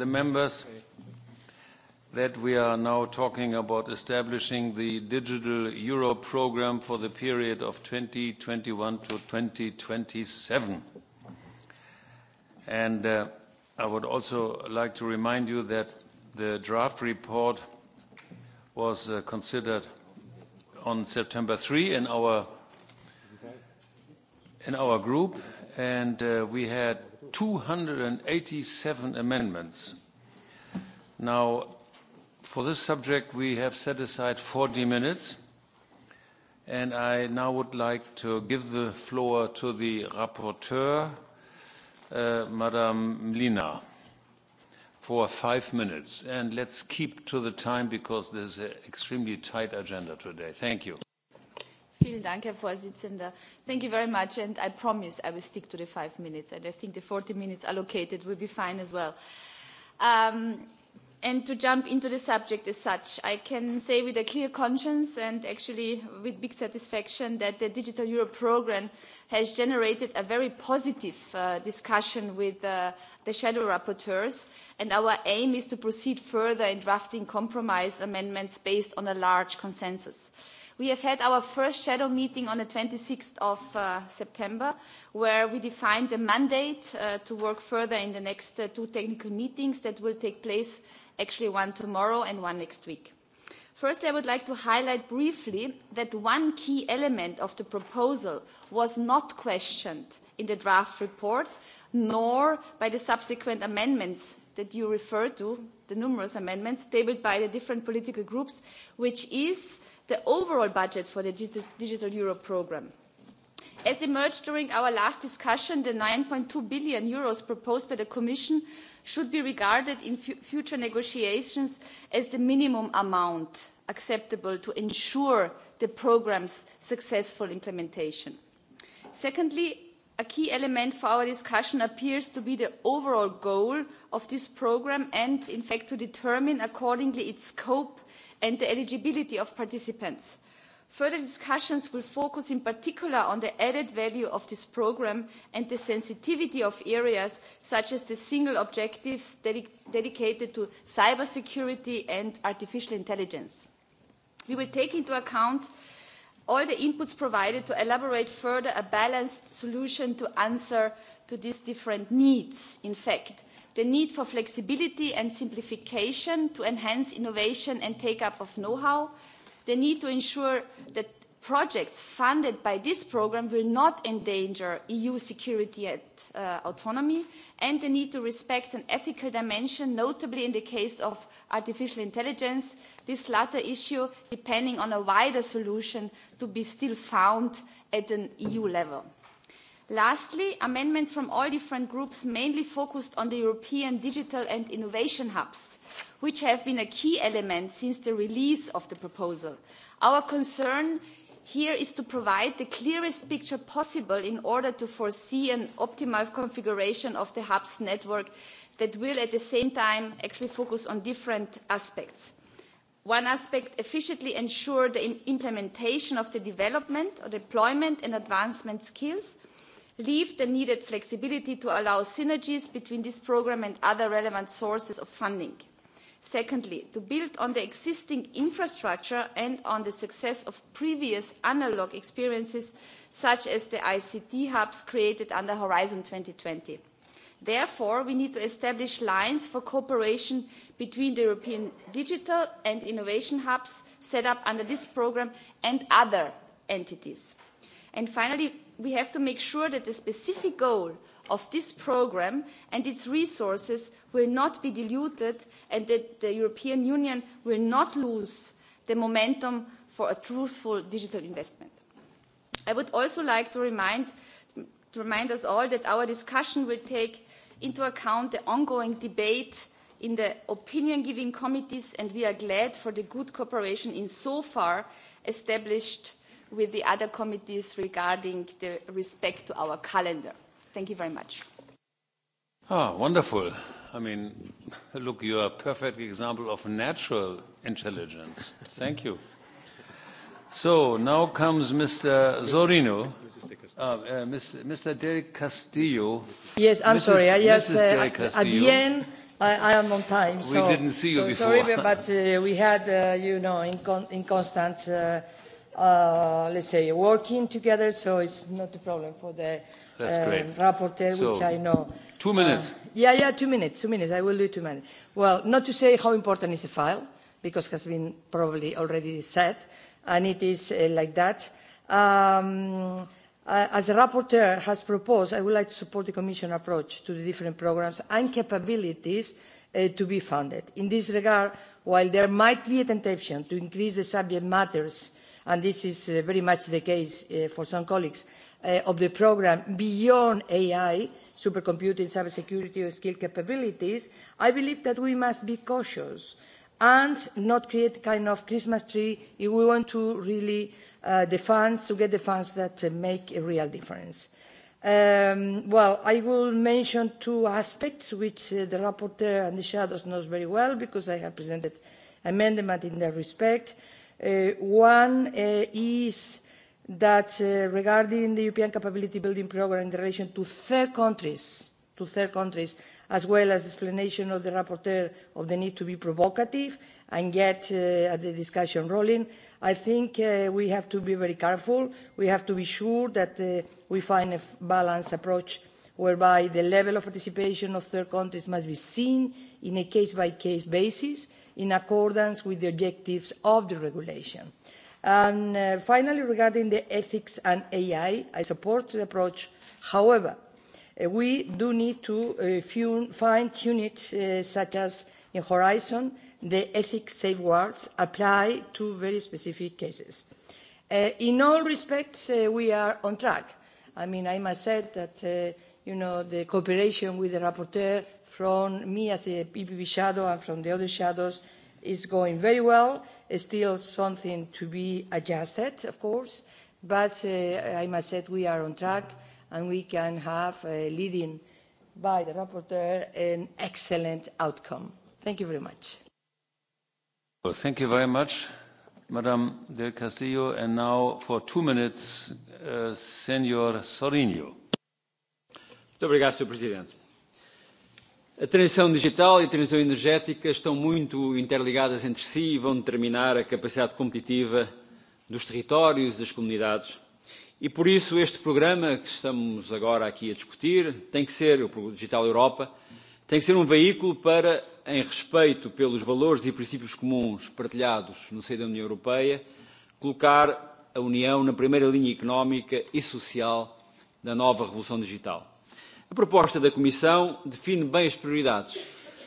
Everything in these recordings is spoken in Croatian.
the members that we are now talking about establishing the Digital Euro program for the period of 2021 to 2027. And uh, I would also like to remind you that the draft report was uh, considered on September 3 in our in our group, and uh, we had 287 amendments. Now, for this subject, we have set aside 40 minutes, and I now would like to give the floor to the rapporteur, uh, Madame Mlina, for five minutes. And let's keep to the time because there's an extremely tight agenda today. Thank you. Herr Vorsitzender. Thank you very much, and I promise I will stick to the five minutes, and I think the 40 minutes allocated will be fine as well. Um, and to jump into the subject as such, I can say with a clear conscience and actually with big satisfaction that the Digital Europe programme has generated a very positive uh, discussion with uh, the shadow rapporteurs, and our aim is to proceed further in drafting compromise amendments based on a large consensus we have had our first shadow meeting on the 26th of uh, September, where we defined a mandate uh, to work further in the next uh, two technical meetings that will take place actually one tomorrow and one next week. Firstly, I would like to highlight briefly that one key element of the proposal was not questioned in the draft report, nor by the subsequent amendments that you refer to, the numerous amendments tabled by the different political groups, which is the overall budget for the digital europe programme. as emerged during our last discussion the eur. nine two billion proposed by the commission should be regarded in future negotiations as the minimum amount acceptable to ensure the programme's successful implementation. secondly a key element for our discussion appears to be the overall goal of this programme and in fact to determine accordingly its scope and the eligibility of participants. Further discussions will focus in particular on the added value of this programme and the sensitivity of areas such as the single objectives dedicated to cybersecurity and artificial intelligence. We will take into account all the inputs provided to elaborate further a balanced solution to answer to these different needs. In fact, the need for flexibility and simplification to enhance innovation and take up of know how the need to ensure that projects funded by this programme will not endanger eu security and uh, autonomy and the need to respect an ethical dimension notably in the case of artificial intelligence this latter issue depending on a wider solution to be still found at an eu level lastly amendments from all different groups mainly focused on the european digital and innovation hubs which have been a key element since the release of the proposal. our concern here is to provide the clearest picture possible in order to foresee an optimal configuration of the hubs network that will at the same time actually focus on different aspects one aspect efficiently ensure the implementation of the development or deployment and advancement skills leave the needed flexibility to allow synergies between this programme and other relevant sources of funding. secondly to build on the existing infrastructure and on the success of previous analogue experiences such as the ict hubs created under horizon. 2020. twenty therefore we need to establish lines for cooperation between the european digital and innovation hubs set up under this programme and other entities. and finally we have to make sure that the specific goal of this programme and its resources will not be diluted and that the European Union will not lose the momentum for a truthful digital investment. I would also like to remind, to remind us all that our discussion will take into account the ongoing debate in the opinion giving committees and we are glad for the good cooperation in so far established with the other committees regarding the respect to our calendar. Thank you very much. Ah, wonderful. I mean, look, you are a perfect example of natural intelligence. Thank you. So now comes Mr. Zorino. Uh, uh, Mr. Del Castillo. Yes, I'm Mrs. sorry. I yes, uh, at the end, I, I am on time. So, we didn't see you so before. Sorry, but uh, we had, uh, you know, in, con in constant uh, uh, let's say, working together, so it's not a problem for the uh, rapporteur, so, which I know. Two minutes. Uh, yeah, yeah, two minutes, two minutes. I will do two minutes. Well, not to say how important is the file, because it has been probably already said, and it is uh, like that. Um, Uh, as the rapporteur has proposed i would like to support the commission approach to the different programs and capabilities uh, to be funded. in this regard while there might be a temptation to increase the subject matters and this is uh, very much the case uh, for some colleagues uh, of the programme beyond ai supercomputing cybersecurity or skill capabilities i believe that we must be cautious and not create a kind of christmas tree if we want to really the funds to get the funds that make a real difference. Um, well, I will mention two aspects which the rapporteur and the shadows knows very well because I have presented amendment in that respect. Uh, one uh, is that uh, regarding the European Capability Building Programme in relation to third countries, to third countries, as well as the explanation of the rapporteur of the need to be provocative and get at the discussion rolling, I think we have to be very careful. We have to be sure that we find a balanced approach whereby the level of participation of third countries must be seen on a case by case basis in accordance with the objectives of the regulation. And uh, finally, regarding the ethics and AI, I support the approach. However, uh, we do need to uh, fine tune it, such as in Horizon, the ethics safeguards apply to very specific cases. in all respects, we are on track. I mean, I must say that you know, the cooperation with the rapporteur from me as a PPP shadow and from the other shadows is going very well. It's still something to be adjusted, of course, but uh, I must say we are on track and we can have, a uh, leading by the rapporteur, an excellent outcome. Thank you very much. Well, thank you very much, Madam del Castillo. And now for two minutes, uh, Senor Sorinho. Obrigado, Sr. Presidente. A transição digital e a transição energética estão muito interligadas entre si e vão determinar a capacidade competitiva dos territórios, das comunidades. E por isso este programa que estamos agora aqui a discutir tem que ser, o Digital Europa, tem que ser um veículo para, em respeito pelos valores e princípios comuns partilhados no seio da União Europeia, colocar a União na primeira linha económica e social da nova revolução digital. A proposta da Comissão define bem as prioridades,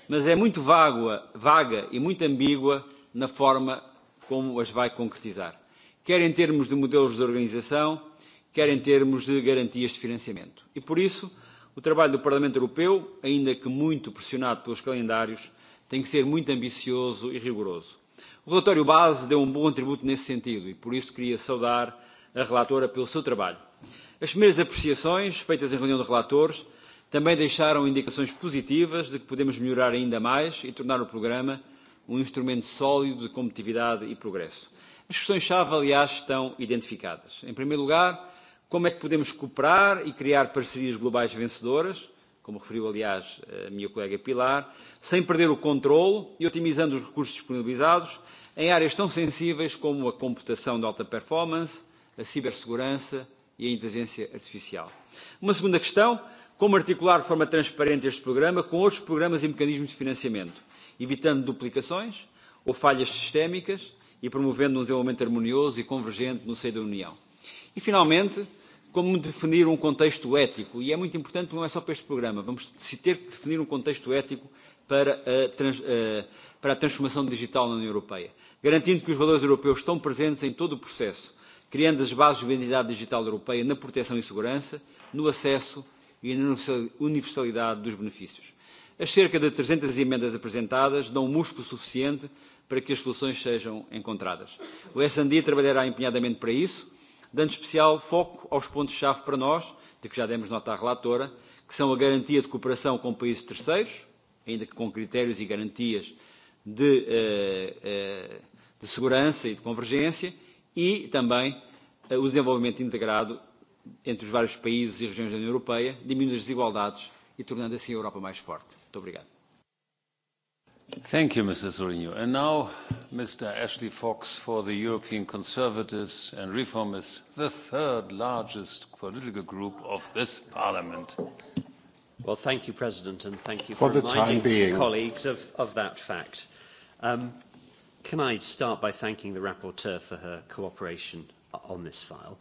mas é muito vaga, vaga e muito ambígua na forma como as vai concretizar, quer em termos de modelos de organização, quer em termos de garantias de financiamento. E por isso, o trabalho do Parlamento Europeu, ainda que muito pressionado pelos calendários, tem que ser muito ambicioso e rigoroso. O relatório base deu um bom tributo nesse sentido e por isso queria saudar a relatora pelo seu trabalho. As primeiras apreciações feitas em reunião de relatores Também deixaram indicações positivas de que podemos melhorar ainda mais e tornar o programa um instrumento sólido de competitividade e progresso. As questões-chave, aliás, estão identificadas. Em primeiro lugar, como é que podemos cooperar e criar parcerias globais vencedoras, como referiu, aliás, a minha colega Pilar, sem perder o controle e otimizando os recursos disponibilizados em áreas tão sensíveis como a computação de alta performance, a cibersegurança e a inteligência artificial. Uma segunda questão como articular de forma transparente este programa com outros programas e mecanismos de financiamento, evitando duplicações ou falhas sistémicas e promovendo um desenvolvimento harmonioso e convergente no seio da União. E, finalmente, como definir um contexto ético, e é muito importante, não é só para este programa, vamos ter que definir um contexto ético para a, trans, eh, para a transformação digital na União Europeia, garantindo que os valores europeus estão presentes em todo o processo, criando as bases de identidade digital europeia na proteção e segurança, no acesso e a universalidade dos benefícios. As cerca de 300 emendas apresentadas dão músculo suficiente para que as soluções sejam encontradas. O S&D trabalhará empenhadamente para isso, dando especial foco aos pontos-chave para nós, de que já demos nota à relatora, que são a garantia de cooperação com países terceiros, ainda que com critérios e garantias de, eh, eh, de segurança e de convergência, e também eh, o desenvolvimento integrado entre os vários países e regiões da União Europeia, diminuindo as desigualdades e tornando assim a Europa mais forte. Muito obrigado. Thank you, Mr. Zorino. And now, Mr. Ashley Fox for the European Conservatives and Reformists, the third largest political group of this Parliament. Well, thank you, President, and thank you for, for the reminding time being. colleagues of, of that fact. Um, can I start by thanking the rapporteur for her cooperation on this file?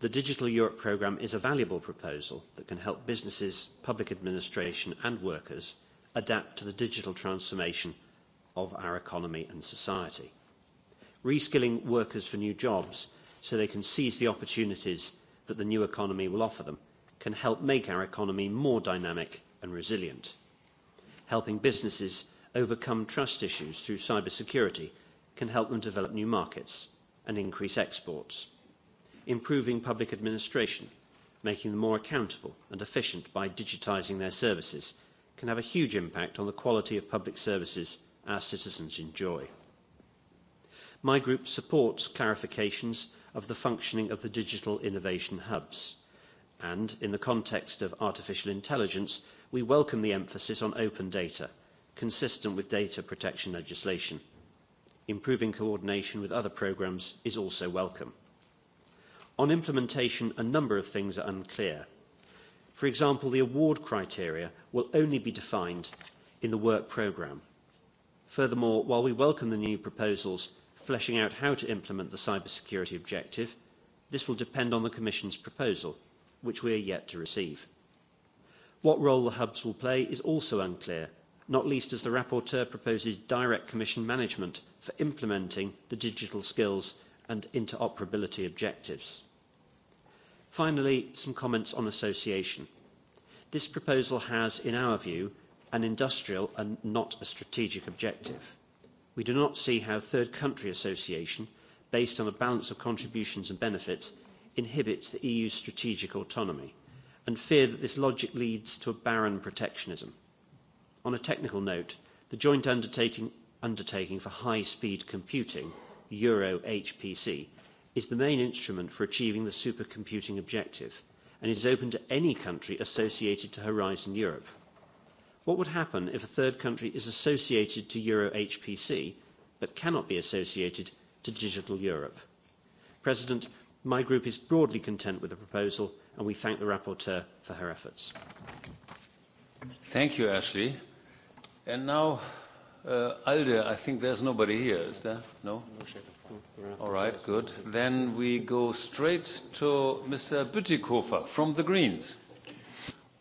The Digital Europe programme is a valuable proposal that can help businesses, public administration and workers adapt to the digital transformation of our economy and society. Reskilling workers for new jobs so they can seize the opportunities that the new economy will offer them can help make our economy more dynamic and resilient. Helping businesses overcome trust issues through cybersecurity can help them develop new markets and increase exports improving public administration, making them more accountable and efficient by digitising their services, can have a huge impact on the quality of public services our citizens enjoy. My group supports clarifications of the functioning of the digital innovation hubs. And in the context of artificial intelligence, we welcome the emphasis on open data, consistent with data protection legislation. Improving coordination with other programmes is also welcome. On implementation, a number of things are unclear. For example, the award criteria will only be defined in the work programme. Furthermore, while we welcome the new proposals fleshing out how to implement the cybersecurity objective, this will depend on the Commission's proposal, which we are yet to receive. What role the hubs will play is also unclear, not least as the rapporteur proposes direct Commission management for implementing the digital skills and interoperability objectives. Finally, some comments on association. This proposal has, in our view, an industrial and not a strategic objective. We do not see how third country association, based on a balance of contributions and benefits, inhibits the EU's strategic autonomy and fear that this logic leads to a barren protectionism. On a technical note, the joint undertaking, undertaking for high-speed computing, Euro HPC, is the main instrument for achieving the supercomputing objective and is open to any country associated to Horizon Europe. What would happen if a third country is associated to Euro HPC but cannot be associated to Digital Europe? President, my group is broadly content with the proposal and we thank the rapporteur for her efforts. Thank you, Ashley. And now, uh, Alde, I think there's nobody here, is there? No? No, All right, good. Then we go straight to Mr. Bütikofer from the Greens.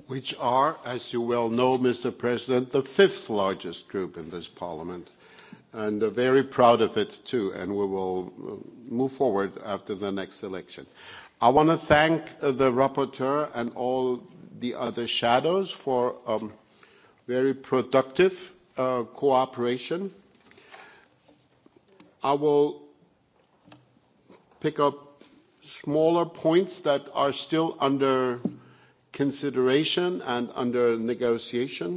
Which are, as you well know, Mr. President, the fifth largest group in this parliament. And very proud of it, too. And we will uh, move forward after the next election. I want to thank the rapporteur and all the other shadows for um, very productive uh, cooperation. I will pick up smaller points that are still under consideration and under negotiation.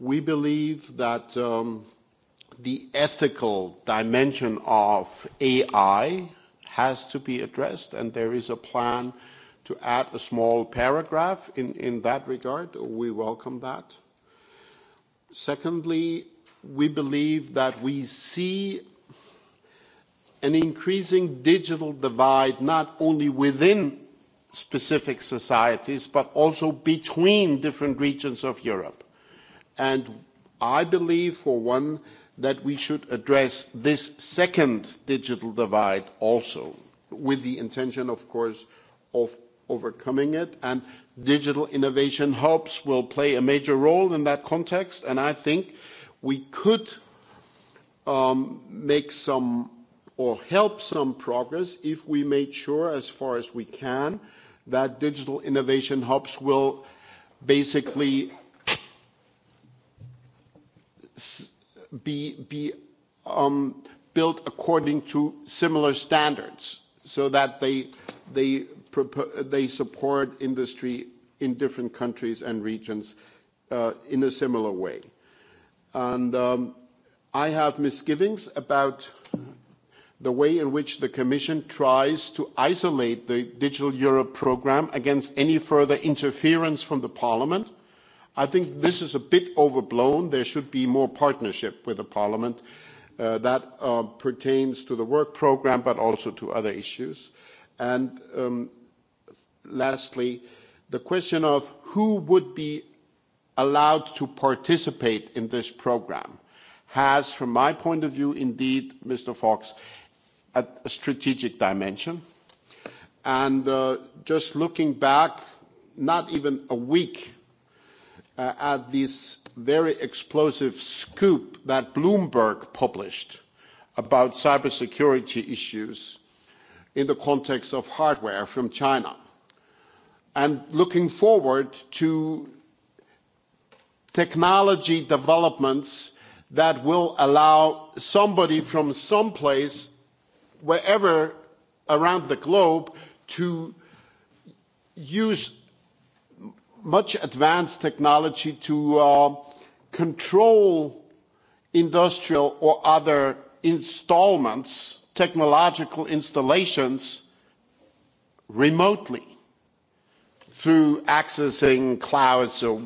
We believe that um, the ethical dimension of AI has to be addressed, and there is a plan to add a small paragraph in, in that regard. We welcome that. Secondly, we believe that we see an increasing digital divide not only within specific societies but also between different regions of Europe. And I believe, for one, that we should address this second digital divide also, with the intention, of course, of overcoming it. And digital innovation hubs will play a major role in that context. And I think we could um, make some or help some progress if we make sure as far as we can that digital innovation hubs will basically be, be um, built according to similar standards so that they, they, they support industry in different countries and regions uh, in a similar way. And um, I have misgivings about the way in which the commission tries to isolate the digital europe programme against any further interference from parliament i think this is a bit overblown. there should be more partnership with parliament uh, that um, pertains to the work programme but also to other issues. and um, lastly the question of who would be allowed to participate in this programme has from my point of view indeed mr fox a strategic dimension. And uh, just looking back, not even a week, uh, at this very explosive scoop that Bloomberg published about cybersecurity issues in the context of hardware from China. And looking forward to technology developments that will allow somebody from someplace wherever around the globe to use much advanced technology to uh, control industrial or other installments, technological installations remotely through accessing clouds or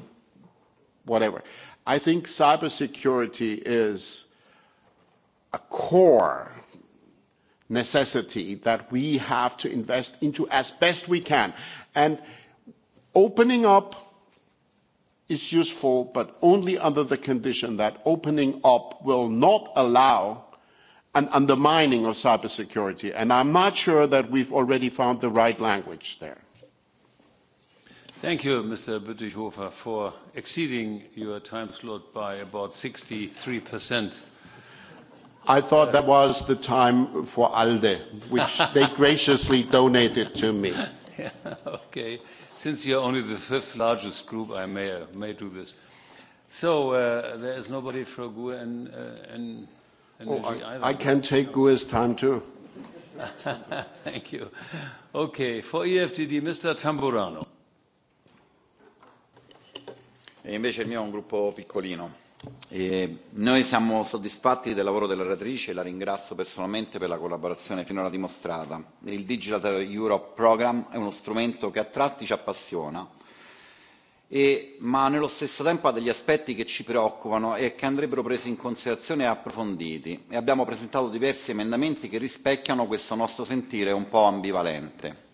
whatever. I think cybersecurity is a core necessity that we have to invest into as best we can. And opening up is useful, but only under the condition that opening up will not allow an undermining of cybersecurity. And I'm not sure that we've already found the right language there. Thank you, Mr. Büttichhofer, for exceeding your time slot by about 63 i thought that was the time for ALDE, which they graciously donated to me. okay. Since you're only the fifth largest group, I may, uh, may do this. So uh, there is nobody for GUE and, uh, and oh, I, I can take gu's time too. Thank you. Okay, for EFTD, Mr. Tamburano. E invece il mio è un gruppo piccolino Eh, noi siamo soddisfatti del lavoro della relatrice e la ringrazio personalmente per la collaborazione finora dimostrata. Il Digital Europe Programme è uno strumento che a tratti ci appassiona, e, ma nello stesso tempo ha degli aspetti che ci preoccupano e che andrebbero presi in considerazione e approfonditi e abbiamo presentato diversi emendamenti che rispecchiano questo nostro sentire un po' ambivalente.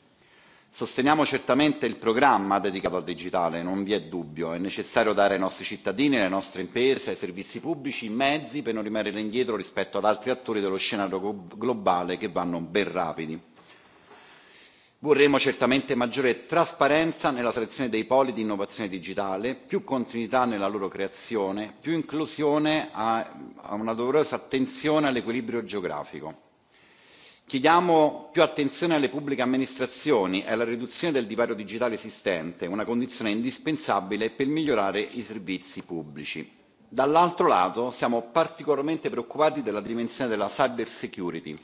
Sosteniamo certamente il programma dedicato al digitale, non vi è dubbio, è necessario dare ai nostri cittadini, alle nostre imprese, ai servizi pubblici i mezzi per non rimanere indietro rispetto ad altri attori dello scenario globale che vanno ben rapidi. Vorremmo certamente maggiore trasparenza nella selezione dei poli di innovazione digitale, più continuità nella loro creazione, più inclusione a una doverosa attenzione all'equilibrio geografico chiediamo più attenzione alle pubbliche amministrazioni e alla riduzione del divario digitale esistente una condizione indispensabile per migliorare i servizi pubblici. dall'altro lato siamo particolarmente preoccupati della dimensione della cybersecurity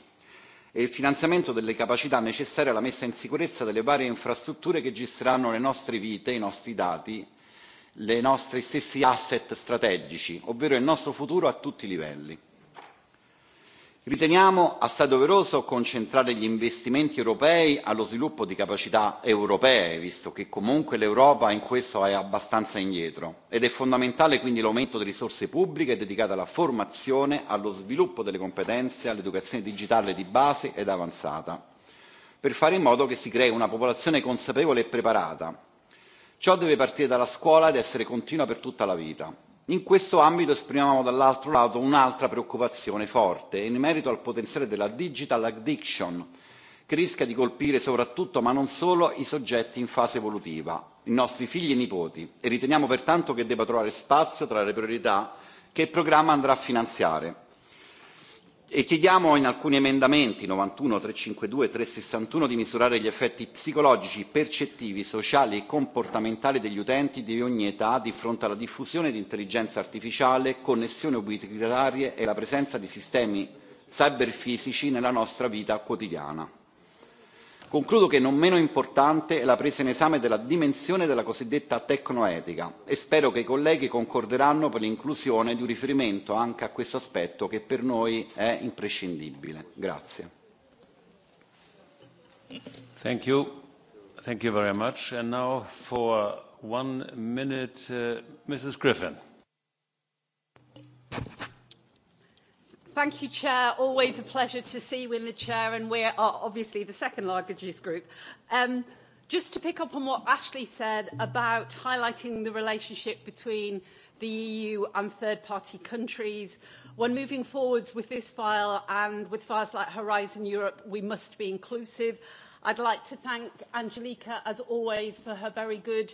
e il finanziamento delle capacità necessarie alla messa in sicurezza delle varie infrastrutture che gestiranno le nostre vite i nostri dati i nostri stessi asset strategici ovvero il nostro futuro a tutti i livelli riteniamo assai doveroso concentrare gli investimenti europei allo sviluppo di capacità europee visto che comunque l'europa in questo è abbastanza indietro ed è fondamentale quindi l'aumento delle risorse pubbliche dedicate alla formazione allo sviluppo delle competenze all'educazione digitale di base ed avanzata per fare in modo che si crei una popolazione consapevole e preparata. ciò deve partire dalla scuola ed essere continua per tutta la vita. In questo ambito esprimiamo dall'altro lato un'altra preoccupazione forte in merito al potenziale della digital addiction che rischia di colpire soprattutto ma non solo i soggetti in fase evolutiva, i nostri figli e nipoti e riteniamo pertanto che debba trovare spazio tra le priorità che il programma andrà a finanziare e chiediamo in alcuni emendamenti 91, 352 e 361 di misurare gli effetti psicologici, percettivi, sociali e comportamentali degli utenti di ogni età di fronte alla diffusione di intelligenza artificiale, connessioni ubiquitarie e la presenza di sistemi cyberfisici nella nostra vita quotidiana concludo che non meno importante è la presa in esame della dimensione della cosiddetta tecnoetica e spero che i colleghi concorderanno per l'inclusione di un riferimento anche a questo aspetto che per noi è imprescindibile. Thank you. Thank you very much. And now for one minute, uh, Mrs. Griffin. Thank you, Chair. Always a pleasure to see you in the Chair, and we are obviously the second largest group. Um, just to pick up on what Ashley said about highlighting the relationship between the EU and third-party countries, when moving forwards with this file and with files like Horizon Europe, we must be inclusive. I'd like to thank Angelica, as always, for her very good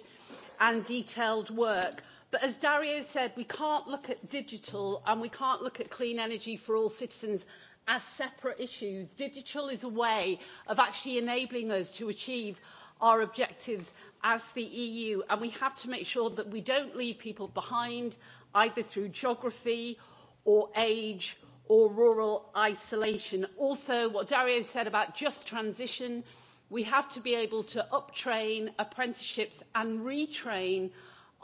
and detailed work but as dario said we can't look at digital and we can't look at clean energy for all citizens as separate issues. digital is a way of actually enabling us to achieve our objectives as the eu and we have to make sure that we don't leave people behind either through geography or age or rural isolation. also what dario said about just transition we have to be able to uptrain apprenticeships and retrain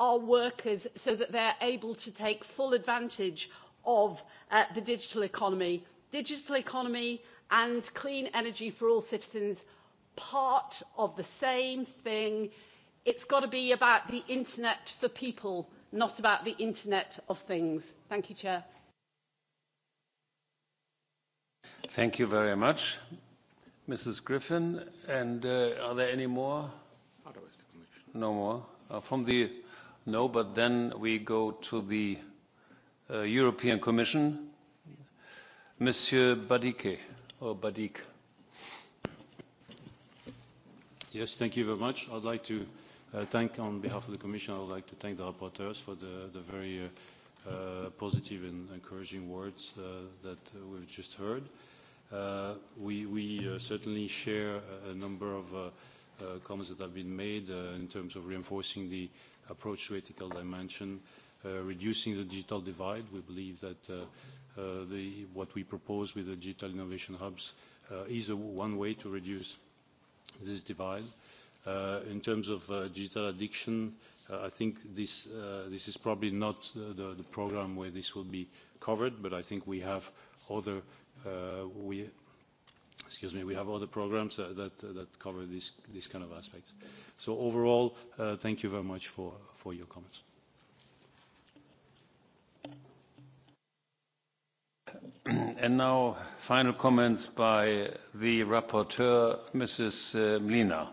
our workers so that they're able to take full advantage of uh, the digital economy. Digital economy and clean energy for all citizens, part of the same thing. It's got to be about the internet for people, not about the internet of things. Thank you, Chair. Thank you very much, Mrs. Griffin. And uh, are there any more? No more. Uh, from the no, but then we go to the uh, European Commission. Monsieur Badike, or Badik. Yes, thank you very much. I'd like to uh, thank, on behalf of the Commission, I would like to thank the rapporteurs for the, the very uh, positive and encouraging words uh, that we've just heard. we we certainly share a number of comments that have been made in terms of reinforcing the approach to ethical dimension, uh, reducing the digital divide. We believe that uh, uh, the, what we propose with the digital innovation hubs is a, one way to reduce this divide. in terms of digital addiction, I think this, this is probably not the, the program where this will be covered, but I think we have other, we, excuse me, we have other programs that, that, that cover these, this kind of aspects. So overall, uh, thank you very much for, for your comments. And now, final comments by the rapporteur, Mrs. Uh, Mlina.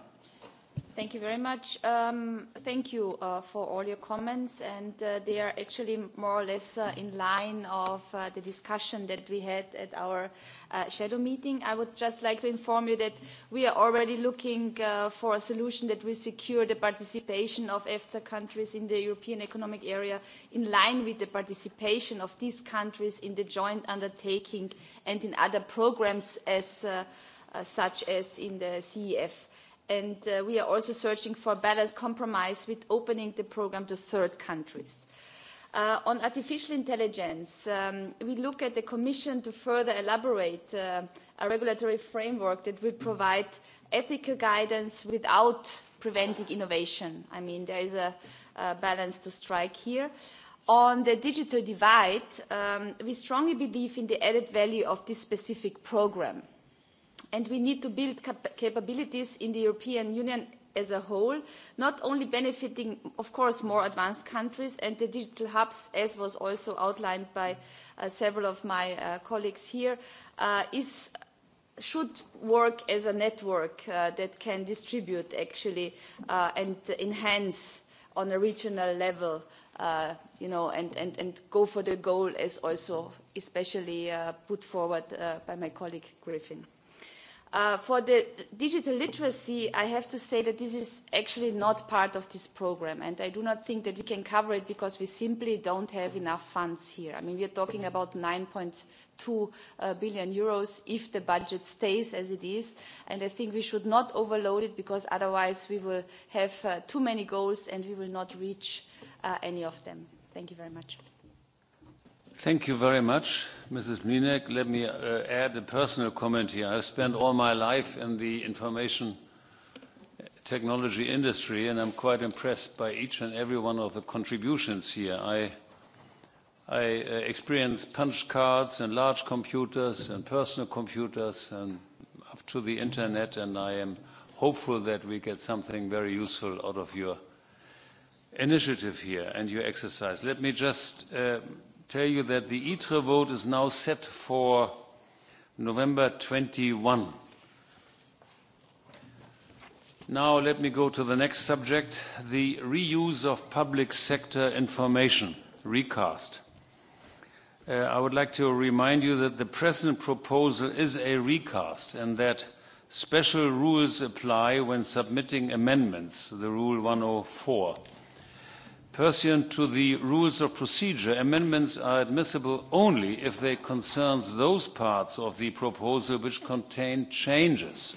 Thank you very much. Um, thank you uh, for all your comments, and uh, they are actually more or less uh, in line of uh, the discussion that we had at our uh, shadow meeting. I would just like to inform you that we are already looking uh, for a solution that will secure the participation of EFTA countries in the European Economic Area in line with the participation of these countries in the joint undertaking and in other programs as such as in the CEF and uh, we are also searching for a balanced compromise with opening the programme to third countries. Uh, on artificial intelligence, um, we look at the Commission to further elaborate uh, a regulatory framework that will provide ethical guidance without preventing innovation. I mean, there is a, balance to strike here. On the digital divide, um, we strongly believe in the added value of this specific programme and we need to build capabilities in the European Union as a whole, not only benefiting, of course, more advanced countries and the digital hubs, as was also outlined by uh, several of my uh, colleagues here, uh, is should work as a network that can distribute actually and enhance on a regional level you know and, and, and go for the goal as also especially put forward by my colleague Griffin. Uh, for the digital literacy, I have to say that this is actually not part of this program, and I do not think that we can cover it because we simply don't have enough funds here. I mean, we are talking about 9.2 uh, billion euros if the budget stays as it is, and I think we should not overload it because otherwise we will have uh, too many goals and we will not reach uh, any of them. Thank you very much. Thank you very much, Mrs. Mlinek. Let me uh, add a personal comment here. I've spent all my life in the information technology industry, and I'm quite impressed by each and every one of the contributions here. I, I uh, experience punch cards and large computers and personal computers and up to the internet, and I am hopeful that we get something very useful out of your initiative here and your exercise. Let me just uh, tell you that the ITRE vote is now set for November 21. Now let me go to the next subject, the reuse of public sector information, recast. Uh, I would like to remind you that the present proposal is a recast and that special rules apply when submitting amendments, the Rule 104. Pursuant to the rules of procedure, amendments are admissible only if they concern those parts of the proposal which contain changes.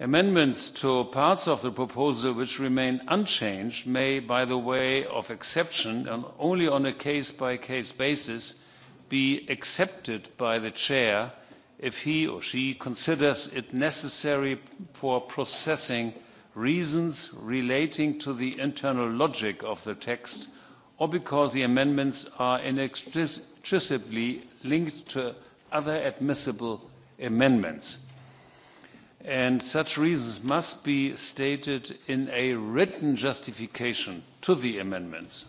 Amendments to parts of the proposal which remain unchanged may, by the way of exception and only on a case by -case basis, be accepted by the Chair if he or she considers it necessary for processing reasons relating to the internal logic of the text or because the amendments are inextricably linked to other admissible amendments. And such reasons must be stated in a written justification to the amendments.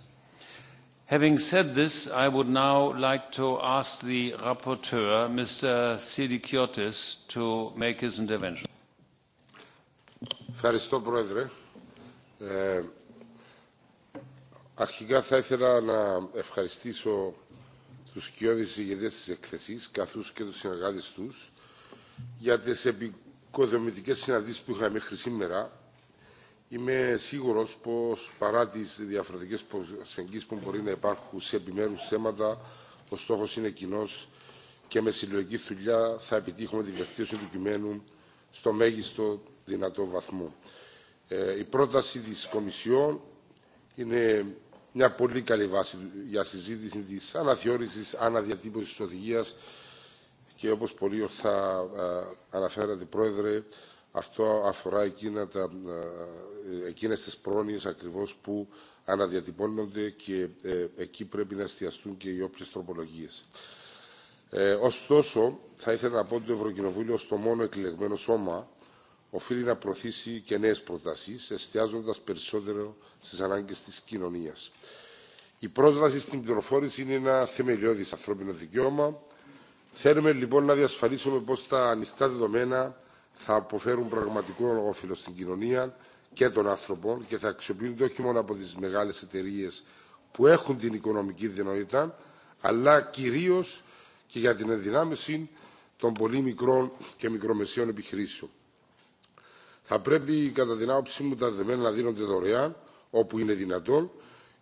Having said this, I would now like to ask the rapporteur, Mr. Sidikiotis, to make his intervention. Ευχαριστώ, Πρόεδρε. Ε, αρχικά θα ήθελα να ευχαριστήσω τους σκιώδεις ηγετές της εκθεσής, καθούς και τους συνεργάτες τους, για τις επικοδομητικές συναντήσεις που είχαμε μέχρι σήμερα. Είμαι σίγουρος πως παρά τις διαφορετικές προσεγγίσεις που μπορεί να υπάρχουν σε επιμέρους θέματα, ο στόχος είναι κοινό και με συλλογική δουλειά θα επιτύχουμε τη βελτίωση του κειμένου στο μέγιστο δυνατό βαθμό. Η πρόταση της Κομισιόν είναι μια πολύ καλή βάση για συζήτηση της αναθεώρησης, αναδιατύπωσης της οδηγίας και όπως πολύ ορθά αναφέρατε Πρόεδρε, αυτό αφορά εκείνα τα, εκείνες τις πρόνοιες ακριβώς που αναδιατυπώνονται και εκεί πρέπει να εστιαστούν και οι όποιες τροπολογίες. Ε, ωστόσο, θα ήθελα να πω ότι το Ευρωκοινοβούλιο στο μόνο εκλεγμένο σώμα οφείλει να προωθήσει και νέες προτάσεις, εστιάζοντας περισσότερο στις ανάγκες της κοινωνίας. Η πρόσβαση στην πληροφόρηση είναι ένα θεμελιώδης ανθρώπινο δικαίωμα. Θέλουμε λοιπόν να διασφαλίσουμε πως τα ανοιχτά δεδομένα θα αποφέρουν πραγματικό όφελο στην κοινωνία και των άνθρωπων και θα αξιοποιούνται όχι μόνο από τις μεγάλες εταιρείε που έχουν την οικονομική δυνατότητα, αλλά κυρίως και για την ενδυνάμεση των πολύ μικρών και μικρομεσαίων επιχειρήσεων θα πρέπει κατά την άποψή μου τα δεδομένα να δίνονται δωρεάν όπου είναι δυνατόν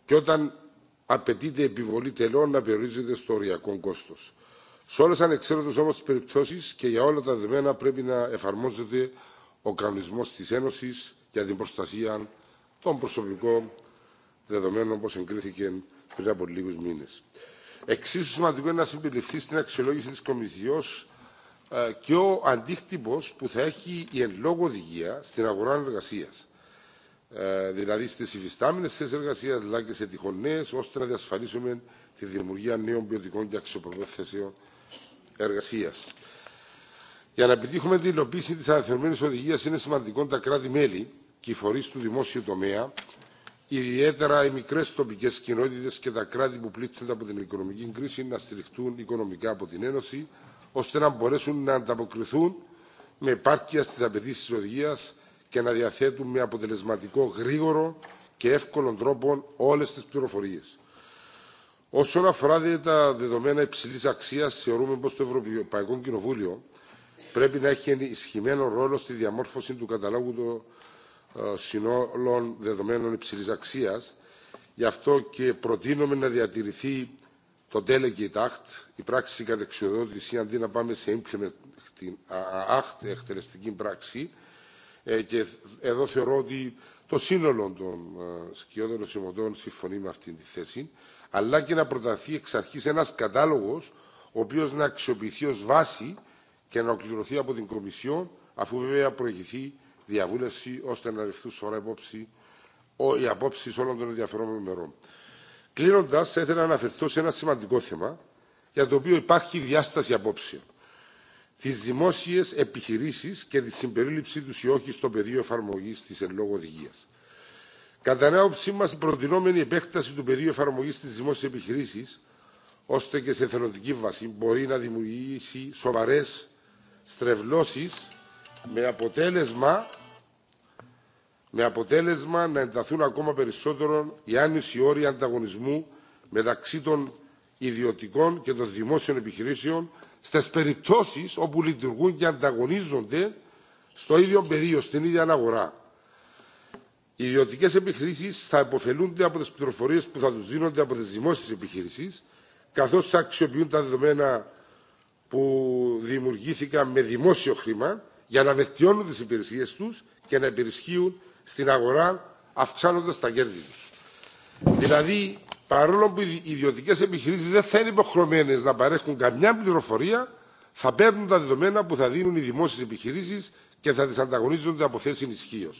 και όταν απαιτείται επιβολή τελών να περιορίζεται στο οριακό κόστο. Σε όλε ανεξαίρετε όμω τι περιπτώσει και για όλα τα δεδομένα πρέπει να εφαρμόζεται ο κανονισμό τη Ένωση για την προστασία των προσωπικών δεδομένων όπω εγκρίθηκε πριν από λίγου μήνε. Εξίσου σημαντικό είναι να συμπεριληφθεί στην αξιολόγηση τη Κομισιόν και ο αντίκτυπο που θα έχει η εν λόγω οδηγία στην αγορά εργασία. Δηλαδή στι υφιστάμενε θέσει εργασία αλλά και σε τυχόν νέε, ώστε να διασφαλίσουμε τη δημιουργία νέων ποιοτικών και αξιοπρεπών θέσεων εργασία. Για να επιτύχουμε την υλοποίηση τη αναθεωρημένη οδηγία, είναι σημαντικό τα κράτη-μέλη και οι φορεί του δημόσιου τομέα, ιδιαίτερα οι μικρέ τοπικέ κοινότητε και τα κράτη που πλήττονται από την οικονομική κρίση, να στηριχτούν οικονομικά από την Ένωση, ώστε να μπορέσουν να ανταποκριθούν με επάρκεια στι απαιτήσει τη οδηγία και να διαθέτουν με αποτελεσματικό, γρήγορο και εύκολο τρόπο όλε τι πληροφορίε. Όσον αφορά τα δεδομένα υψηλή αξία, θεωρούμε πω το Ευρωπαϊκό Κοινοβούλιο πρέπει να έχει ενισχυμένο ρόλο στη διαμόρφωση του καταλόγου των συνόλων δεδομένων υψηλή αξία. Γι' αυτό και προτείνουμε να διατηρηθεί το Delegate Act, η πράξη κατεξοδότηση, αντί να πάμε σε Implement Act, εκτελεστική πράξη. Και εδώ θεωρώ ότι το σύνολο των σκιώδων οσημωτών συμφωνεί με αυτή τη θέση, αλλά και να προταθεί εξ αρχή ένα κατάλογο, ο οποίο να αξιοποιηθεί ω βάση και να ολοκληρωθεί από την Κομισιόν, αφού βέβαια προηγηθεί διαβούλευση, ώστε να ληφθούν σωρά υπόψη οι απόψει όλων των ενδιαφερόμενων μερών. Κλείνοντα, θα ήθελα να αναφερθώ σε ένα σημαντικό θέμα για το οποίο υπάρχει διάσταση απόψεων. Τι δημόσιε επιχειρήσει και τη συμπερίληψή του ή όχι στο πεδίο εφαρμογή τη εν λόγω οδηγία. Κατά την άποψή μα, η προτινόμενη επέκταση του πεδίου εφαρμογή στι δημόσιε επιχειρήσει, ώστε και σε εθελοντική βάση, μπορεί να δημιουργήσει σοβαρέ στρεβλώσει με αποτέλεσμα με αποτέλεσμα να ενταθούν ακόμα περισσότερο οι άνισοι όροι ανταγωνισμού μεταξύ των ιδιωτικών και των δημόσιων επιχειρήσεων στι περιπτώσεις όπου λειτουργούν και ανταγωνίζονται στο ίδιο πεδίο, στην ίδια αναγορά. Οι ιδιωτικέ επιχειρήσει θα υποφελούνται από τι πληροφορίε που θα του δίνονται από τι δημόσιε επιχειρήσει, καθώ αξιοποιούν τα δεδομένα που δημιουργήθηκαν με δημόσιο χρήμα για να βελτιώνουν τι υπηρεσίε του και να υπερισχύουν στην αγορά αυξάνοντα τα κέρδη του. Δηλαδή, παρόλο που οι ιδιωτικέ επιχειρήσει δεν θα είναι υποχρεωμένε να παρέχουν καμιά πληροφορία, θα παίρνουν τα δεδομένα που θα δίνουν οι δημόσιε επιχειρήσει και θα τι ανταγωνίζονται από θέση ισχύω.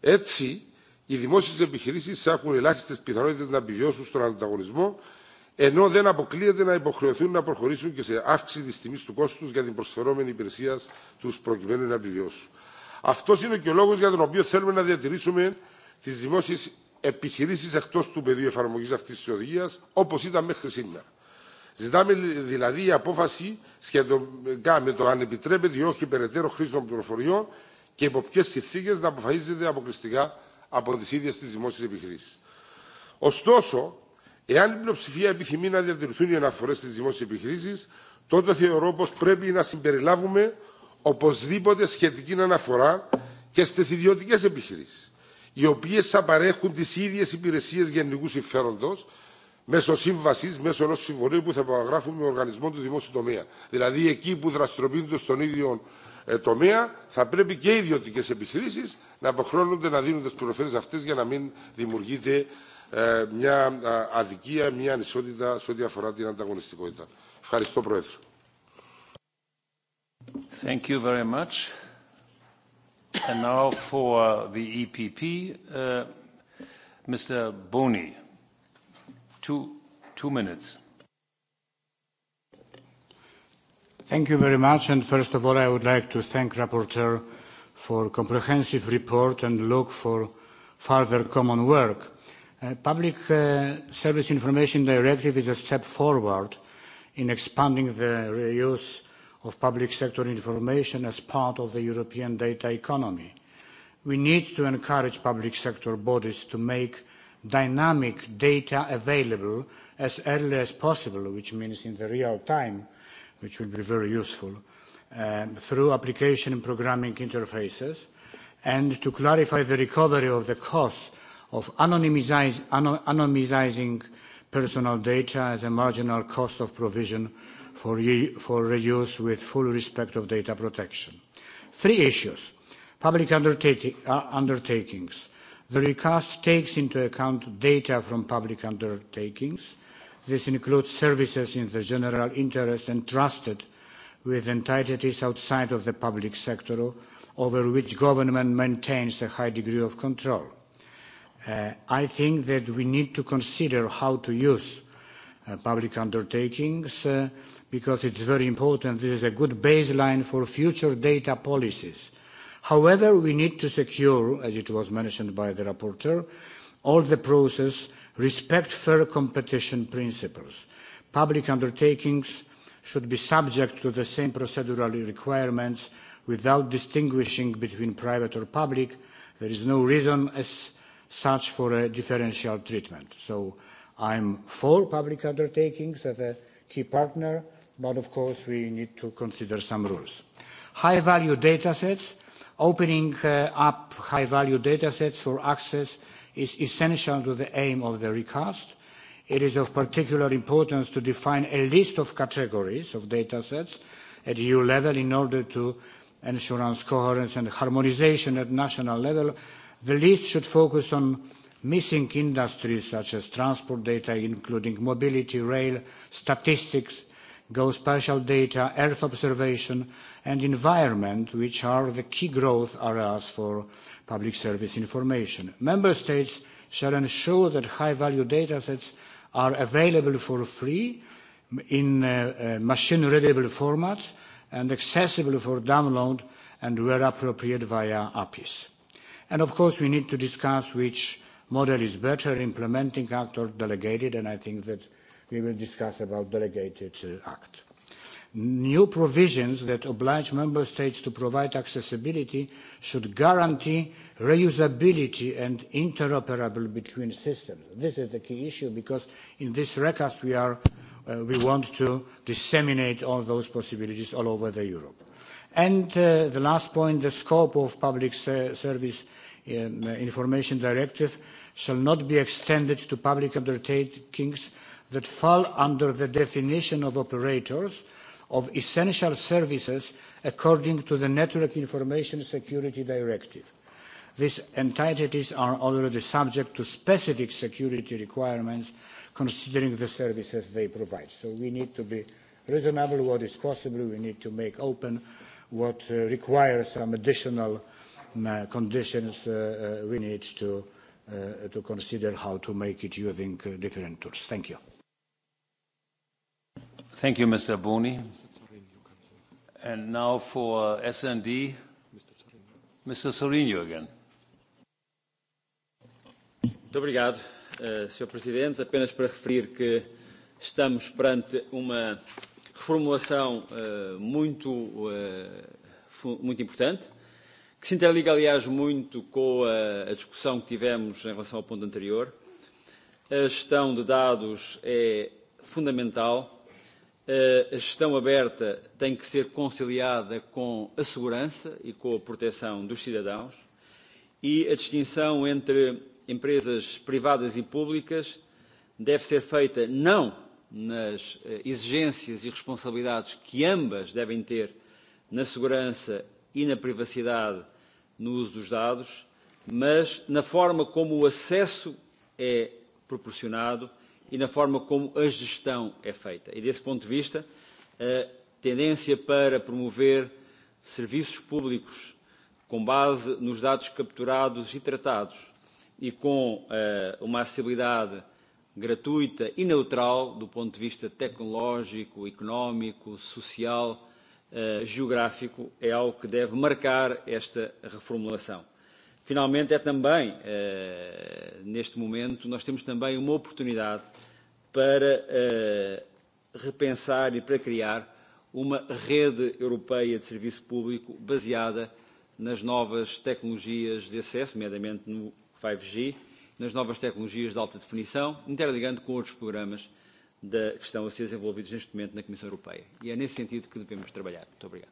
Έτσι, οι δημόσιε επιχειρήσει έχουν ελάχιστε πιθανότητε να επιβιώσουν στον ανταγωνισμό, ενώ δεν αποκλείεται να υποχρεωθούν να προχωρήσουν και σε αύξηση τη τιμή του κόστου για την προσφερόμενη υπηρεσία του προκειμένου να επιβιώσουν. Αυτό είναι και ο λόγο για τον οποίο θέλουμε να διατηρήσουμε τι δημόσιε επιχειρήσει εκτό του πεδίου εφαρμογή αυτή τη οδηγία, όπω ήταν μέχρι σήμερα. Ζητάμε δηλαδή η απόφαση σχετικά με το αν επιτρέπεται ή όχι περαιτέρω χρήση των πληροφοριών και υπό ποιε συνθήκε να αποφασίζεται αποκλειστικά από τι ίδιε τι δημόσιε επιχειρήσει. Ωστόσο, εάν η πλειοψηφία επιθυμεί να διατηρηθούν οι αναφορέ στι δημόσιε επιχειρήσει, τότε θεωρώ πω πρέπει να συμπεριλάβουμε οπωσδήποτε σχετική αναφορά και στις ιδιωτικές επιχειρήσεις, οι οποίες θα παρέχουν τις ίδιες υπηρεσίες γενικού συμφέροντος μέσω σύμβαση, μέσω ενό συμβολίου που θα υπογράφουν με οργανισμό του δημόσιου τομέα. Δηλαδή εκεί που δραστηριοποιούνται στον ίδιο τομέα θα πρέπει και οι ιδιωτικέ επιχειρήσει να αποχρώνονται να δίνουν τι πληροφορίε αυτέ για να μην δημιουργείται μια αδικία, μια ανισότητα σε ό,τι αφορά την ανταγωνιστικότητα. Ευχαριστώ, Πρόεδρε. Thank you very much. And now for the EPP, uh, Mr. Boni. Two, two minutes. Thank you very much. And first of all, I would like to thank Rapporteur for comprehensive report and look for further common work. Uh, Public uh, Service Information Directive is a step forward in expanding the reuse of public sector information as part of the European data economy. We need to encourage public sector bodies to make dynamic data available as early as possible, which means in the real time, which will be very useful, uh, through application and programming interfaces, and to clarify the recovery of the costs of anonymizing personal data as a marginal cost of provision for, for reuse with full respect of data protection. Three issues. Public uh, undertakings. The recast takes into account data from public undertakings. This includes services in the general interest and trusted with entities outside of the public sector over which government maintains a high degree of control. Uh, I think that we need to consider how to use Uh, public undertakings uh, because it's very important. This is a good baseline for future data policies. However, we need to secure, as it was mentioned by the rapporteur, all the process respect fair competition principles. Public undertakings should be subject to the same procedural requirements without distinguishing between private or public. There is no reason as such for a differential treatment. So I'm for public undertakings as a key partner, but of course we need to consider some rules. High-value data sets, Opening uh, up high-value data sets for access is essential to the aim of the recast. It is of particular importance to define a list of categories of data sets at EU level in order to ensure coherence and harmonization at national level. The list should focus on missing industries such as transport data including mobility rail statistics geospatial data earth observation and environment which are the key growth areas for public service information. member states shall ensure that high value data sets are available for free in uh, uh, machine readable formats and accessible for download and where appropriate via apis. and of course we need to discuss which model is better, implementing act or delegated, and I think that we will discuss about delegated uh, act. New provisions that oblige member states to provide accessibility should guarantee reusability and interoperability between systems. This is the key issue because in this recast we are uh, we want to disseminate all those possibilities all over the Europe. And uh, the last point, the scope of public service um, information directive shall not be extended to public undertakings that fall under the definition of operators of essential services according to the Network Information Security Directive. These entities are already subject to specific security requirements considering the services they provide. So we need to be reasonable what is possible. We need to make open what uh, requires some additional uh, conditions uh, we need to Uh, to consider how to make it using uh, different tools. Thank you. Thank you, Mr. Boni. And now for S&D, Mr. Sorinho again. Eh, Apenas para referir que estamos uma eh, muito, eh, muito que se interliga, aliás, muito com a, a discussão que tivemos em relação ao ponto anterior. A gestão de dados é fundamental. A gestão aberta tem que ser conciliada com a segurança e com a proteção dos cidadãos e a distinção entre empresas privadas e públicas deve ser feita não nas eh, exigências e responsabilidades que ambas devem ter na segurança e na privacidade no uso dos dados, mas na forma como o acesso é proporcionado e na forma como a gestão é feita. E desse ponto de vista, a tendência para promover serviços públicos com base nos dados capturados e tratados e com uh, uma acessibilidade gratuita e neutral do ponto de vista tecnológico, económico, social Eh, geográfico é algo que deve marcar esta reformulação. Finalmente, é também, eh, neste momento, nós temos também uma oportunidade para eh, repensar e para criar uma rede europeia de serviço público baseada nas novas tecnologias de acesso, nomeadamente no 5G, nas novas tecnologias de alta definição, interligando com outros programas da que estão a ser desenvolvidos neste momento na Comissão Europeia. E é nesse sentido que devemos trabalhar. Muito obrigado.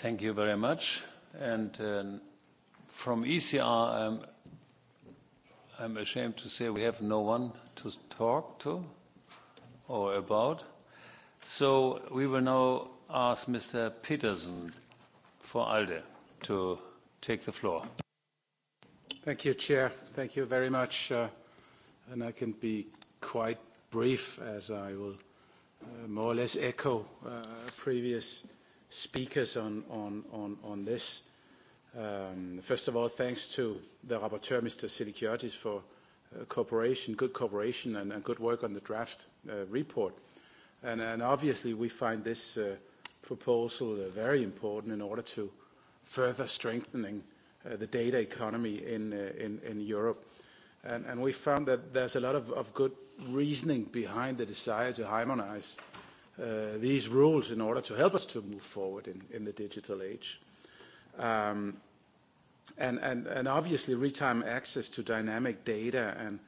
Thank you very much. And um, from ECR, um, I'm ashamed to say we have no one to talk to or about. So we will now ask Mr. Peterson for ALDE to take the floor. Thank you, Chair. Thank you very much. Uh, and I can be quite brief as I will uh, more or less echo uh, previous speakers on, on, on, on this. Um, first of all, thanks to the rapporteur, Mr. Silikiotis, for uh, cooperation, good cooperation and, good work on the draft report. And, and obviously we find this proposal very important in order to further strengthening the data economy in, in, in Europe. And, and we found that there's a lot of, of good reasoning behind the desire to harmonize uh, these rules in order to help us to move forward in, in the digital age. Um, and, and, and obviously, real-time access to dynamic data and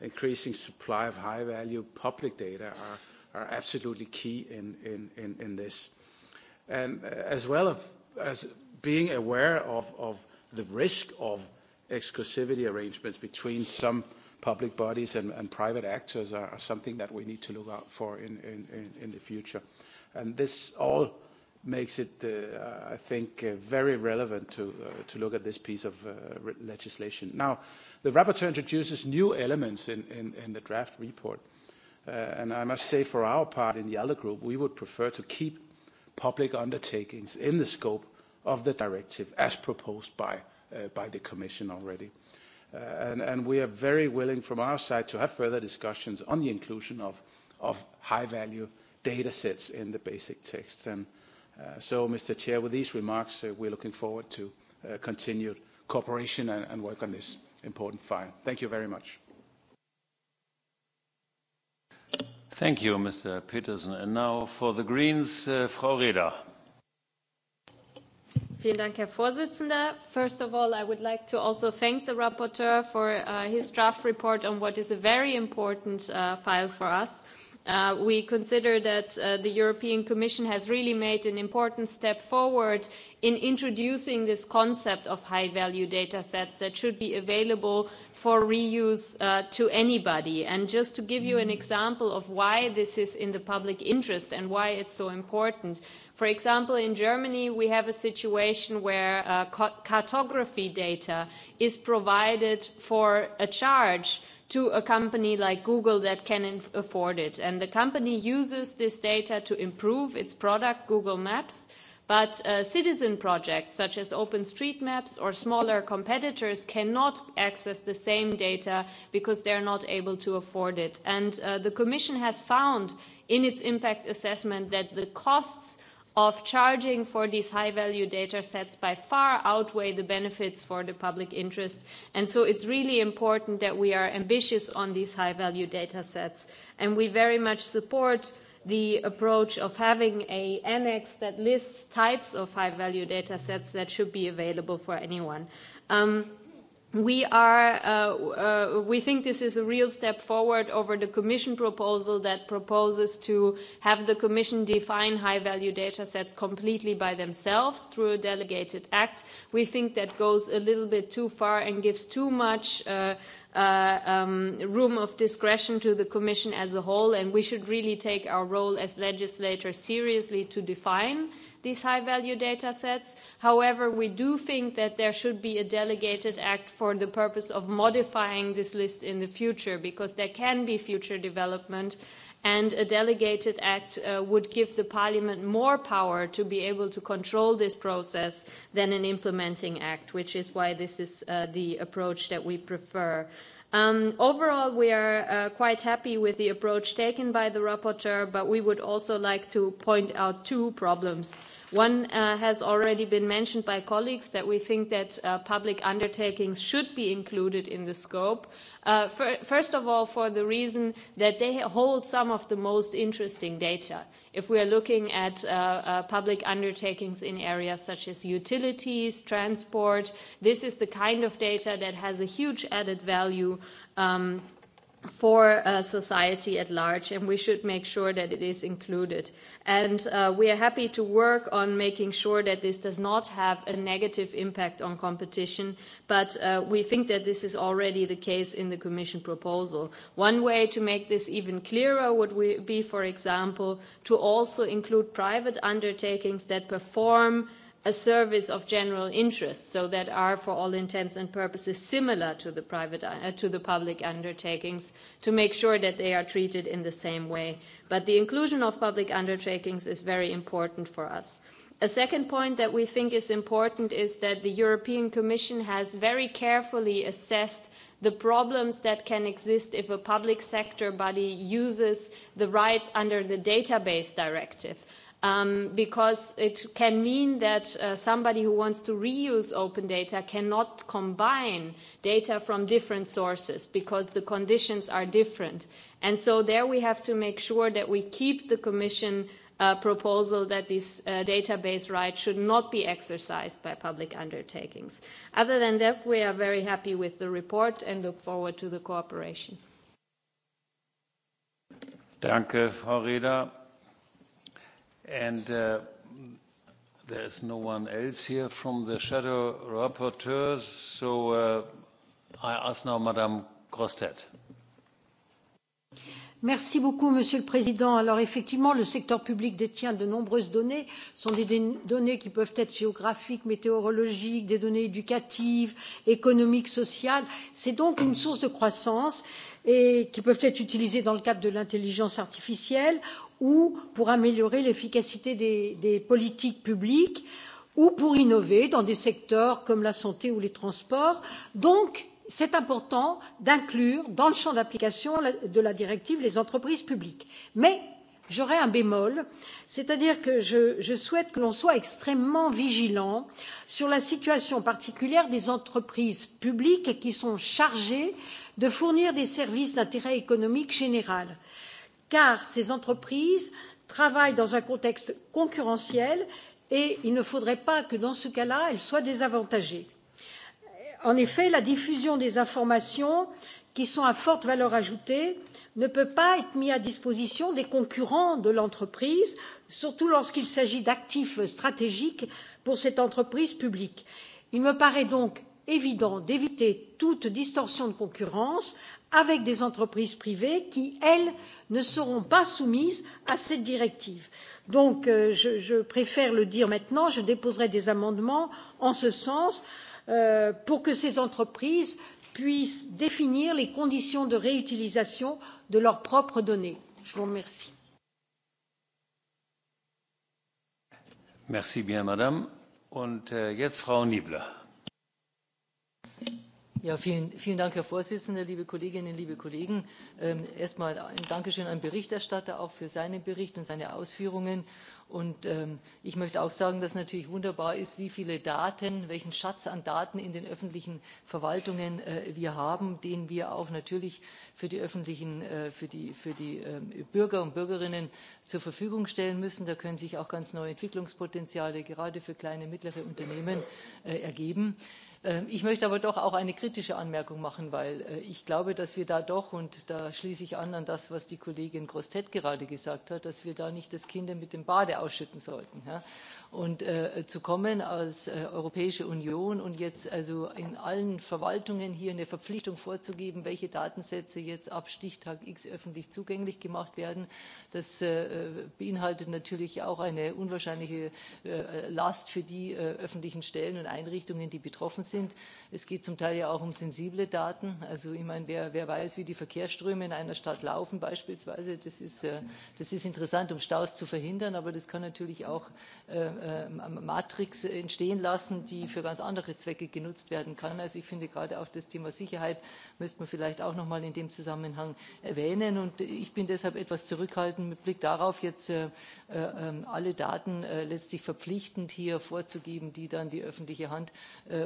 increasing supply of high-value public data are, absolutely key in, in, in, this. And as well as being aware of, of the risk of exclusivity arrangements between some public bodies and, private actors are, something that we need to look out for in, the future. And this all makes it, uh, I think, uh, very relevant uh, to, look at this piece of legislation. Now, the rapporteur introduces new elements in, the draft report. and I must say, for our part in the other group, we would prefer to keep public undertakings in the scope of the directive as proposed by Uh, by the Commission already. Uh, and, and we are very willing from our side to have further discussions on the inclusion of, of high-value data sets in the basic texts. And uh, so, Mr. Chair, with these remarks, we're looking forward to continued cooperation and, work on this important file. Thank you very much. Thank you, Mr. Peterson. And now for the Greens, Frau Reda. Dank, Herr Vorsitzender. First of all, I would like to also thank the rapporteur for uh, his draft report on what is a very important uh, file for us. Uh, we consider that the European Commission has really made an important step forward in introducing this concept of high value data sets that should be available for reuse to anybody. And just to give you an example of why this is in the public interest and why it's so important, For example, in Germany, we have a situation where uh, cartography data is provided for a charge to a company like Google that can afford it. And the company uses this data to improve its product, Google Maps. But uh, citizen projects such as OpenStreetMaps or smaller competitors cannot access the same data because they are not able to afford it. And uh, the Commission has found in its impact assessment that the costs of charging for these high value data sets by far outweigh the benefits for the public interest and so it's really important that we are ambitious on these high value data sets and we very much support the approach of having an annex that lists types of high value data sets that should be available for anyone. Um, we are uh, uh, we think this is a real step forward over the commission proposal that proposes to have the commission define high value data sets completely by themselves through a delegated act we think that goes a little bit too far and gives too much uh, Uh, um, room of discretion to the Commission as a whole, and we should really take our role as legislators seriously to define these high value data sets. However, we do think that there should be a delegated act for the purpose of modifying this list in the future because there can be future development and a delegated act uh, would give the parliament more power to be able to control this process than an implementing act which is why this is uh, the approach that we prefer Um, overall, we are uh, quite happy with the approach taken by the rapporteur, but we would also like to point out two problems. One uh, has already been mentioned by colleagues that we think that uh, public undertakings should be included in the scope. Uh, first of all, for the reason that they hold some of the most interesting data. If we are looking at uh, uh, public undertakings in areas such as utilities, transport, this is the kind of data that has a huge added value um, for uh, society at large and we should make sure that it is included and uh, we are happy to work on making sure that this does not have a negative impact on competition but uh, we think that this is already the case in the commission proposal one way to make this even clearer would be for example to also include private undertakings that perform a service of general interest so that are for all intents and purposes similar to the private uh, to the public undertakings to make sure that they are treated in the same way but the inclusion of public undertakings is very important for us a second point that we think is important is that the european commission has very carefully assessed the problems that can exist if a public sector body uses the right under the database directive um, because it can mean that uh, somebody who wants to reuse open data cannot combine data from different sources because the conditions are different. And so there we have to make sure that we keep the Commission uh, proposal that this uh, database right should not be exercised by public undertakings. Other than that, we are very happy with the report and look forward to the cooperation. Danke, Frau And uh, there is no one else here from the shadow rapporteurs, so uh, I ask now Madame Grostet. Merci beaucoup, Monsieur le Président. Alors effectivement, le secteur public détient de nombreuses données. Ce sont des données qui peuvent être géographiques, météorologiques, des données éducatives, économiques, sociales. C'est donc une source de croissance et qui peuvent être utilisées dans le cadre de l'intelligence artificielle ou pour améliorer l'efficacité des, des politiques publiques ou pour innover dans des secteurs comme la santé ou les transports. donc c'est important d'inclure dans le champ d'application de la directive les entreprises publiques mais j'aurais un bémol c'est à dire que je, je souhaite que l'on soit extrêmement vigilant sur la situation particulière des entreprises publiques qui sont chargées de fournir des services d'intérêt économique général car ces entreprises travaillent dans un contexte concurrentiel et il ne faudrait pas que dans ce cas là elles soient désavantagées. en effet la diffusion des informations qui sont à forte valeur ajoutée ne peut pas être mise à disposition des concurrents de l'entreprise surtout lorsqu'il s'agit d'actifs stratégiques pour cette entreprise publique. il me paraît donc évident d'éviter toute distorsion de concurrence avec des entreprises privées qui, elles, ne seront pas soumises à cette directive. Donc, euh, je, je préfère le dire maintenant, je déposerai des amendements en ce sens euh, pour que ces entreprises puissent définir les conditions de réutilisation de leurs propres données. Je vous remercie. Merci bien, Madame. Und euh, jetzt Frau Niebler vielen, Dank, Herr Vorsitzender, liebe Kolleginnen, liebe Kollegen. Ähm, erstmal ein Dankeschön an den Berichterstatter auch für seinen Bericht und seine Ausführungen. Und ähm, ich möchte auch sagen, dass natürlich wunderbar ist, wie viele Daten, welchen Schatz an Daten in den öffentlichen Verwaltungen äh, wir haben, den wir auch natürlich für die öffentlichen, äh, für die, ähm, Bürger und Bürgerinnen zur Verfügung stellen müssen. Da können sich auch ganz neue Entwicklungspotenziale gerade für kleine und mittlere Unternehmen äh, ergeben. Ähm, ich möchte aber doch auch eine kritische Anmerkung machen, weil äh, ich glaube, dass wir da doch, und da schließe ich an an das, was die Kollegin Grostet gerade gesagt hat, dass wir da nicht das Kinder mit dem Bade ausschütten sollten. Und äh, zu kommen als äh, Europäische Union und jetzt also in allen Verwaltungen hier eine Verpflichtung vorzugeben, welche Datensätze jetzt ab Stichtag X öffentlich zugänglich gemacht werden, das beinhaltet natürlich auch eine unwahrscheinliche Last für die öffentlichen Stellen und Einrichtungen, die betroffen sind. Es geht zum Teil ja auch um sensible Daten. Also ich meine, wer, wer weiß, wie die Verkehrsströme in einer Stadt laufen beispielsweise, das ist, äh, das ist interessant, um Staus zu verhindern, aber das kann natürlich auch äh, äh Matrix entstehen lassen, die für ganz andere Zwecke genutzt werden kann. Also ich finde gerade auch das Thema Sicherheit müsste man vielleicht auch noch mal in dem Zusammenhang erwähnen. Und ich bin deshalb etwas zurückhaltend mit Blick darauf, jetzt äh, äh ähm, alle Daten letztlich verpflichtend hier vorzugeben, die dann die öffentliche Hand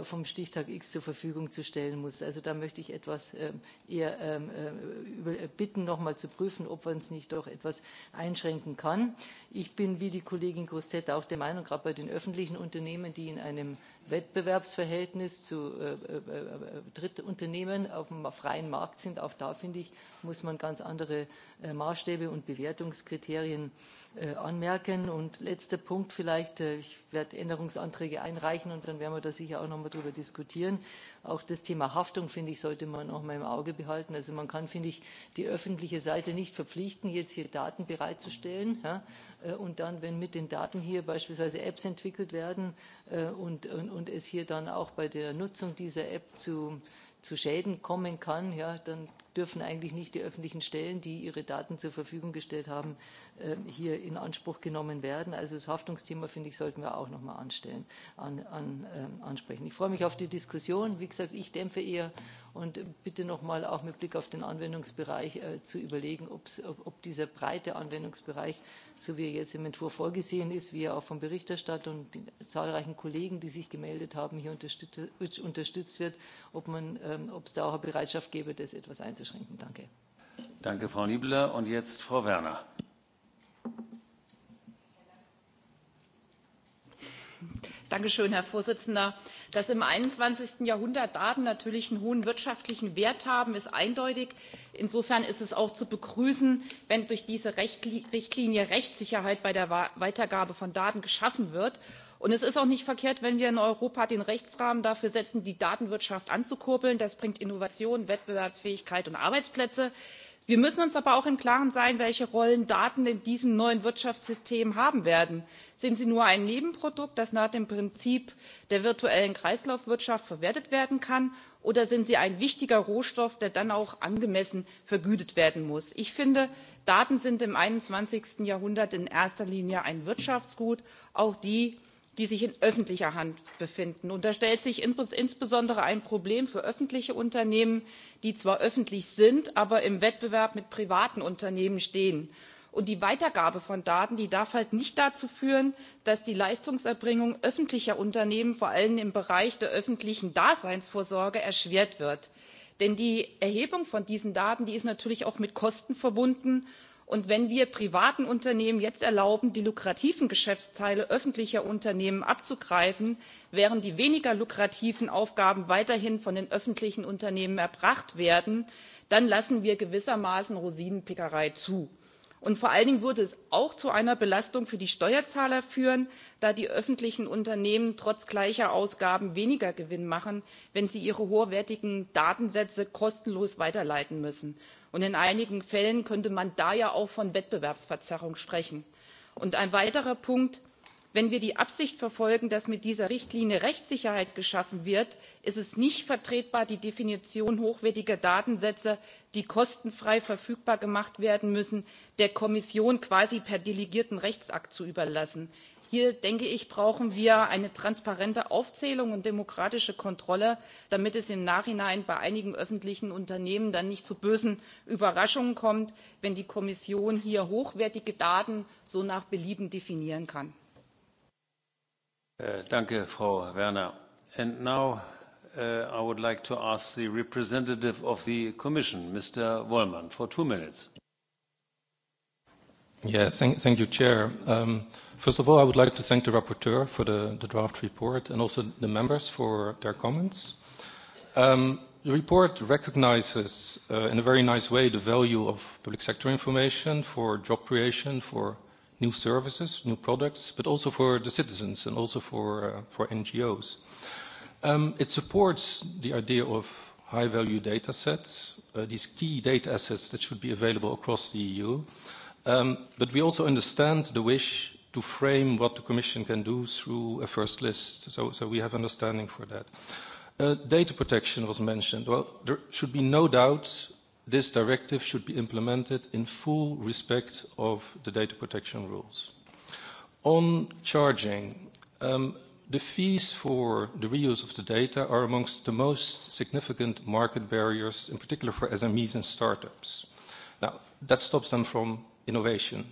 vom Stichtag X zur Verfügung zu stellen muss. Also da möchte ich etwas ähm, eher ähm, äh, äh, bitten, noch mal zu prüfen, ob man es nicht doch etwas einschränken kann. Ich bin wie die Kollegin Grossette auch der Meinung, gerade bei den öffentlichen Unternehmen, die in einem Wettbewerbsverhältnis zu äh, äh, äh, Drittunternehmen auf dem freien Markt sind. Auch da, finde ich, muss man ganz andere Maßstäbe und Bewertungskriterien anmerken. Und letzter Punkt vielleicht, ich werde Änderungsanträge einreichen und dann werden wir da sicher auch noch mal darüber diskutieren auch das Thema Haftung, finde ich, sollte man noch mal im Auge behalten. Also man kann, finde ich, die öffentliche Seite nicht verpflichten, jetzt hier Daten bereitzustellen. Äh, und dann, wenn mit den Daten hier beispielsweise Apps entwickelt werden äh, und, es hier dann auch bei der Nutzung dieser App zu zu Schäden kommen kann, ja, dann dürfen eigentlich nicht die öffentlichen Stellen, die ihre Daten zur Verfügung gestellt haben, ähm, hier in Anspruch genommen werden. Also das Haftungsthema, finde ich, sollten wir auch noch mal anstellen, an, an, ähm, ansprechen. Ich freue mich auf die Diskussion. Wie gesagt, ich dämpfe eher und bitte noch mal auch mit Blick auf den Anwendungsbereich äh, zu überlegen, ob, ob dieser breite Anwendungsbereich, so wie er jetzt im Entwurf vorgesehen ist, wie er auch vom Berichterstatter und den zahlreichen Kollegen, die sich gemeldet haben, hier unterstützt, unterstützt wird, ob es ähm, da auch eine Bereitschaft gäbe, das etwas einzuschränken einzuschränken. Danke. Danke, Frau Niebler. Und jetzt Frau Werner. Dankeschön, Herr Vorsitzender. Dass im 21. Jahrhundert Daten natürlich einen hohen wirtschaftlichen Wert haben, ist eindeutig. Insofern ist es auch zu begrüßen, wenn durch diese Richtlinie Rechtssicherheit bei der Weitergabe von Daten geschaffen wird und es ist auch nicht verkehrt wenn wir in europa den rechtsrahmen dafür setzen die datenwirtschaft anzukurbeln das bringt innovation wettbewerbsfähigkeit und arbeitsplätze. wir müssen uns aber auch im klaren sein welche rollen daten in diesem neuen wirtschaftssystem haben werden. sind sie nur ein nebenprodukt das nach dem prinzip der virtuellen kreislaufwirtschaft verwertet werden kann oder sind sie ein wichtiger rohstoff der dann auch angemessen vergütet werden muss? ich finde daten sind im. einundzwanzig jahrhundert in erster linie ein wirtschaftsgut auch die die sich in öffentlicher hand befinden. und da stellt sich insbesondere ein problem für öffentliche unternehmen die zwar öffentlich sind aber im wettbewerb mit privaten unternehmen stehen und die weitergabe von daten die darf halt nicht dazu führen dass die leistungserbringung öffentlicher unternehmen vor allem im bereich der öffentlichen daseinsvorsorge erschwert wird denn die erhebung von diesen daten ist natürlich auch mit kosten verbunden und wenn wir privaten unternehmen jetzt erlauben die lukrativen geschäftsteile öffentlicher unternehmen abzugreifen während die weniger lukrativen aufgaben weiterhin von den öffentlichen unternehmen erbracht werden dann lassen wir gewissermaßen rosinenpickerei zu. und vor allen dingen würde es auch zu einer belastung für die steuerzahler führen da die öffentlichen unternehmen trotz gleicher ausgaben weniger gewinn machen wenn sie ihre hochwertigen datensätze kostenlos weiterleiten müssen und in einigen fällen könnte man da ja auch von wettbewerbsverzerrung sprechen. und ein weiterer punkt wenn wir die absicht verfolgen dass mit dieser richtlinie rechtssicherheit geschaffen wird ist es nicht vertretbar die definition hochwertiger datensätze die kostenfrei verfügbar gemacht werden müssen der kommission quasi per delegierten rechtsakt zu überlassen hier denke ich brauchen wir eine transparente aufzählung und demokratische kontrolle damit es im nachhinein bei einigen öffentlichen unternehmen dann nicht zu bösen überraschungen kommt wenn die kommission hier hochwertige daten so nach belieben definieren kann. Äh, danke frau werner. and now äh, i would like to ask the representative of the commission mr for two minutes. thank you, Chair. Um, First of all, I would like to thank the rapporteur for the, the draft report and also the members for their comments. Um, the report recognizes uh, in a very nice way the value of public sector information for job creation, for new services, new products, but also for the citizens and also for, uh, for NGOs. Um, it supports the idea of high-value data sets, uh, these key data assets that should be available across the EU. Um, but we also understand the wish to frame what the Commission can do through a first list. So, so we have understanding for that. Uh, data protection was mentioned. Well, there should be no doubt this directive should be implemented in full respect of the data protection rules. On charging, um, the fees for the reuse of the data are amongst the most significant market barriers, in particular for SMEs and startups. Now, that stops them from innovation.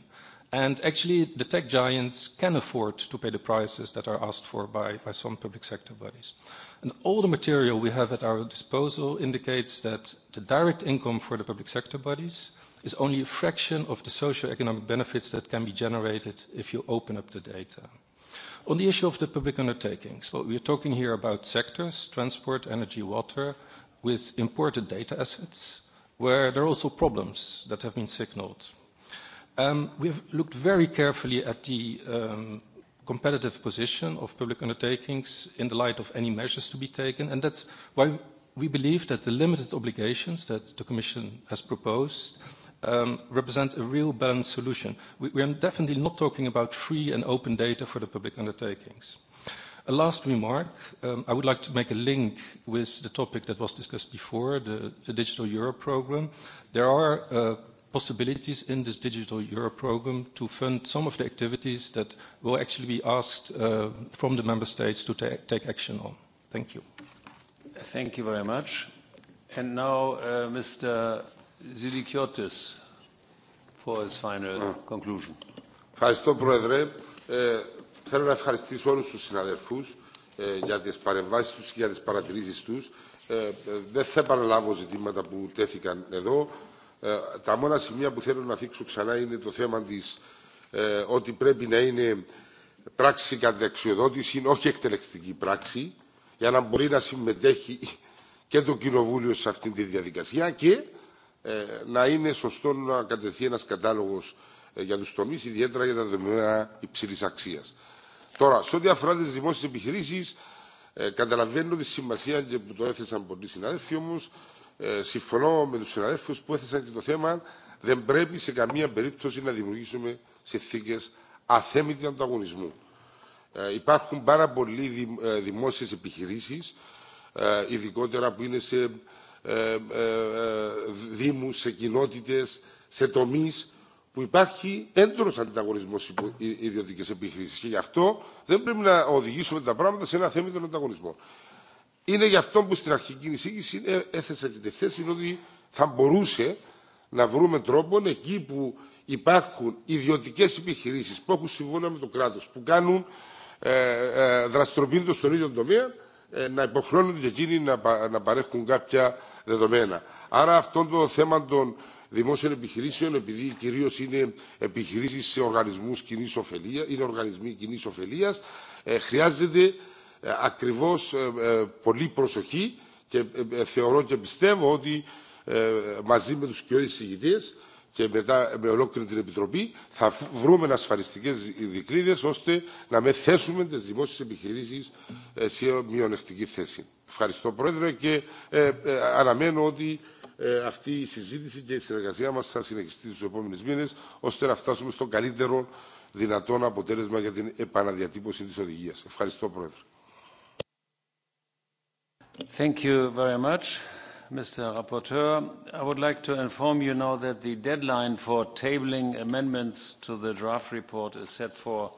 And actually, the tech giants can afford to pay the prices that are asked for by, by some public sector bodies. And all the material we have at our disposal indicates that the direct income for the public sector bodies is only a fraction of the socio-economic benefits that can be generated if you open up the data. On the issue of the public undertakings, well, we are talking here about sectors, transport, energy, water, with imported data assets, where there are also problems that have been signaled Um, we have looked very carefully at the um, competitive position of public undertakings in the light of any measures to be taken, and that's why we believe that the limited obligations that the Commission has proposed um, represent a real balanced solution. We, are definitely not talking about free and open data for the public undertakings. A last remark, I would like to make a link with the topic that was discussed before, the, Digital Europe program. There are uh, possibilities in this Digital Europe program to fund some of the activities that will actually be asked uh, from the member states to ta take action on. Thank you. Thank you very much. And now uh, Mr. Zilikiotis for his final uh. conclusion. Ευχαριστώ, Πρόεδρε. Ε, θέλω να ευχαριστήσω όλους τους συναδελφούς ε, για τις παρεμβάσεις τους και για τις παρατηρήσεις τους. Ε, δεν θα επαναλάβω ζητήματα που τέθηκαν εδώ τα μόνα σημεία που θέλω να θίξω ξανά είναι το θέμα της, ότι πρέπει να είναι πράξη καταξιοδότηση, όχι εκτελεστική πράξη, για να μπορεί να συμμετέχει και το Κοινοβούλιο σε αυτή τη διαδικασία και να είναι σωστό να κατευθεί ένας κατάλογος για τους τομείς, ιδιαίτερα για τα δεδομένα υψηλή αξίας. Τώρα, σε ό,τι αφορά τις δημόσιες επιχειρήσεις, καταλαβαίνω τη σημασία και που το έθεσαν πολλοί συνάδελφοι, όμως συμφωνώ με τους συναδέλφους που έθεσαν και το θέμα δεν πρέπει σε καμία περίπτωση να δημιουργήσουμε συνθήκε αθέμητη ανταγωνισμού. Υπάρχουν πάρα πολλοί δημόσιες επιχειρήσεις, ειδικότερα που είναι σε ε, δήμους, σε κοινότητες, σε τομείς που υπάρχει έντονος ανταγωνισμός ιδιωτικές επιχειρήσεις και γι' αυτό δεν πρέπει να οδηγήσουμε τα πράγματα σε ένα θέμητο ανταγωνισμό. Είναι γι' αυτό που στην αρχική εισήγηση έθεσα και τη θέση ότι θα μπορούσε να βρούμε τρόπο εκεί που υπάρχουν ιδιωτικέ επιχειρήσει που έχουν συμβόλαια με το κράτο, που κάνουν ε, δραστηριοποιούνται στον ίδιο τομέα, να υποχρεώνονται και εκείνοι να, να παρέχουν κάποια δεδομένα. Άρα αυτό το θέμα των δημόσιων επιχειρήσεων, επειδή κυρίω είναι επιχειρήσει σε οργανισμού κοινή ωφελία, είναι οργανισμοί κοινή ωφελία, χρειάζεται ακριβώς πολύ προσοχή και θεωρώ και πιστεύω ότι μαζί με τους κοιόδης ηγητές και μετά με ολόκληρη την Επιτροπή θα βρούμε ασφαλιστικές δικλείδες ώστε να με θέσουμε τις δημόσιες επιχειρήσεις σε μειονεκτική θέση. Ευχαριστώ Πρόεδρε και αναμένω ότι αυτή η συζήτηση και η συνεργασία μας θα συνεχιστεί τους επόμενους μήνες ώστε να φτάσουμε στο καλύτερο δυνατόν αποτέλεσμα για την επαναδιατύπωση της οδηγίας. Ευχαριστώ Πρόεδρε. Thank you very much, Mr. Rapporteur. I would like to inform you now that the deadline for tabling amendments to the draft report is set for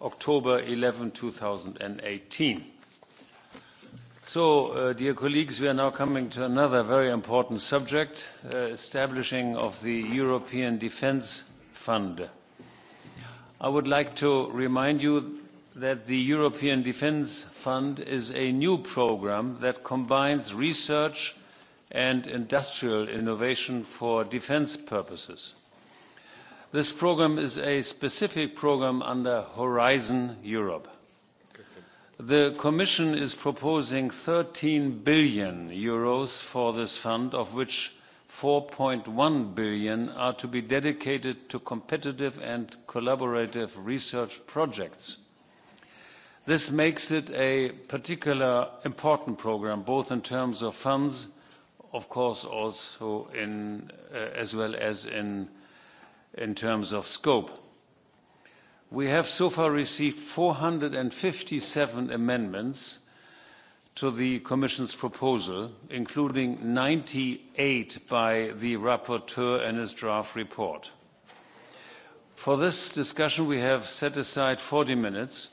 October 11, 2018. So, uh, dear colleagues, we are now coming to another very important subject, uh, establishing of the European Defence Fund. I would like to remind you that the European Defence Fund is a new program that combines research and industrial innovation for defence purposes. This program is a specific program under Horizon Europe. The Commission is proposing 13 billion euros for this fund, of which 4.1 billion are to be dedicated to competitive and collaborative research projects. This makes it a particular important program, both in terms of funds, of course, also in, uh, as well as in, in terms of scope. We have so far received 457 amendments to the Commission's proposal, including 98 by the rapporteur in his draft report. For this discussion, we have set aside 40 minutes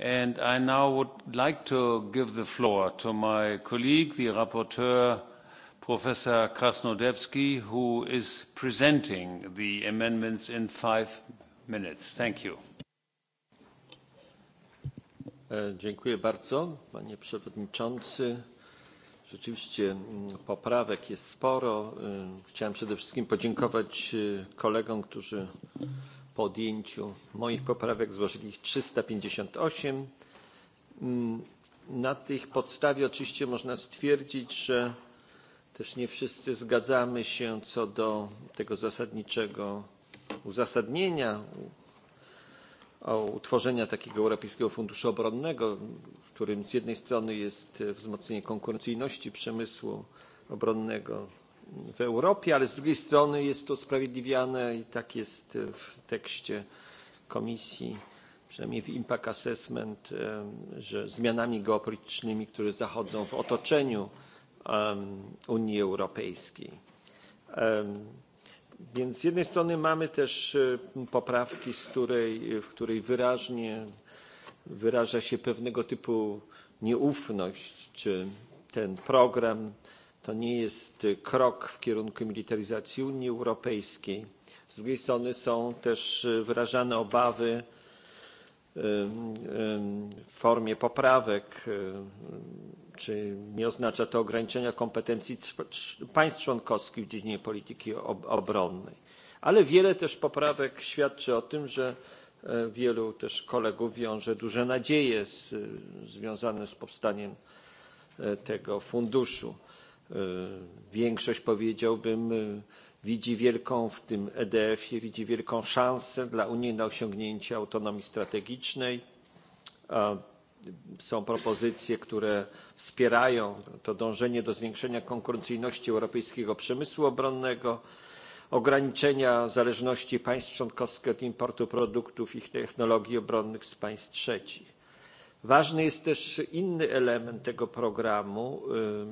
And I now would like to give the floor to my colleague, the rapporteur, Professor Krasnodebski, who is presenting the amendments in five minutes. Thank you. E, dziękuję bardzo, panie przewodniczący. Rzeczywiście mm, poprawek jest sporo. E, chciałem przede wszystkim podziękować e, kolegom, którzy podjęciu moich poprawek złożyli ich 358. Mm, na tej podstawie oczywiście można stwierdzić, że też nie wszyscy zgadzamy się co do tego zasadniczego uzasadnienia utworzenia takiego Europejskiego Funduszu Obronnego, w którym z jednej strony jest wzmocnienie konkurencyjności przemysłu obronnego, w Europie, ale z drugiej strony jest to usprawiedliwiane i tak jest w tekście Komisji, przynajmniej w impact assessment, że zmianami geopolitycznymi, które zachodzą w otoczeniu Unii Europejskiej. Więc z jednej strony mamy też poprawki, z której, w której wyraźnie wyraża się pewnego typu nieufność, czy ten program to nie jest krok w kierunku militaryzacji Unii Europejskiej. Z drugiej strony są też wyrażane obawy w formie poprawek, czy nie oznacza to ograniczenia kompetencji państw członkowskich w dziedzinie polityki obronnej. Ale wiele też poprawek świadczy o tym, że e, wielu też kolegów wiąże duże nadzieje z, związane z powstaniem e, tego funduszu. E, większość powiedziałbym e, widzi wielką w tym EDF-ie widzi wielką szansę dla Unii na osiągnięcie autonomii strategicznej. Są propozycje, które wspierają to dążenie do zwiększenia konkurencyjności europejskiego przemysłu obronnego, ograniczenia zależności państw członkowskich od importu produktów i technologii obronnych z państw trzecich ważny jest też inny element tego programu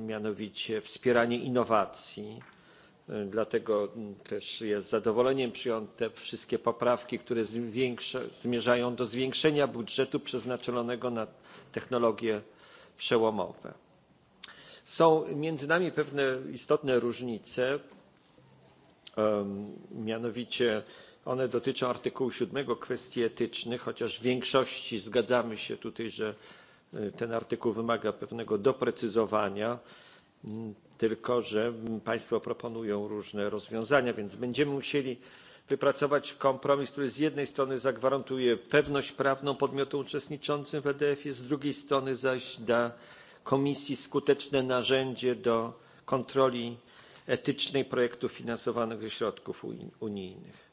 mianowicie wspieranie innowacji dlatego mm, też z zadowoleniem przyjęte wszystkie poprawki które zmierzają do zwiększenia budżetu przeznaczonego na technologie przełomowe. są między nami pewne istotne różnice mianowicie one dotyczą artykułu 7, kwestii etycznych, chociaż w większości zgadzamy się tutaj, że ten artykuł wymaga pewnego doprecyzowania, mm, tylko że mm, państwo proponują różne rozwiązania, więc będziemy musieli wypracować kompromis, który z jednej strony zagwarantuje pewność prawną podmiotom uczestniczącym w EDF-ie, z drugiej strony zaś da Komisji skuteczne narzędzie do kontroli etycznej projektów finansowanych ze środków unijnych.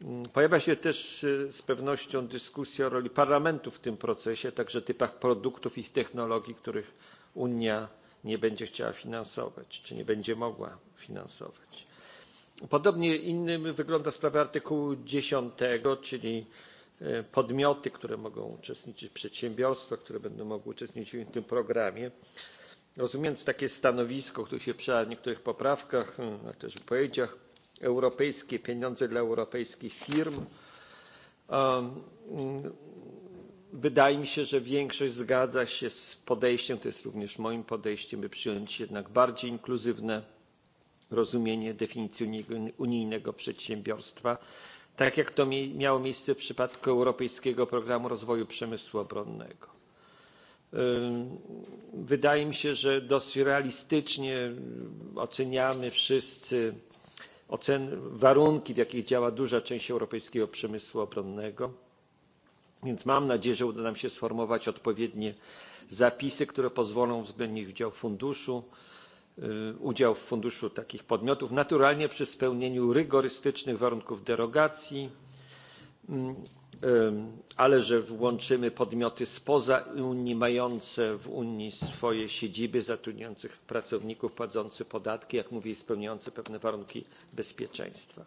Mm, pojawia się też z pewnością dyskusja o roli parlamentu w tym procesie także typach produktów i technologii których unia nie będzie chciała finansować czy nie będzie mogła finansować. podobnie innym wygląda sprawa artykułu 10, czyli podmioty które mogą uczestniczyć przedsiębiorstwa które będą mogły uczestniczyć w tym programie. rozumiejąc takie stanowisko które się przyjęło w niektórych poprawkach hmm, a też wypowiedziach europejskie pieniądze dla europejskich firm. Um, wydaje mi się, że większość zgadza się z podejściem, to jest również moim podejściem, by przyjąć jednak bardziej inkluzywne rozumienie definicji unijnego przedsiębiorstwa, tak jak to miało miejsce w przypadku Europejskiego Programu Rozwoju Przemysłu Obronnego. Um, wydaje mi się, że dosyć realistycznie oceniamy wszyscy ocen warunki, w jakich działa duża część europejskiego przemysłu obronnego. Więc mam nadzieję, że uda nam się sformować odpowiednie zapisy, które pozwolą uwzględnić udział funduszu, udział w funduszu takich podmiotów, naturalnie przy spełnieniu rygorystycznych warunków derogacji mm, ale że włączymy podmioty spoza Unii, mające w Unii swoje siedziby, zatrudniających pracowników, płacące podatki, jak mówię, i spełniające pewne warunki bezpieczeństwa.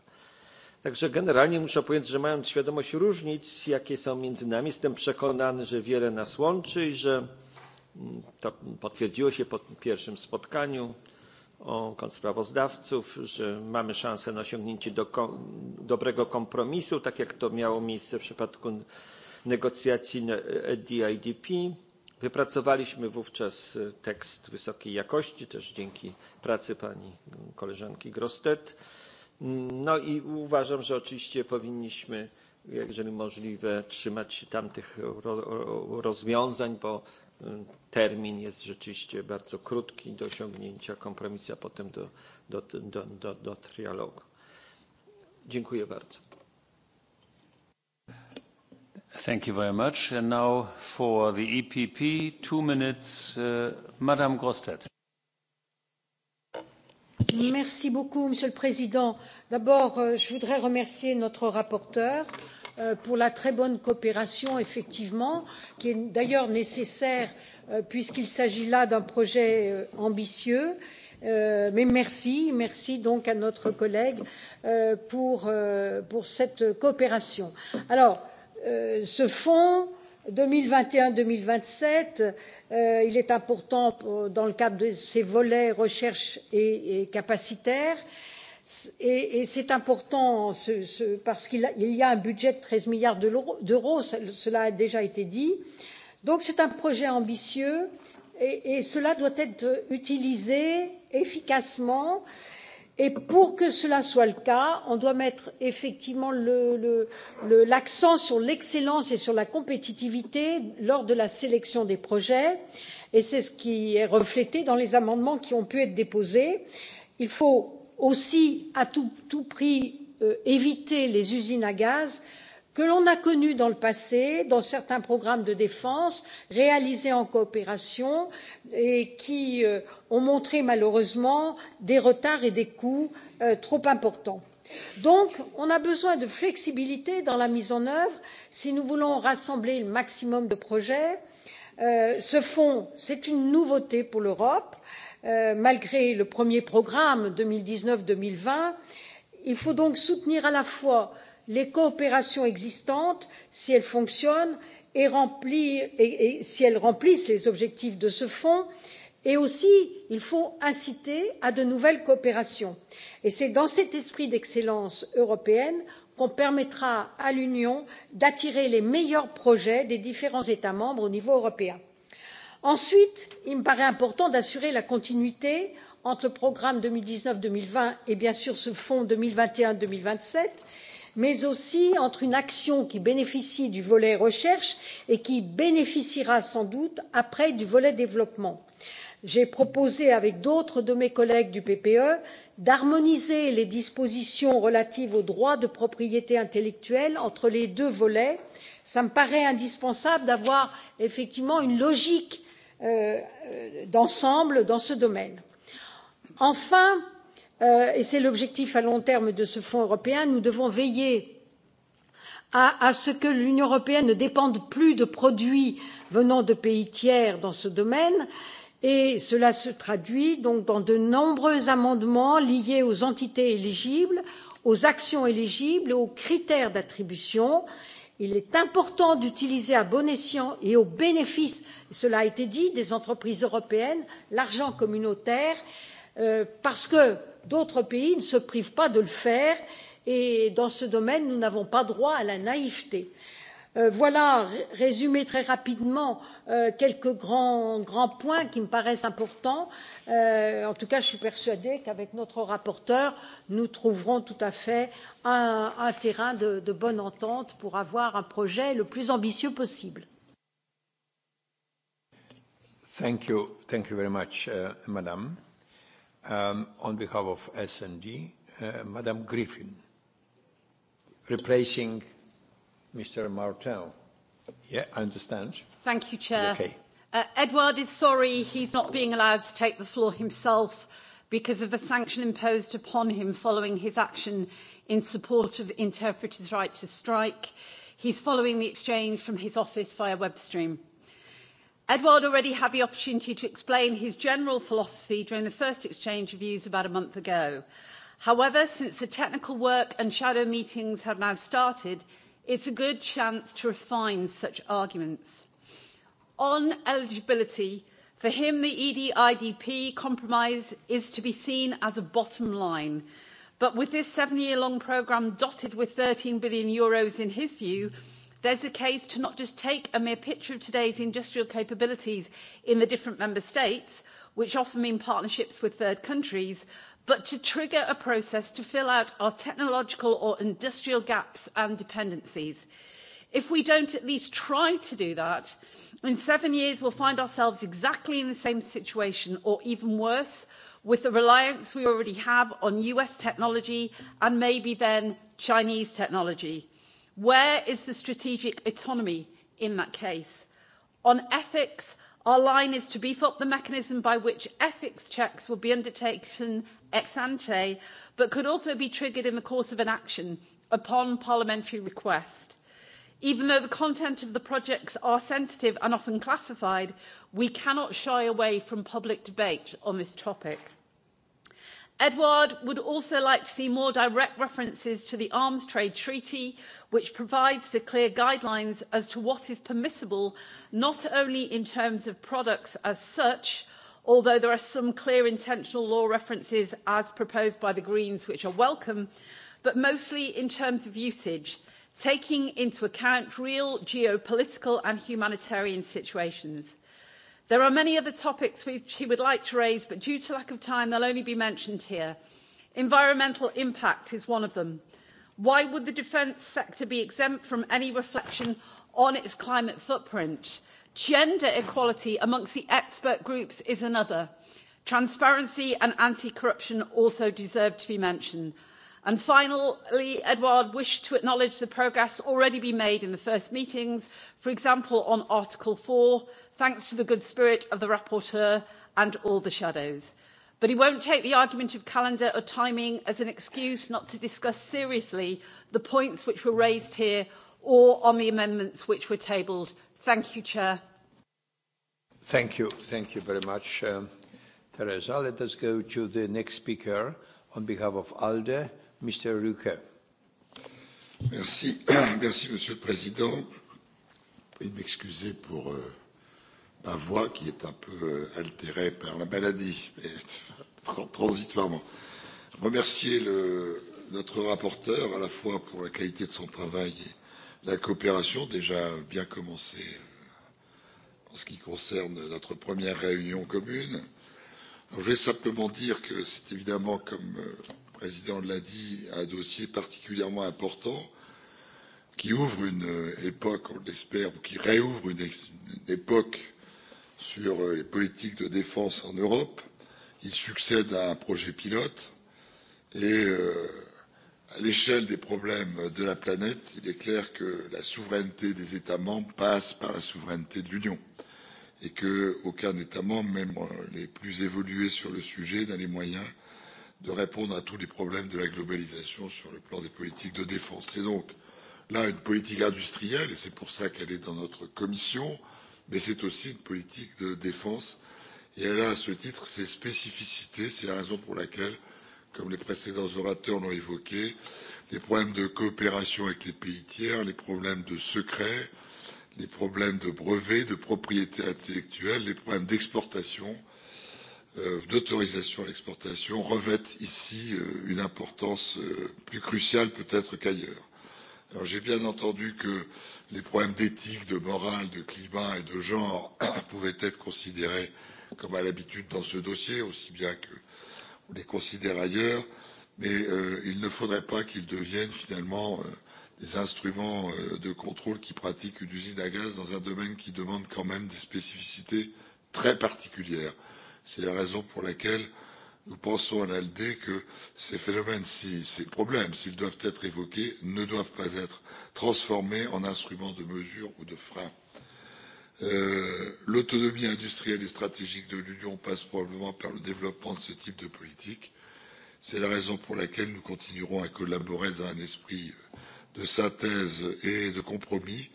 Także generalnie muszę powiedzieć, że mając świadomość różnic, jakie są między nami, jestem przekonany, że wiele nas łączy i że mm, to potwierdziło się po pierwszym spotkaniu o, sprawozdawców, że mamy szansę na osiągnięcie do, dobrego kompromisu, tak jak to miało miejsce w przypadku negocjacji e DIDP. Wypracowaliśmy wówczas tekst wysokiej jakości, też dzięki pracy pani koleżanki Grostet. No i uważam, że oczywiście powinniśmy jeżeli możliwe trzymać się tamtych rozwiązań, bo termin jest rzeczywiście bardzo krótki do osiągnięcia kompromisu, a potem do, do, do, do, do trialogu. Dziękuję bardzo. Thank you very much. And now for the EPP, two minutes, uh, Madame Grostet. Merci beaucoup, Monsieur le Président. D'abord, euh, je voudrais remercier notre rapporteur. Euh, pour la très bonne coopération effectivement qui est d'ailleurs nécessaire euh, puisqu'il s'agit là d'un projet euh, ambitieux mais merci merci donc à notre collègue pour, pour cette coopération. alors ce fonds deux mille vingt et un deux mille vingt sept il est important dans le cadre de ces volets recherche et, capacitaires. capacitaire et, c'est important parce qu'il y a un budget de treize milliards d'euros cela a déjà été dit donc c'est un projet ambitieux et, et cela doit être utilisé efficacement et pour que cela soit le cas on doit mettre effectivement l'accent le, le, le, sur l'excellence et sur la compétitivité lors de la sélection des projets et c'est ce qui est reflété dans les amendements qui ont pu être déposés. il faut aussi à tout, prix euh, éviter les usines à gaz que l'on a connues dans le passé dans certains programmes de défense réalisés en coopération et qui euh, ont montré malheureusement des retards et des coûts euh, trop importants. donc on a besoin de flexibilité dans la mise en œuvre si nous voulons rassembler le maximum de projets. ce fonds c'est une nouveauté pour l'europe Euh, malgré le premier programme deux mille dix neuf deux mille vingt il faut donc soutenir à la fois les coopérations existantes si elles fonctionnent et, et, si elles remplissent les objectifs de ce fonds et aussi il faut inciter à de nouvelles coopérations et c'est dans cet esprit d'excellence européenne qu'on permettra à l'union d'attirer les meilleurs projets des différents états membres au niveau européen ensuite il me paraît important d'assurer la continuité entre le programme deux mille dix neuf deux vingt et bien sûr ce fonds deux mille vingt et un deux mille vingt sept mais aussi entre une action qui bénéficie du volet recherche et qui bénéficiera sans doute après du volet développement. j'ai proposé avec d'autres de mes collègues du ppe d'harmoniser les dispositions relatives aux droits de propriété intellectuelle entre les deux volets. cela me paraît indispensable d'avoir effectivement une logique Euh, d'ensemble dans ce domaine. enfin euh, et c'est l'objectif à long terme de ce fonds européen nous devons veiller à, ce que l'union européenne ne dépende plus de produits venant de pays tiers dans ce domaine et cela se traduit donc dans de nombreux amendements liés aux entités éligibles aux actions éligibles et aux critères d'attribution il est important d'utiliser à bon escient et au bénéfice cela a été dit des entreprises européennes l'argent communautaire euh, parce que d'autres pays ne se privent pas de le faire et dans ce domaine nous n'avons pas droit à la naïveté. Euh, voilà résumé très rapidement euh, quelques grands, points qui me paraissent importants. Euh, en tout cas je suis persuadée qu'avec notre rapporteur nous trouverons tout à fait un, terrain de, de bonne entente pour avoir un projet le plus ambitieux possible. Thank you. Thank you very much, uh, um, on behalf of S&D, uh, Griffin, replacing Mr. Martell. Yeah, I understand. Thank you, Chair. Okay. Uh, Edward is sorry he's not being allowed to take the floor himself because of the sanction imposed upon him following his action in support of interpreters' right to strike. He's following the exchange from his office via Webstream. Edward already had the opportunity to explain his general philosophy during the first exchange of views about a month ago. However, since the technical work and shadow meetings have now started, It's a good chance to refine such arguments. On eligibility, for him the EDIDP compromise is to be seen as a bottom line. But with this seven year long programme dotted with 13 billion euros in his view, there's a case to not just take a mere picture of today's industrial capabilities in the different member states, which often mean partnerships with third countries, but to trigger a process to fill out our technological or industrial gaps and dependencies. If we don't at least try to do that, in seven years we'll find ourselves exactly in the same situation or even worse with the reliance we already have on US technology and maybe then Chinese technology. Where is the strategic autonomy in that case? On ethics, our line is to beef up the mechanism by which ethics checks will be undertaken ex ante but could also be triggered in the course of an action upon parliamentary request. even though the content of the projects are sensitive and often classified we cannot shy away from public debate on this topic edward would also like to see more direct references to the arms trade treaty which provides the clear guidelines as to what is permissible not only in terms of products as such although there are some clear intentional law references as proposed by the greens which are welcome but mostly in terms of usage taking into account real geopolitical and humanitarian situations there are many other topics which he would like to raise but due to lack of time they'll only be mentioned here. environmental impact is one of them. why would the defence sector be exempt from any reflection on its climate footprint? gender equality amongst the expert groups is another. transparency and anti corruption also deserve to be mentioned. And finally edward wished to acknowledge the progress already been made in the first meetings for example on article four thanks to the good spirit of the rapporteur and all the shadows but he won't take the argument of calendar or timing as an excuse not to discuss seriously the points which were raised here or on the amendments which were tabled. thank you chair. thank you thank you very much um, teresa. let us go to the next speaker on behalf of alde Mr. Rucker. Merci. Merci, Monsieur le Président. Veuillez m'excuser pour euh, ma voix qui est un peu euh, altérée par la maladie, mais transitoirement. Remercier le, notre rapporteur à la fois pour la qualité de son travail et la coopération déjà bien commencée euh, en ce qui concerne notre première réunion commune. je vais simplement dire que c'est évidemment comme président l'a dit, à un dossier particulièrement important qui ouvre une euh, époque, on l'espère, ou qui réouvre une, époque sur euh, les politiques de défense en Europe. Il succède à un projet pilote et euh, à l'échelle des problèmes de la planète, il est clair que la souveraineté des États membres passe par la souveraineté de l'Union et qu'aucun État membre, même les plus évolués sur le sujet, n'a les moyens de répondre à tous les problèmes de la globalisation sur le plan des politiques de défense. C'est donc là une politique industrielle et c'est pour ça qu'elle est dans notre commission, mais c'est aussi une politique de défense et elle a à ce titre ses spécificités. C'est la raison pour laquelle, comme les précédents orateurs l'ont évoqué, les problèmes de coopération avec les pays tiers, les problèmes de secret, les problèmes de brevets, de propriété intellectuelle, les problèmes d'exportation Euh, d'autorisation à l'exportation revêtent ici euh, une importance euh, plus cruciale peut-être qu'ailleurs. Alors j'ai bien entendu que les problèmes d'éthique, de morale, de climat et de genre pouvaient être considérés comme à l'habitude dans ce dossier, aussi bien qu'on les considère ailleurs, mais euh, il ne faudrait pas qu'ils deviennent finalement euh, des instruments euh, de contrôle qui pratiquent une usine à gaz dans un domaine qui demande quand même des spécificités très particulières. C'est la raison pour laquelle nous pensons à l'ALDE que ces phénomènes, si ces problèmes, s'ils doivent être évoqués, ne doivent pas être transformés en instruments de mesure ou de frein. Euh, L'autonomie industrielle et stratégique de l'Union passe probablement par le développement de ce type de politique. C'est la raison pour laquelle nous continuerons à collaborer dans un esprit de synthèse et de compromis.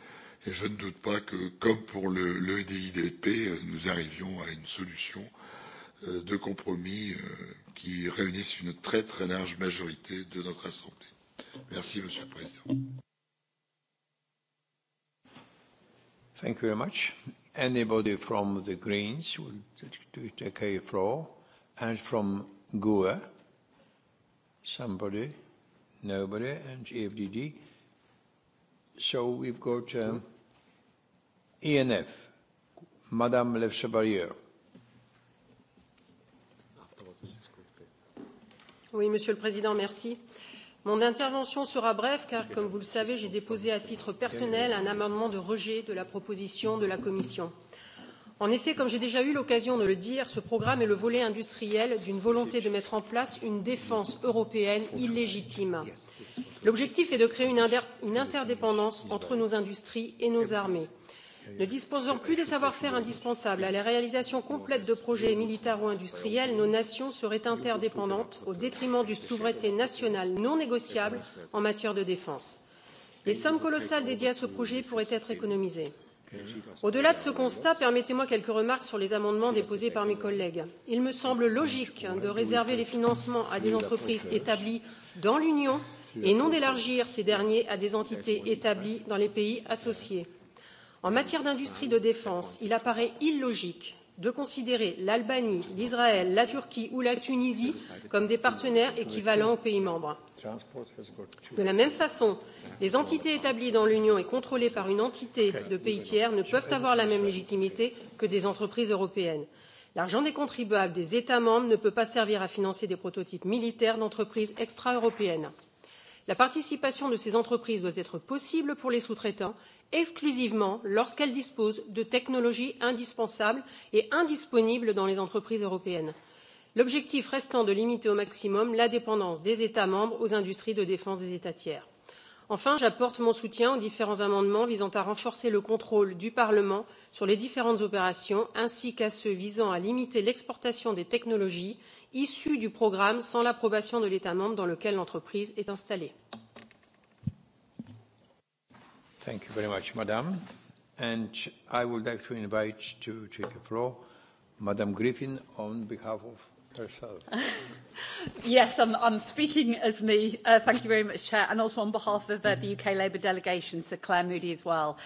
Et je ne doute pas que, comme pour le, le e nous arrivions à une solution Euh, de compromis euh, qui réunissent une très très large majorité de notre Assemblée. Merci, Monsieur le Président. Thank you very much. Anybody from the Greens will take a floor? And from GUA? E? Somebody? Nobody? And EFDD? So we've got um, ENF, Madame Lefsevalier. Monsieur le Président, merci. Mon intervention sera brève car, comme vous le savez, j'ai déposé à titre personnel un amendement de rejet de la proposition de la Commission. En effet, comme j'ai déjà eu l'occasion de le dire, ce programme est le volet industriel d'une volonté de mettre en place une défense européenne illégitime. L'objectif est de créer une interdépendance entre nos industries et nos armées ne disposant plus des savoir faire indispensables à la réalisation complète de projets militaro industriels nos nations seraient interdépendantes au détriment d'une souveraineté nationale non négociable en matière de défense. les sommes colossales dédiées à ce projet pourraient être économisées. au delà de ce constat permettez moi quelques remarques sur les amendements déposés par mes collègues. il me semble logique de réserver les financements à des entreprises établies dans l'union et non d'élargir ces derniers à des entités établies dans les pays associés en matière d'industrie de défense il apparaît illogique de considérer l'albanie l'israël la turquie ou la tunisie comme des partenaires équivalents aux pays membres. de la même façon les entités établies dans l'union et contrôlées par une entité de pays tiers ne peuvent avoir la même légitimité que des entreprises européennes. l'argent des contribuables des états membres ne peut pas servir à financer des prototypes militaires d'entreprises extra européennes la participation de ces entreprises doit être possible pour les sous traitants exclusivement lorsqu'elles disposent de technologies indispensables et indisponibles dans les entreprises européennes l'objectif restant de limiter au maximum la dépendance des états membres aux industries de défense des états tiers. enfin j'apporte mon soutien aux différents amendements visant à renforcer le contrôle du parlement sur les différentes opérations ainsi qu'à ceux visant à limiter l'exportation des technologies issus du programme sans l'approbation de l'état membre dans lequel l'entreprise est installée. Thank you very much, madame. And I would like to invite to take the floor Madam Griffin on behalf of herself. yes, I'm, I'm speaking as me. Uh, thank you very much, Chair, and also on behalf of uh, the UK Labour delegation, Sir Claire Moody as well.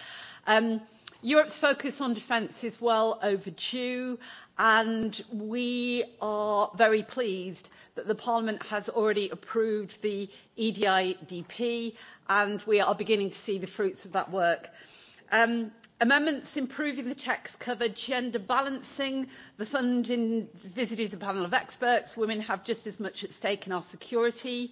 Um, Europe's focus on defence is well overdue and we are very pleased that the Parliament has already approved the EDIDP and we are beginning to see the fruits of that work. Um, amendments improving the text cover gender balancing. The funding envisages a panel of experts. Women have just as much at stake in our security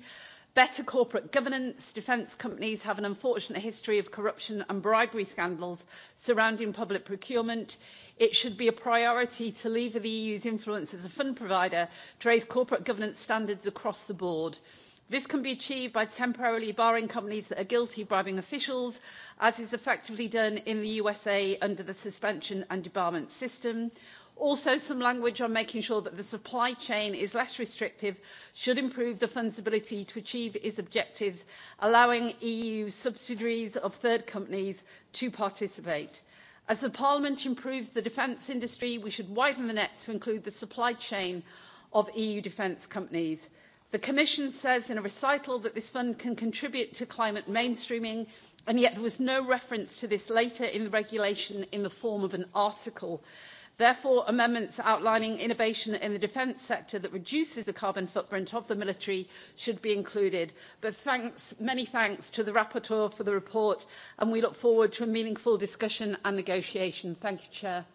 better corporate governance defence companies have an unfortunate history of corruption and bribery scandals surrounding public procurement it should be a priority to lever the eu's influence as a fund provider to raise corporate governance standards across the board. this can be achieved by temporarily barring companies that are guilty of bribing officials as is effectively done in the usa under the suspension and debarment system also some language on making sure that the supply chain is less restrictive should improve the fund's ability to achieve its objectives allowing eu subsidiaries of third companies to participate. as the parliament improves the defence industry we should widen the net to include the supply chain of eu defence companies. the commission says in a recital that this fund can contribute to climate mainstreaming and yet there was no reference to this later in the regulation in the form of an article therefore amendments outlining innovation in the defence sector that reduces the carbon footprint of the military should be included but thanks many thanks to the rapporteur for the report and we look forward to a meaningful discussion and negotiation thank you chair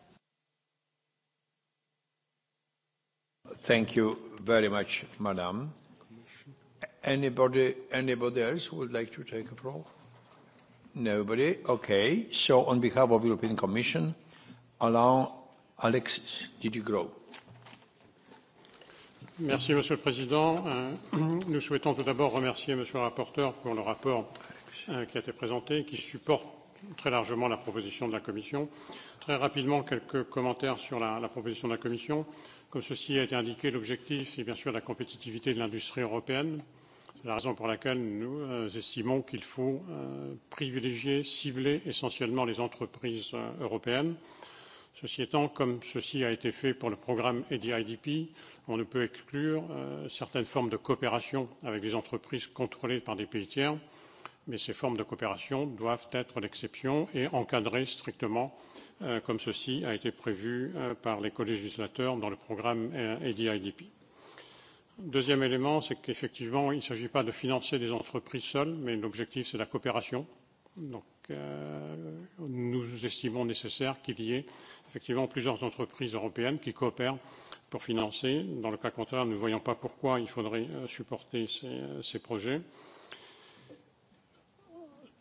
thank you very much madam anybody anybody else would like to take a floor nobody okay so on behalf of european commission allow Alexis, did you grow? Merci, Monsieur le Président. Euh, nous souhaitons tout d'abord remercier Monsieur le rapporteur pour le rapport euh, qui a été présenté, qui supporte très largement la proposition de la Commission. Très rapidement, quelques commentaires sur la, la proposition de la Commission. Comme ceci a été indiqué, l'objectif est bien sûr la compétitivité de l'industrie européenne. C'est la raison pour laquelle nous euh, estimons qu'il faut privilégier, cibler essentiellement les entreprises européennes. Ceci étant, comme ceci a été fait pour le programme EDIDP, on ne peut exclure euh, certaines formes de coopération avec des entreprises contrôlées par des pays tiers, mais ces formes de coopération doivent être l'exception et encadrées strictement, euh, comme ceci a été prévu euh, par les législateurs dans le programme EDIDP. E Deuxième élément, c'est qu'effectivement, il ne s'agit pas de financer des entreprises seules, mais l'objectif, c'est la coopération. Donc, euh, nous estimons nécessaire qu'il y ait effectivement plusieurs entreprises européennes qui coopèrent pour financer. Dans le cas contraire, nous ne voyons pas pourquoi il faudrait euh, supporter ces, euh, ces projets.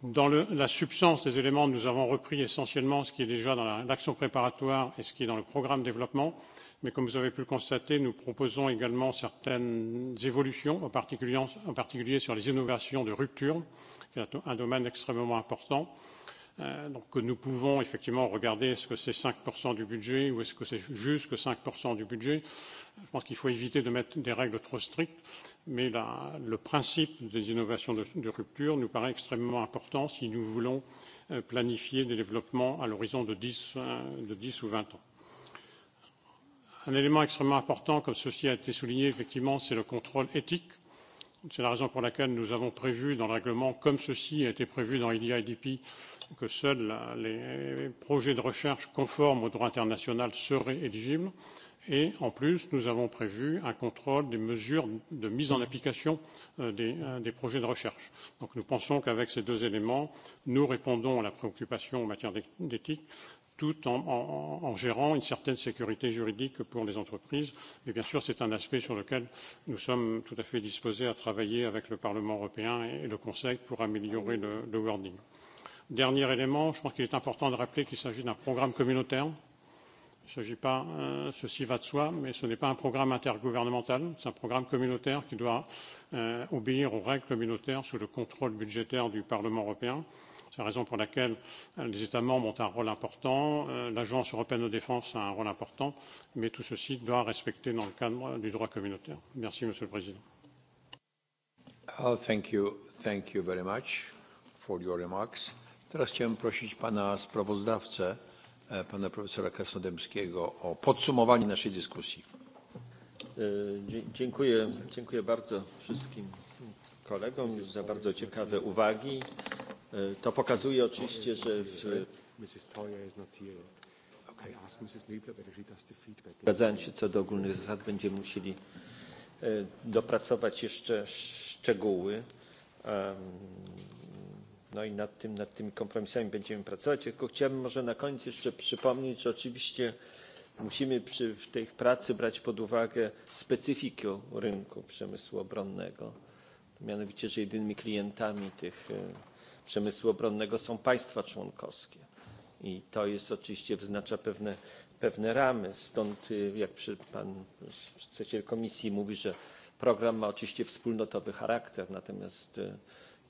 Dans le, la substance des éléments, nous avons repris essentiellement ce qui est déjà dans l'action la, préparatoire et ce qui est dans le programme développement. Mais comme vous avez pu le constater, nous proposons également certaines évolutions, en particulier, en particulier sur les innovations de rupture, qui est un domaine extrêmement important. Euh, donc nous pouvons effectivement regarder est-ce que c'est 5% du budget ou est-ce que c'est juste que 5% du budget. Je pense qu'il faut éviter de mettre des règles trop strictes, mais la, le principe des innovations de, rupture nous paraît extrêmement important si nous voulons euh, planifier des développements à l'horizon de 10, euh, de 10 ou 20 ans. Un élément extrêmement important, comme ceci a été souligné, effectivement, c'est le contrôle éthique. C'est la raison pour laquelle nous avons prévu dans le règlement, comme ceci a été prévu dans l'IDIDP, que seuls les projets de recherche conformes au droit international seraient éligibles. Et en plus, nous avons prévu un contrôle des mesures de mise en application euh, des, euh, des projets de recherche. Donc nous pensons qu'avec ces deux éléments, nous répondons à la préoccupation en matière d'éthique tout en, en, en gérant une certaine sécurité juridique pour les entreprises. Et bien sûr, c'est un aspect sur lequel nous sommes tout à fait disposés à travailler avec le Parlement européen et, et le Conseil pour améliorer le, le wording. Dernier élément, je pense qu'il est important de rappeler qu'il s'agit d'un programme communautaire. Il ne s'agit pas, euh, ceci va de soi, mais ce n'est pas un programme intergouvernemental, c'est un programme communautaire qui doit euh, obéir aux règles communautaires sous le contrôle budgétaire du Parlement européen. C'est la raison pour laquelle euh, les États membres ont un rôle important, euh, l'Agence européenne de défense a un rôle important, mais tout ceci doit respecter dans le cadre du droit communautaire. Merci, Monsieur le Président. Oh, thank you. Thank you very much for your remarks. Teraz chciałem prosić pana sprawozdawcę, e, pana profesora Krasnodębskiego o podsumowanie naszej dyskusji. E, dziękuję, dziękuję bardzo wszystkim kolegom za bardzo ciekawe uwagi. E, to pokazuje oczywiście, że w... Zgadzając się co do ogólnych zasad, będziemy musieli dopracować jeszcze szczegóły. No i nad, tym, nad tymi kompromisami będziemy pracować. Tylko chciałbym może na koniec jeszcze przypomnieć, że oczywiście musimy przy w tej pracy brać pod uwagę specyfikę rynku przemysłu obronnego. Mianowicie, że jedynymi klientami tych e, przemysłu obronnego są państwa członkowskie. I to jest oczywiście wyznacza pewne, pewne ramy. Stąd e, jak przy, pan przedstawiciel komisji mówi, że program ma oczywiście wspólnotowy charakter, natomiast e,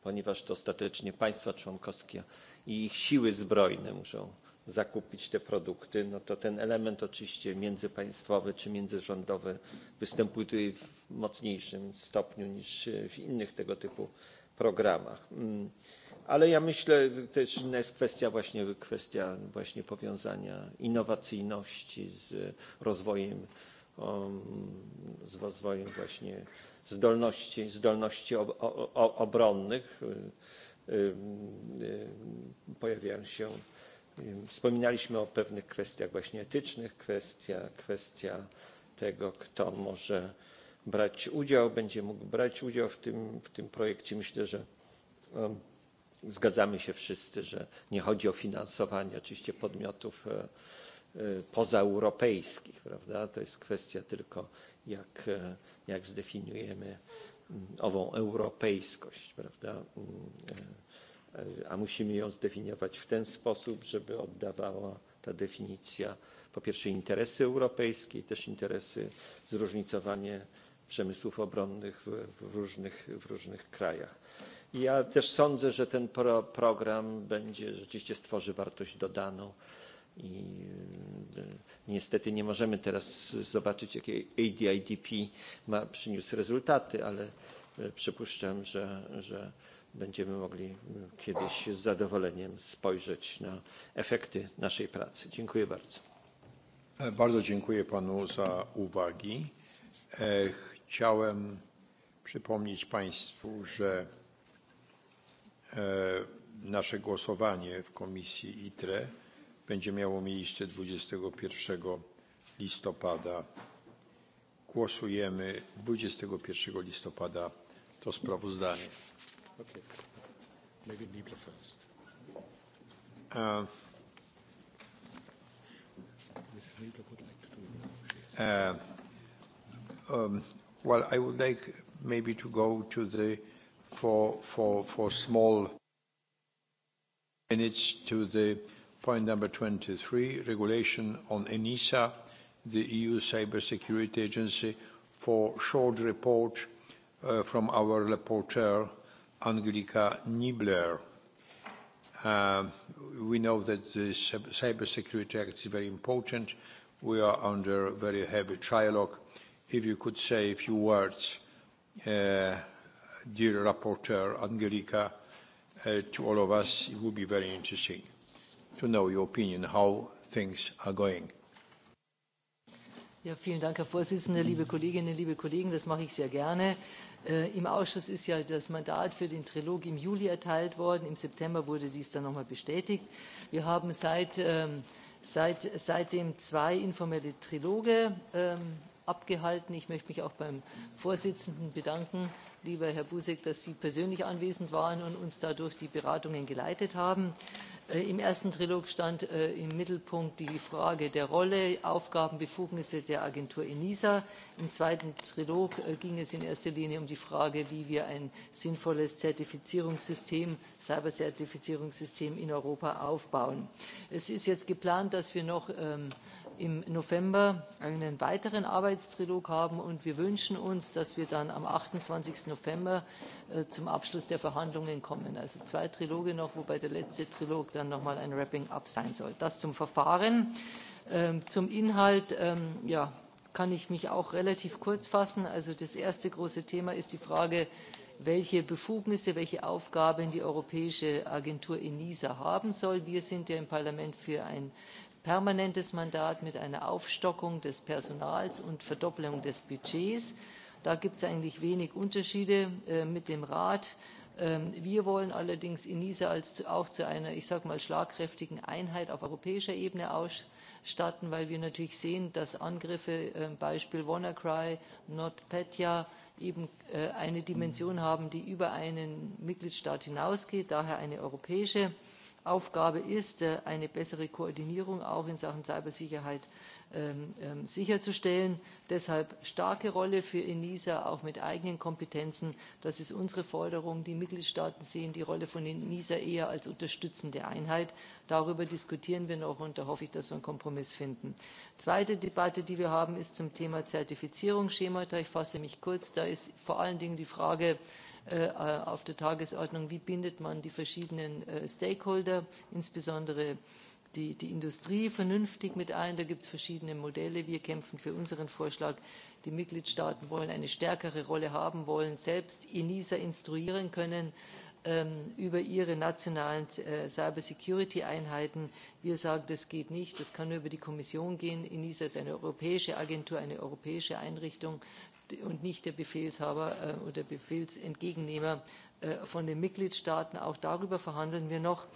ponieważ to ostatecznie państwa członkowskie i ich siły zbrojne muszą zakupić te produkty, no to ten element oczywiście międzypaństwowy czy międzyrządowy występuje tutaj w mocniejszym stopniu niż w innych tego typu programach. Mm. Ale ja myślę, też inna jest kwestia właśnie, kwestia właśnie powiązania innowacyjności z rozwojem Um, z rozwojem właśnie zdolności, zdolności obronnych. Pojawiają się, wspominaliśmy o pewnych kwestiach właśnie etycznych, kwestia, kwestia tego, kto może brać udział, będzie mógł brać udział w tym, w tym projekcie. Myślę, że um, zgadzamy się wszyscy, że nie chodzi o finansowanie oczywiście podmiotów e, E, pozaeuropejskich, prawda? To jest kwestia tylko jak, e, jak zdefiniujemy mm, ową europejskość, prawda? Mm, e, a musimy ją zdefiniować w ten sposób, żeby oddawała ta definicja po pierwsze interesy europejskie i też interesy zróżnicowanie przemysłów obronnych w, różnych, w różnych krajach. ja też sądzę, że ten program będzie rzeczywiście stworzy wartość dodaną i e, niestety nie możemy teraz zobaczyć, jakie ADIDP ma, przyniósł rezultaty, ale e, przypuszczam, że, że będziemy mogli kiedyś z zadowoleniem spojrzeć na efekty naszej pracy. Dziękuję bardzo. E, bardzo dziękuję panu za uwagi. Chciałem przypomnieć państwu, że nasze głosowanie w komisji ITRE będzie miało miejsce 21 listopada. Głosujemy 21 listopada to sprawozdanie. Okay. Maybe first. uh, um, well, I would like maybe to go to the for for for small minutes to the Point number 23, regulation on ENISA, the EU Cybersecurity Agency, for short report uh, from our rapporteur, Angelika Niebler. Uh, we know that the Cybersecurity Act is very important. We are under very heavy trialogue. If you could say a few words, uh, dear rapporteur Angelika, uh, to all of us, it would be very interesting to know your opinion how things are going. Ja, vielen Dank, Herr Vorsitzender, liebe Kolleginnen, liebe Kollegen. Das mache ich sehr gerne. Äh, Im Ausschuss ist ja das Mandat für den Trilog im Juli erteilt worden. Im September wurde dies dann nochmal bestätigt. Wir haben seit, ähm, seit, seitdem zwei informelle Triloge ähm, abgehalten. Ich möchte mich auch beim Vorsitzenden bedanken lieber Herr Busek, dass Sie persönlich anwesend waren und uns dadurch die Beratungen geleitet haben. Äh, Im ersten Trilog stand äh, im Mittelpunkt die Frage der Rolle, Aufgaben, Befugnisse der Agentur ENISA. Im zweiten Trilog äh, ging es in erster Linie um die Frage, wie wir ein sinnvolles Zertifizierungssystem, Cyberzertifizierungssystem in Europa aufbauen. Es ist jetzt geplant, dass wir noch ähm, im November einen weiteren Arbeitstrilog haben und wir wünschen uns, dass wir dann am 28. November äh, zum Abschluss der Verhandlungen kommen. Also zwei Triloge noch, wobei der letzte Trilog dann noch mal ein Wrapping-up sein soll. Das zum Verfahren. Ähm, zum Inhalt, ähm, ja, kann ich mich auch relativ kurz fassen. Also das erste große Thema ist die Frage, welche Befugnisse, welche Aufgaben die Europäische Agentur ENISA haben soll. Wir sind ja im Parlament für ein permanentes Mandat mit einer Aufstockung des Personals und Verdoppelung des Budgets. Da gibt es eigentlich wenig Unterschiede äh, mit dem Rat. Ähm, wir wollen allerdings ENISA als, auch zu einer, ich sag mal, schlagkräftigen Einheit auf europäischer Ebene ausstatten, weil wir natürlich sehen, dass Angriffe, ähm, Beispiel WannaCry, NotPetya, eben äh, eine Dimension haben, die über einen Mitgliedstaat hinausgeht, daher eine europäische Aufgabe ist, äh, eine bessere Koordinierung auch in Sachen Cybersicherheit ähm, ähm, sicherzustellen. Deshalb starke Rolle für ENISA, auch mit eigenen Kompetenzen. Das ist unsere Forderung. Die Mitgliedstaaten sehen die Rolle von ENISA eher als unterstützende Einheit. Darüber diskutieren wir noch und da hoffe ich, dass wir einen Kompromiss finden. Zweite Debatte, die wir haben, ist zum Thema Zertifizierungsschema. ich fasse mich kurz. Da ist vor allen Dingen die Frage Äh, äh, auf der Tagesordnung. Wie bindet man die verschiedenen äh, Stakeholder, insbesondere die, die Industrie, vernünftig mit ein? Da gibt es verschiedene Modelle. Wir kämpfen für unseren Vorschlag. Die Mitgliedstaaten wollen eine stärkere Rolle haben, wollen selbst ENISA instruieren können ähm, über ihre nationalen Cybersecurity-Einheiten. Wir sagen, das geht nicht, das kann nur über die Kommission gehen. ENISA ist eine europäische Agentur, eine europäische Einrichtung und nicht der Befehlshaber oder äh, Befehlsentgegennehmer äh, von den Mitgliedstaaten. Auch darüber verhandeln wir noch.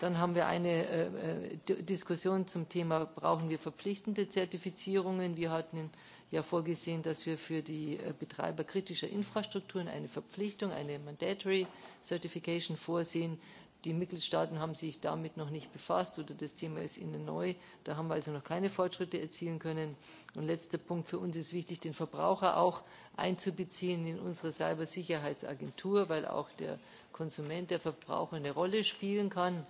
Dann haben wir eine äh, Diskussion zum Thema, brauchen wir verpflichtende Zertifizierungen? Wir hatten ja vorgesehen, dass wir für die Betreiber kritischer Infrastrukturen eine Verpflichtung, eine Mandatory Certification vorsehen. Die Mitgliedstaaten haben sich damit noch nicht befasst oder das Thema ist ihnen neu. Da haben wir also noch keine Fortschritte erzielen können. Und letzter Punkt für uns ist wichtig, den Verbraucher auch einzubeziehen in unsere Cybersicherheitsagentur, weil auch der Konsument, der Verbraucher eine Rolle spielen kann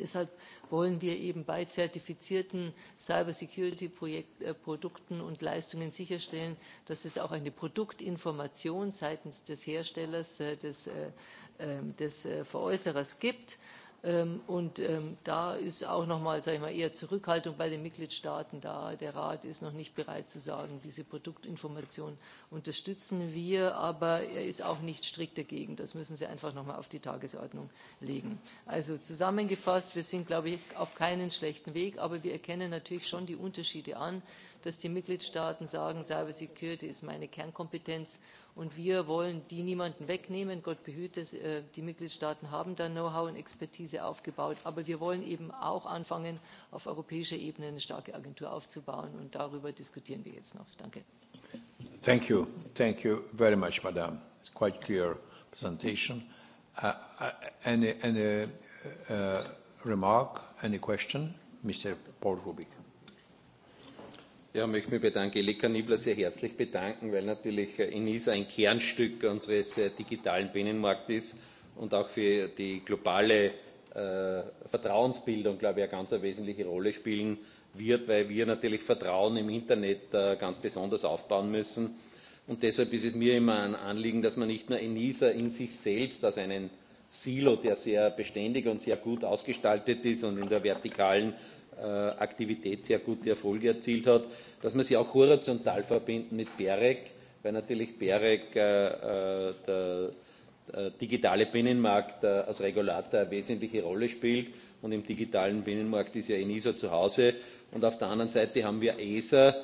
Deshalb wollen wir eben bei zertifizierten Cybersecurity-Produkten äh, und Leistungen sicherstellen, dass es auch eine Produktinformation seitens des Herstellers, äh, des, äh, ähm, des Veräußerers gibt Ähm, und ähm, da ist auch mal, sage ich mal, eher Zurückhaltung bei den Mitgliedstaaten da. Der Rat ist noch nicht bereit zu sagen, diese Produktinformation unterstützen wir, aber er ist auch nicht strikt dagegen. Das müssen Sie einfach noch mal auf die Tagesordnung legen. Also zusammengefasst, wir sind, glaube ich, auf keinen schlechten Weg, aber wir erkennen natürlich schon die Unterschiede an, dass die Mitgliedstaaten sagen, Cybersecurity ist meine Kernkompetenz Und wir wollen die niemanden wegnehmen. Gott behüte, äh, die Mitgliedstaaten haben da Know-how und Expertise aufgebaut. Aber wir wollen eben auch anfangen, auf europäischer Ebene eine starke Agentur aufzubauen. Und darüber diskutieren wir jetzt noch. Danke. Thank you. Thank you very much, Madame. It's quite clear presentation. Uh, uh any, any uh, uh, remark, any question? Mr. Paul Rubik. Ja, möchte mich bei der Angelika Niebler sehr herzlich bedanken, weil natürlich ENISA äh, ein Kernstück unseres äh, digitalen Binnenmarkts ist und auch für die globale äh, Vertrauensbildung, glaube ich, eine ganz eine wesentliche Rolle spielen wird, weil wir natürlich Vertrauen im Internet äh, ganz besonders aufbauen müssen. Und deshalb ist es mir immer ein Anliegen, dass man nicht nur ENISA in sich selbst als einen Silo, der sehr beständig und sehr gut ausgestaltet ist und in der vertikalen Äh, Aktivität sehr gute Erfolge erzielt hat, dass man sie auch horizontal verbinden mit BEREC, weil natürlich BEREC äh, äh, der digitale Binnenmarkt als Regulator eine wesentliche Rolle spielt und im digitalen Binnenmarkt ist ja ENISA eh zu Hause und auf der anderen Seite haben wir ESA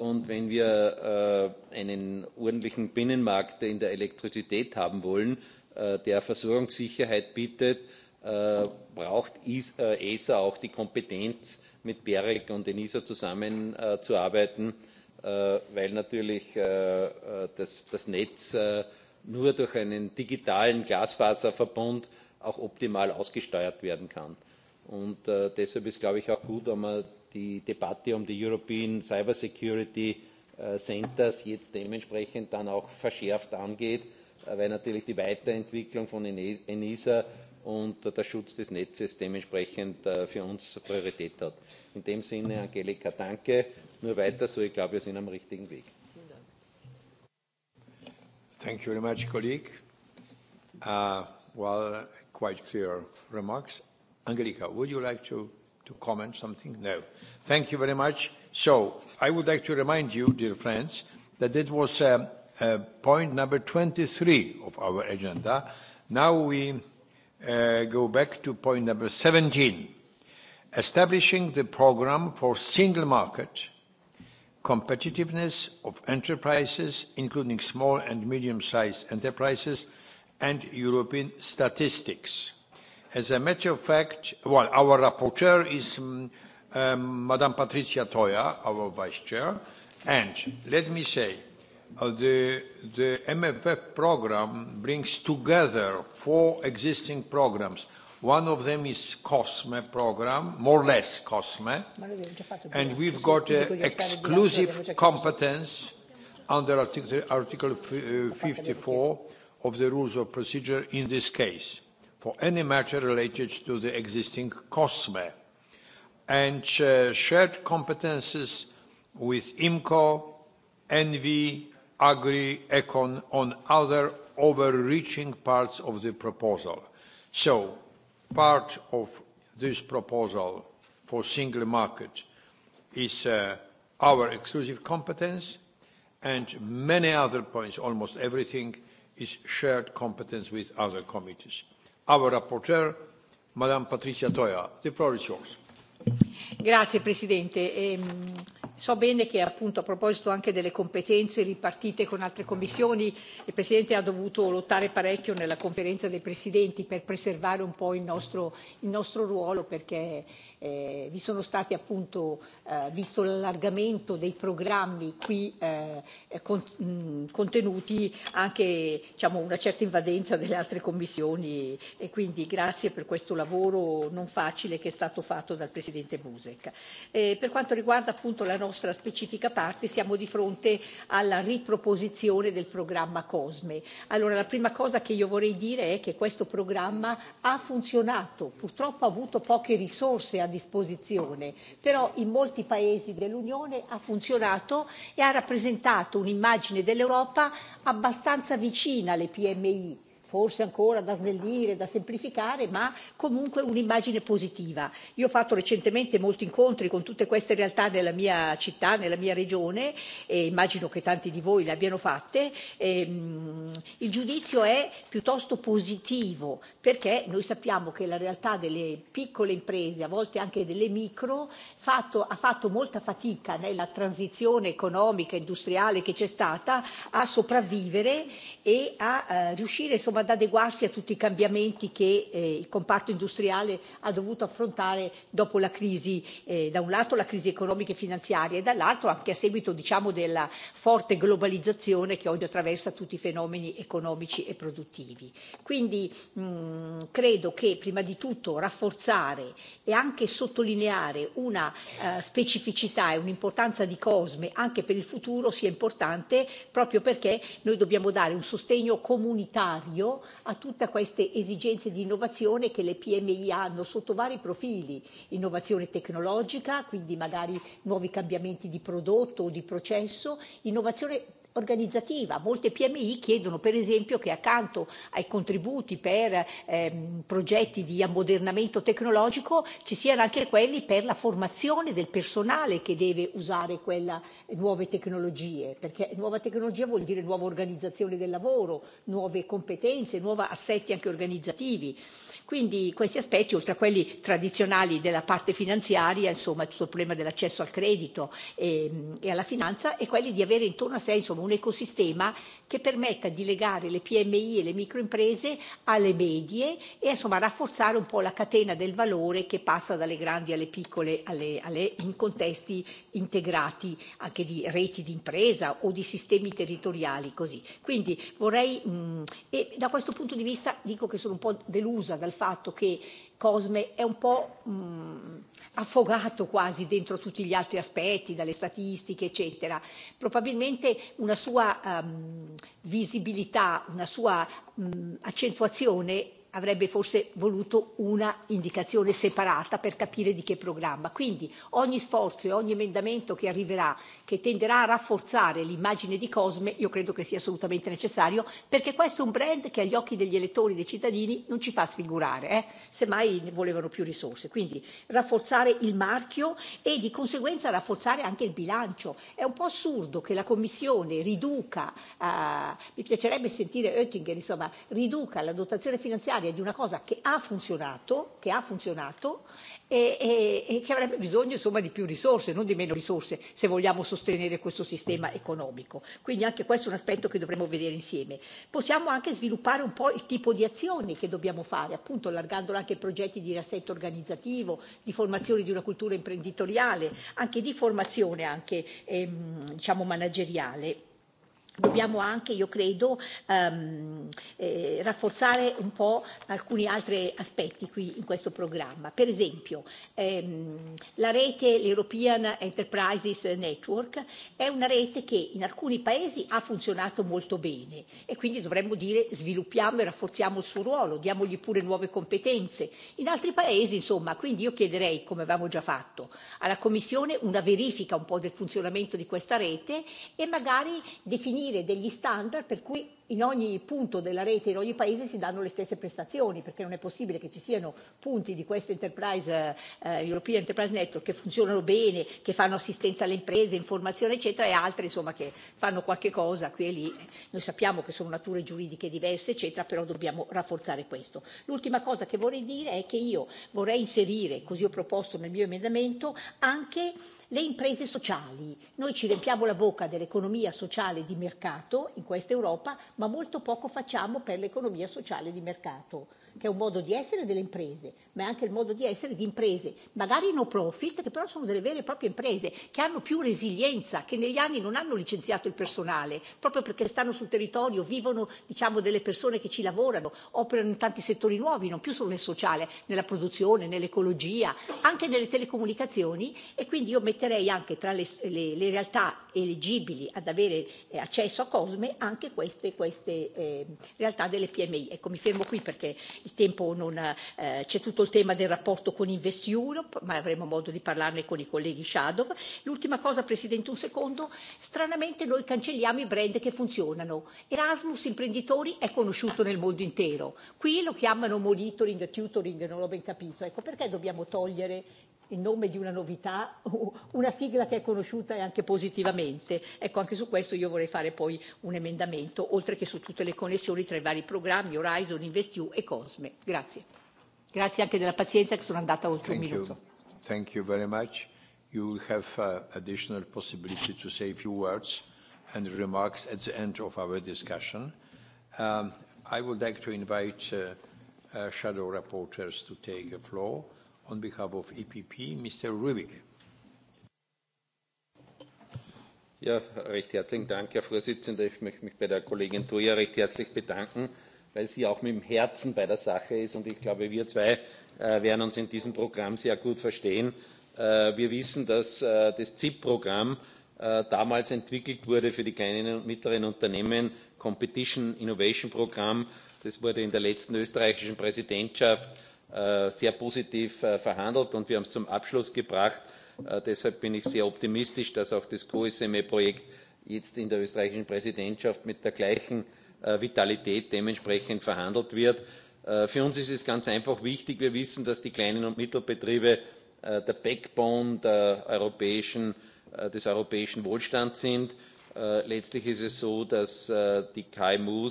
und wenn wir einen ordentlichen Binnenmarkt in der Elektrizität haben wollen, der Versorgungssicherheit bietet, Äh, braucht äh, esa auch die kompetenz mit berec und enisa zusammenzuarbeiten äh, weil natürlich das, das netz nur durch einen digitalen glasfaserverbund auch optimal ausgesteuert werden kann. Und deshalb ist, glaube ich, auch gut, wenn man die Debatte um die European Cyber Security Centers jetzt dementsprechend dann auch verschärft angeht, weil natürlich die Weiterentwicklung von ENISA und der Schutz des Netzes dementsprechend äh, für uns Priorität hat. In dem Sinne, Angelika, danke. Nur weiter so. Ich glaube, wir sind am richtigen Weg. Thank you very much, colleague. Uh, well, quite clear remarks. Angelika, would you like to, to comment something? No. Thank you very much. So, I would like to remind you, dear friends, that it was um, uh, point number 23 of our agenda. Now we Uh, go back to point number 17. Establishing the program for single market competitiveness of enterprises, including small and medium-sized enterprises and European statistics. As a matter of fact, well, our rapporteur is um, um, Madame Patricia Toya, our vice chair, and let me say Uh, the, the MFF program brings together four existing programs. One of them is COSME program, more or less COSME, and we've got an exclusive competence under Article, uh, article 54 of the Rules of Procedure in this case for any matter related to the existing COSME. And shared competences with IMCO, ENVI, agree Econ on other overreaching parts of the proposal. So part of this proposal for single market is uh, our exclusive competence and many other points, almost everything, is shared competence with other committees. Our rapporteur, Madame Patricia Toya, the floor is yours. Grazie Presidente. Ehm, so bene che appunto a proposito anche delle competenze ripartite con altre commissioni il presidente ha dovuto lottare parecchio nella conferenza dei presidenti per preservare un po' il nostro, ruolo perché eh, vi sono stati appunto eh, visto l'allargamento dei programmi qui eh, contenuti anche diciamo una certa invadenza delle altre commissioni e quindi grazie per questo lavoro non facile che è stato fatto dal presidente Buzek. per quanto riguarda appunto la nostra specifica parte siamo di fronte alla riproposizione del programma Cosme. Allora la prima cosa che io vorrei dire è che questo programma ha funzionato, purtroppo ha avuto poche risorse a disposizione, però in molti paesi dell'Unione ha funzionato e ha rappresentato un'immagine dell'Europa abbastanza vicina alle PMI forse ancora da snellire, da semplificare, ma comunque un'immagine positiva. Io ho fatto recentemente molti incontri con tutte queste realtà nella mia città, nella mia regione e immagino che tanti di voi le abbiano fatte. Ehm, il giudizio è piuttosto positivo perché noi sappiamo che la realtà delle piccole imprese, a volte anche delle micro, fatto, ha fatto molta fatica nella transizione economica, industriale che c'è stata a sopravvivere e a eh, riuscire insomma ad adeguarsi a tutti i cambiamenti che eh, il comparto industriale ha dovuto affrontare dopo la crisi eh, da un lato la crisi economica e finanziaria e dall'altro anche a seguito diciamo della forte globalizzazione che oggi attraversa tutti i fenomeni economici e produttivi. Quindi mm, credo che prima di tutto rafforzare e anche sottolineare una eh, specificità e un'importanza di Cosme anche per il futuro sia importante proprio perché noi dobbiamo dare un sostegno comunitario a tutte queste esigenze di innovazione che le PMI hanno sotto vari profili, innovazione tecnologica, quindi magari nuovi cambiamenti di prodotto o di processo, innovazione organizzativa. Molte PMI chiedono per esempio che accanto ai contributi per ehm, progetti di ammodernamento tecnologico ci siano anche quelli per la formazione del personale che deve usare quelle eh, nuove tecnologie, perché nuova tecnologia vuol dire nuova organizzazione del lavoro, nuove competenze, nuovi assetti anche organizzativi quindi questi aspetti oltre a quelli tradizionali della parte finanziaria insomma tutto il problema dell'accesso al credito e, e alla finanza e quelli di avere intorno a sé insomma un ecosistema che permetta di legare le PMI e le microimprese alle medie e insomma rafforzare un po' la catena del valore che passa dalle grandi alle piccole in contesti integrati anche di reti di impresa o di sistemi territoriali così. Quindi vorrei e da questo punto di vista dico che sono un po' delusa dal fatto che Cosme è un po' mm, affogato quasi dentro tutti gli altri aspetti, dalle statistiche, eccetera. Probabilmente una sua ehm, visibilità, una sua mm, accentuazione avrebbe forse voluto una indicazione separata per capire di che programma. Quindi ogni sforzo e ogni emendamento che arriverà, che tenderà a rafforzare l'immagine di Cosme, io credo che sia assolutamente necessario, perché questo è un brand che agli occhi degli elettori, dei cittadini, non ci fa sfigurare, eh? semmai ne volevano più risorse. Quindi rafforzare il marchio e di conseguenza rafforzare anche il bilancio. È un po' assurdo che la Commissione riduca, eh, mi piacerebbe sentire Oettinger, insomma, riduca la dotazione finanziaria necessaria di una cosa che ha funzionato, che ha funzionato e, e, e, che avrebbe bisogno insomma di più risorse, non di meno risorse, se vogliamo sostenere questo sistema economico. Quindi anche questo è un aspetto che dovremmo vedere insieme. Possiamo anche sviluppare un po' il tipo di azioni che dobbiamo fare, appunto allargandolo anche ai progetti di riassetto organizzativo, di formazione di una cultura imprenditoriale, anche di formazione anche ehm, diciamo manageriale dobbiamo anche io credo ehm, eh, rafforzare un po' alcuni altri aspetti qui in questo programma per esempio ehm, la rete l'European Enterprises Network è una rete che in alcuni paesi ha funzionato molto bene e quindi dovremmo dire sviluppiamo e rafforziamo il suo ruolo diamogli pure nuove competenze in altri paesi insomma quindi io chiederei come avevamo già fatto alla commissione una verifica un po' del funzionamento di questa rete e magari definire stabilire degli standard per cui in ogni punto della rete, in ogni paese si danno le stesse prestazioni, perché non è possibile che ci siano punti di queste enterprise, eh, European Enterprise Network, che funzionano bene, che fanno assistenza alle imprese, informazione eccetera, e altri insomma che fanno qualche cosa qui e lì. Noi sappiamo che sono nature giuridiche diverse eccetera, però dobbiamo rafforzare questo. L'ultima cosa che vorrei dire è che io vorrei inserire, così ho proposto nel mio emendamento, anche le imprese sociali. Noi ci riempiamo la bocca dell'economia sociale di mercato in questa Europa, ma molto poco facciamo per l'economia sociale di mercato che è un modo di essere delle imprese, ma è anche il modo di essere di imprese, magari no profit, che però sono delle vere e proprie imprese, che hanno più resilienza, che negli anni non hanno licenziato il personale, proprio perché stanno sul territorio, vivono diciamo, delle persone che ci lavorano, operano in tanti settori nuovi, non più solo nel sociale, nella produzione, nell'ecologia, anche nelle telecomunicazioni e quindi io metterei anche tra le, le, le realtà elegibili ad avere eh, accesso a Cosme anche queste, queste eh, realtà delle PMI. Ecco, mi fermo qui perché il tempo non eh, c'è tutto il tema del rapporto con Invest Europe, ma avremo modo di parlarne con i colleghi Shadow. L'ultima cosa, Presidente, un secondo. Stranamente noi cancelliamo i brand che funzionano. Erasmus imprenditori è conosciuto nel mondo intero. Qui lo chiamano monitoring, tutoring, non l'ho ben capito. Ecco perché dobbiamo togliere in nome di una novità una sigla che è conosciuta e anche positivamente. Ecco, anche su questo io vorrei fare poi un emendamento, oltre che su tutte le connessioni tra i vari programmi Horizon, InvestEU e Cosme. Grazie. Grazie anche della pazienza che sono andata oltre Thank un minuto. You. Thank you very much. You will have uh, additional possibility to say a few words and remarks at the end of our discussion. Um, I would like to invite uh, uh, shadow reporters to take the floor. On behalf of EPP, Mr. Rübig. Ja, recht herzlichen Dank, Herr Vorsitzender. Ich möchte mich bei der Kollegin Toja recht herzlich bedanken, weil sie auch mit dem Herzen bei der Sache ist. Und ich glaube, wir zwei äh, werden uns in diesem Programm sehr gut verstehen. Äh, wir wissen, dass äh, das ZIP-Programm äh, damals entwickelt wurde für die kleinen und mittleren Unternehmen, Competition Innovation Programm. Das wurde in der letzten österreichischen Präsidentschaft Äh, sehr positiv äh, verhandelt und wir haben es zum abschluss gebracht. Äh, deshalb bin ich sehr optimistisch dass auch das cosme projekt jetzt in der österreichischen präsidentschaft mit der gleichen vitalität dementsprechend verhandelt wird. für uns ist es ganz einfach wichtig wir wissen dass die kleinen und mittelbetriebe der backbone des europäischen wohlstands sind. letztlich ist es so dass die kmu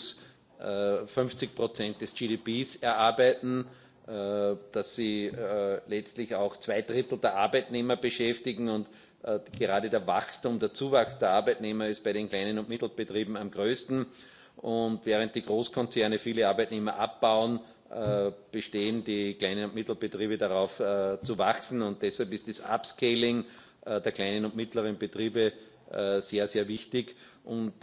fünfzig des gdp erarbeiten Äh, dass sie äh, letztlich auch zwei Drittel der Arbeitnehmer beschäftigen und äh, gerade der Wachstum, der Zuwachs der Arbeitnehmer ist bei den kleinen und Mittelbetrieben am größten. Und während die Großkonzerne viele Arbeitnehmer abbauen, bestehen die kleinen und Mittelbetriebe darauf zu wachsen. Und deshalb ist das Upscaling der kleinen und mittleren Betriebe sehr, sehr wichtig. Und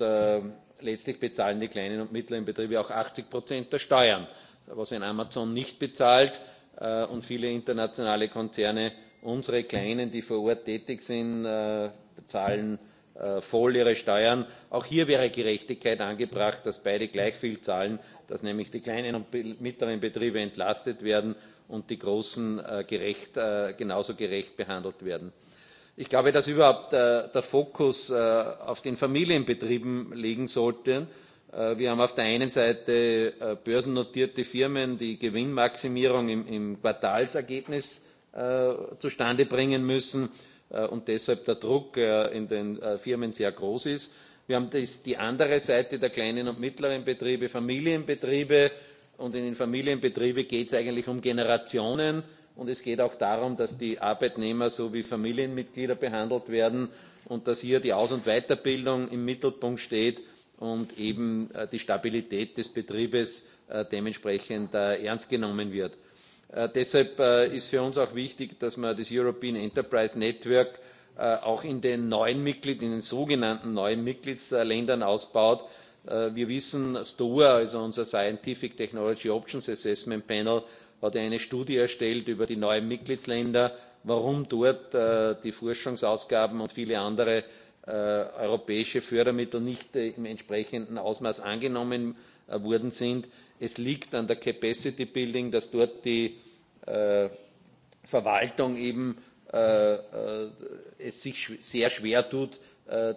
letztlich bezahlen die kleinen und mittleren Betriebe auch 80 der Steuern was ein Amazon nicht bezahlt äh, und viele internationale Konzerne, unsere Kleinen, die vor Ort tätig sind, äh, bezahlen äh, voll ihre Steuern. Auch hier wäre Gerechtigkeit angebracht, dass beide gleich viel zahlen, dass nämlich die kleinen und mittleren Betriebe entlastet werden und die großen gerecht, genauso gerecht behandelt werden. Ich glaube, dass überhaupt der Fokus auf den Familienbetrieben liegen sollte Äh, wir haben auf der einen Seite äh, börsennotierte Firmen, die Gewinnmaximierung im, Quartalsergebnis äh, zustande bringen müssen und deshalb der Druck in den Firmen sehr groß ist. Wir haben das, die andere Seite der kleinen und mittleren Betriebe, Familienbetriebe. Und in den Familienbetrieben geht es eigentlich um Generationen. Und es geht auch darum, dass die Arbeitnehmer sowie Familienmitglieder behandelt werden und dass hier die Aus- und Weiterbildung im Mittelpunkt steht und eben äh, die Stabilität des Betriebes äh, dementsprechend äh, ernst genommen wird. Deshalb ist für uns auch wichtig, dass man das European Enterprise Network auch in den neuen Mitglied, in den sogenannten neuen Mitgliedsländern ausbaut. Wir wissen, STOA, also unser Scientific Technology Options Assessment Panel, hat eine Studie erstellt über die neuen Mitgliedsländer, warum dort die Forschungsausgaben und viele andere Äh, europäische fördermittel nicht äh, im entsprechenden ausmaß angenommen äh, worden sind. es liegt an der capacity building dass dort die verwaltung eben es sich sehr schwer tut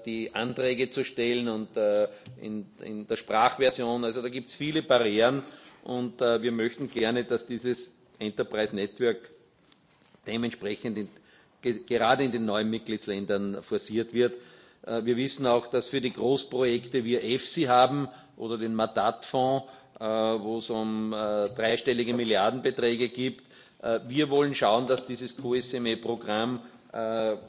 die anträge zu stellen und in der sprachversion also da gibt es viele barrieren und wir möchten gerne dass dieses enterprise network dementsprechend gerade in den neuen mitgliedstaaten forciert wird. Äh, wir wissen auch, dass für die Großprojekte wir EFSI haben oder den Madad fonds äh, wo es um äh, dreistellige Milliardenbeträge gibt. Wir wollen schauen, dass dieses QSME-Programm,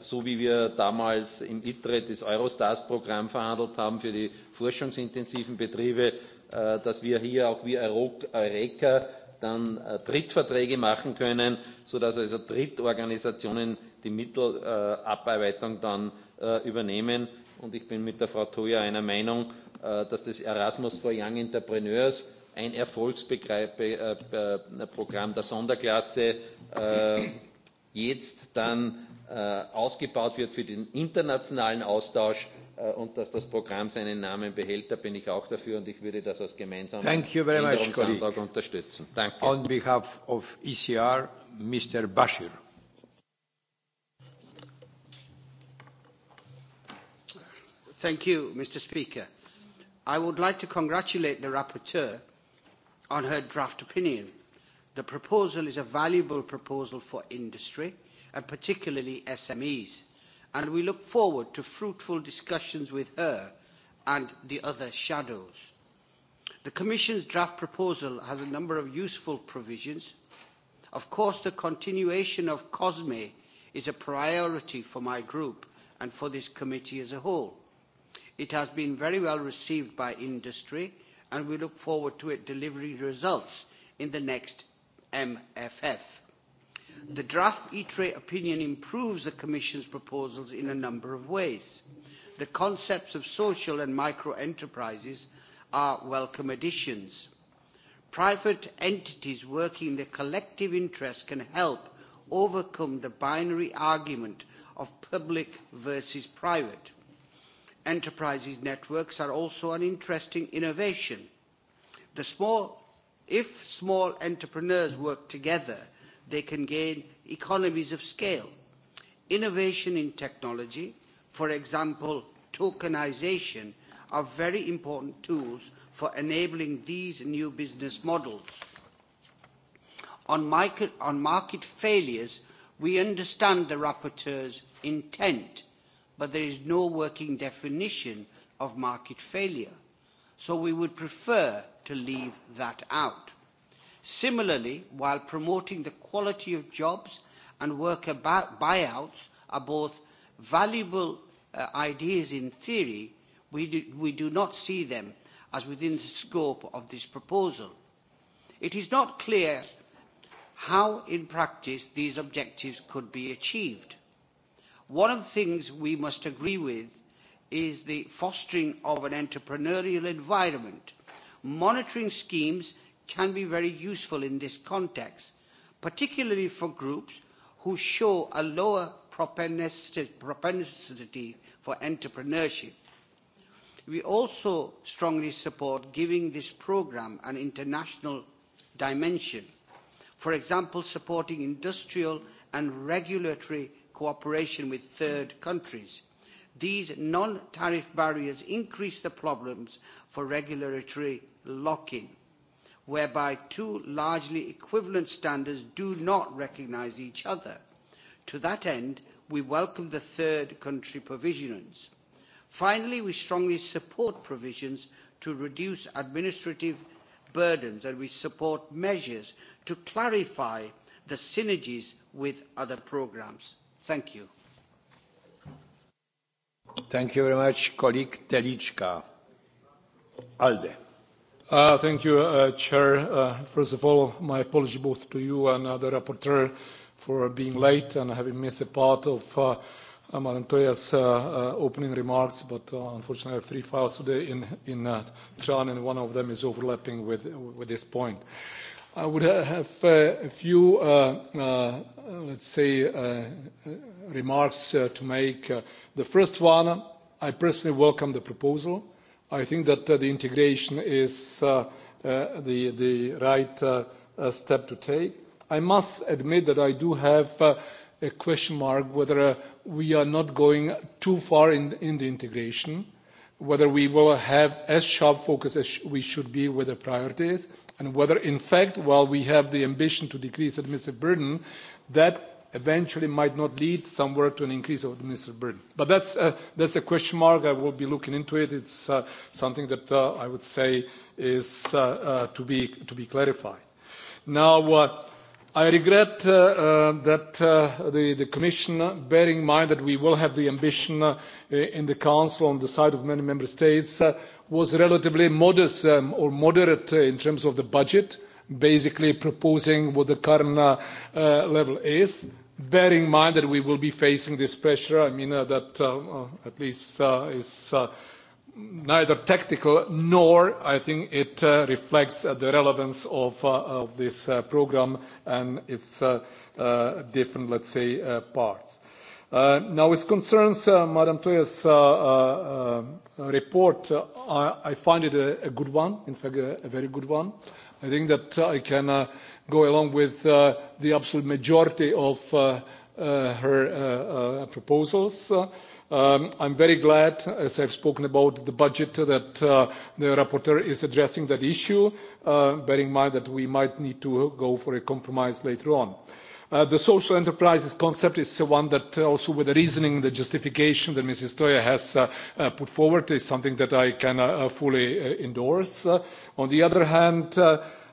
so wie wir damals im ITRE das Eurostars-Programm verhandelt haben für die forschungsintensiven Betriebe, dass wir hier auch wie Eureka dann äh, drittverträge machen können sodass also drittorganisationen die mittelabarbeitung äh, dann äh, übernehmen. und ich bin mit der frau Toja einer meinung dass das erasmus for young entrepreneurs ein erfolgsprogramm der sonderklasse jetzt dann ausgebaut wird für den internationalen austausch Äh, und dass das Programm seinen Namen behält. Da bin ich auch dafür und ich würde das als gemeinsamen Thank you very Änderungsantrag much, unterstützen. Danke. On behalf of ECR, Mr. Bashir. Thank you, Mr. Speaker. I would like to congratulate the rapporteur on her draft opinion. The proposal is a valuable proposal for industry and particularly SMEs and we look forward to fruitful discussions with her and the other shadows. The Commission's draft proposal has a number of useful provisions. Of course, the continuation of COSME is a priority for my group and for this committee as a whole. It has been very well received by industry and we look forward to it delivering results in the next MFF. The draft ITRE opinion improves the Commission's proposals in a number of ways. The concepts of social and micro-enterprises are welcome additions. Private entities working in their collective interest can help overcome the binary argument of public versus private. Enterprises networks are also an interesting innovation. The small, if small entrepreneurs work together, they can gain economies of scale. Innovation in technology, for example, tokenization, are very important tools for enabling these new business models. On market, on market failures, we understand the rapporteur's intent, but there is no working definition of market failure, so we would prefer to leave that out. Similarly, while promoting the quality of jobs and worker buyouts are both valuable uh, ideas in theory, we we do not see them as within the scope of this proposal. It is not clear how in practice these objectives could be achieved. One of the things we must agree with is the fostering of an entrepreneurial environment, monitoring schemes can be very useful in this context, particularly for groups who show a lower propensity, propensity for entrepreneurship. We also strongly support giving this programme an international dimension. For example, supporting industrial and regulatory cooperation with third countries. These non-tariff barriers increase the problems for regulatory lock-in whereby two largely equivalent standards do not recognise each other. To that end, we welcome the third country provisions. Finally, we strongly support provisions to reduce administrative burdens and we support measures to clarify the synergies with other programs. Thank you. Thank you very much, colleague Telichka. Alde. Uh, thank you, uh, Chair. Uh, first of all, my apology both to you and the rapporteur for being late and having missed a part of uh, opening remarks, but unfortunately I have three files today in, in and one of them is overlapping with, with this point. I would have a few, let's say, remarks to make. the first one, I personally welcome the proposal i think that uh, the integration is uh, uh, the, the right step to take. I must admit that I do have a question mark whether we are not going too far in, in the integration, whether we will have as sharp focus as we should be with the priorities, and whether, in fact, while we have the ambition to decrease administrative burden, that eventually might not lead somewhere to an increase of administrative burden. But that's, is that's a question mark. I will be looking into it. It's uh, something that uh, I would say is uh, to, be, to be clarified. Now, I regret that the, the Commission, bearing in mind that we will have the ambition in the Council on the side of many Member States, was relatively modest um, or moderate in terms of the budget, basically proposing what the current level is bear in mind that we will be facing this pressure. I mean, uh, that uh, uh, at least is neither tactical nor I think it reflects the relevance of, this program and its different, let's say, parts. now, as concerns Madam Toya's report, I, find it a, good one, in fact, a, very good one. I think that I can go along with uh, the absolute majority of uh, uh, her proposals. Um, I'm very glad, as I've spoken about the budget, that the rapporteur is addressing that issue, bearing in mind that we might need to go for a compromise later on. The social enterprises concept is one that also with the reasoning, the justification that Mrs. Toya has put forward is something that I can fully endorse. On the other hand,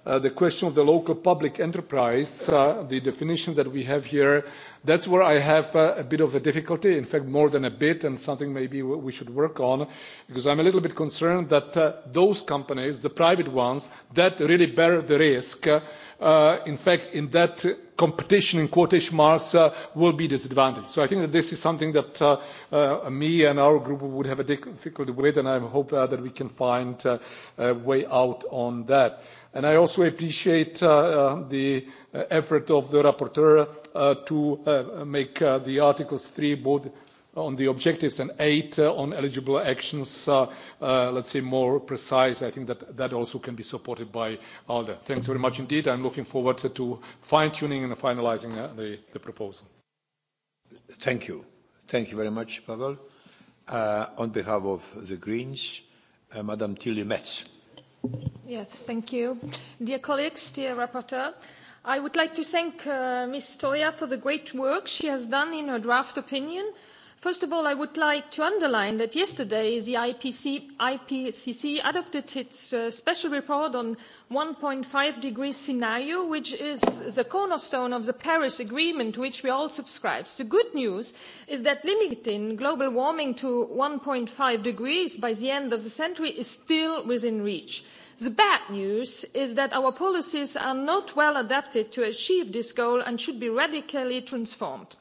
Uh, the question of the local public enterprise, uh, the definition that we have here, that's where I have uh, a bit of a difficulty, in fact, more than a bit, and something maybe we should work on, because I'm a little bit concerned that those companies, the private ones, that really bear the risk, in fact, in that competition in quotation marks will be disadvantaged. So I think that this is something that me and our group would have a difficulty with, and I hope that we can find a way out on that. And I also appreciate uh, uh the uh, effort of the rapporteur uh, to uh, make the Articles 3 both on the objectives and 8 on eligible actions, let's say, more precise. I think that that also can be supported by ALDE. Thanks very much indeed. I'm looking forward to fine-tuning and finalizing the, the proposal. Thank you. Thank you very much, Pavel. Uh, on behalf of the Greens, uh, Madam Tilly Metz. Yes, thank Dear colleagues, dear rapporteur, I would like to thank uh, Ms. Toya for the great work she has done in her draft opinion first of all i would like to underline that yesterday the ipcc adopted its uh, special report on 1.5 one five degree scenario which is the cornerstone of the paris agreement which we all subscribe. the good news is that limiting global warming to. one five degrees by the end of the century is still within reach. the bad news is that our policies are not well adapted to achieve this goal and should be radically transformed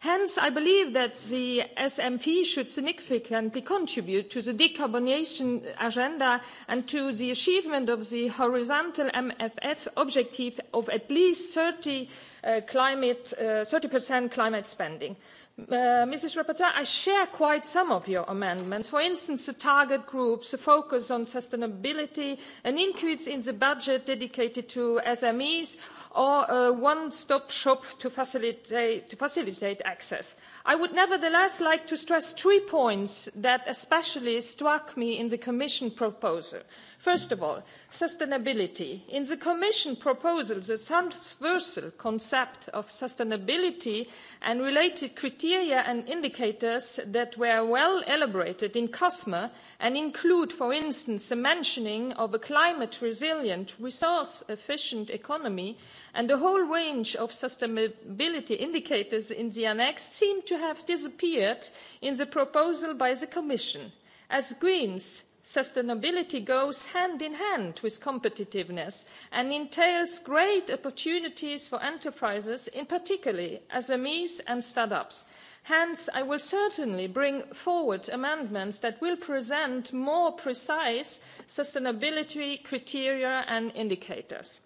hence i believe that the smp should significantly contribute to the decarbonisation agenda and to the achievement of the horizontal mff objective of at least 30 uh, climate 30% uh, climate spending Uh, Mrs. Rapporteur, I share quite some of your amendments. For instance, the target groups, the focus on sustainability, an increase in the budget dedicated to SMEs, or a uh, one stop shop to facilitate, to facilitate access. i would nevertheless like to stress three points that especially struck me in the commission proposal first of all sustainability in the commission proposal the transversal concept of sustainability and related criteria and indicators that were well elaborated in cosme and include for instance the mentioning of a climate resilient resource efficient economy and a whole range of sustainability indicators in the annex seem to have disappeared in the proposal by the commission. as greens sustainability goes hand in hand with competitiveness and entails great opportunities for enterprises in particular smes and start ups. hence i will certainly bring forward amendments that will present more precise sustainability criteria and indicators.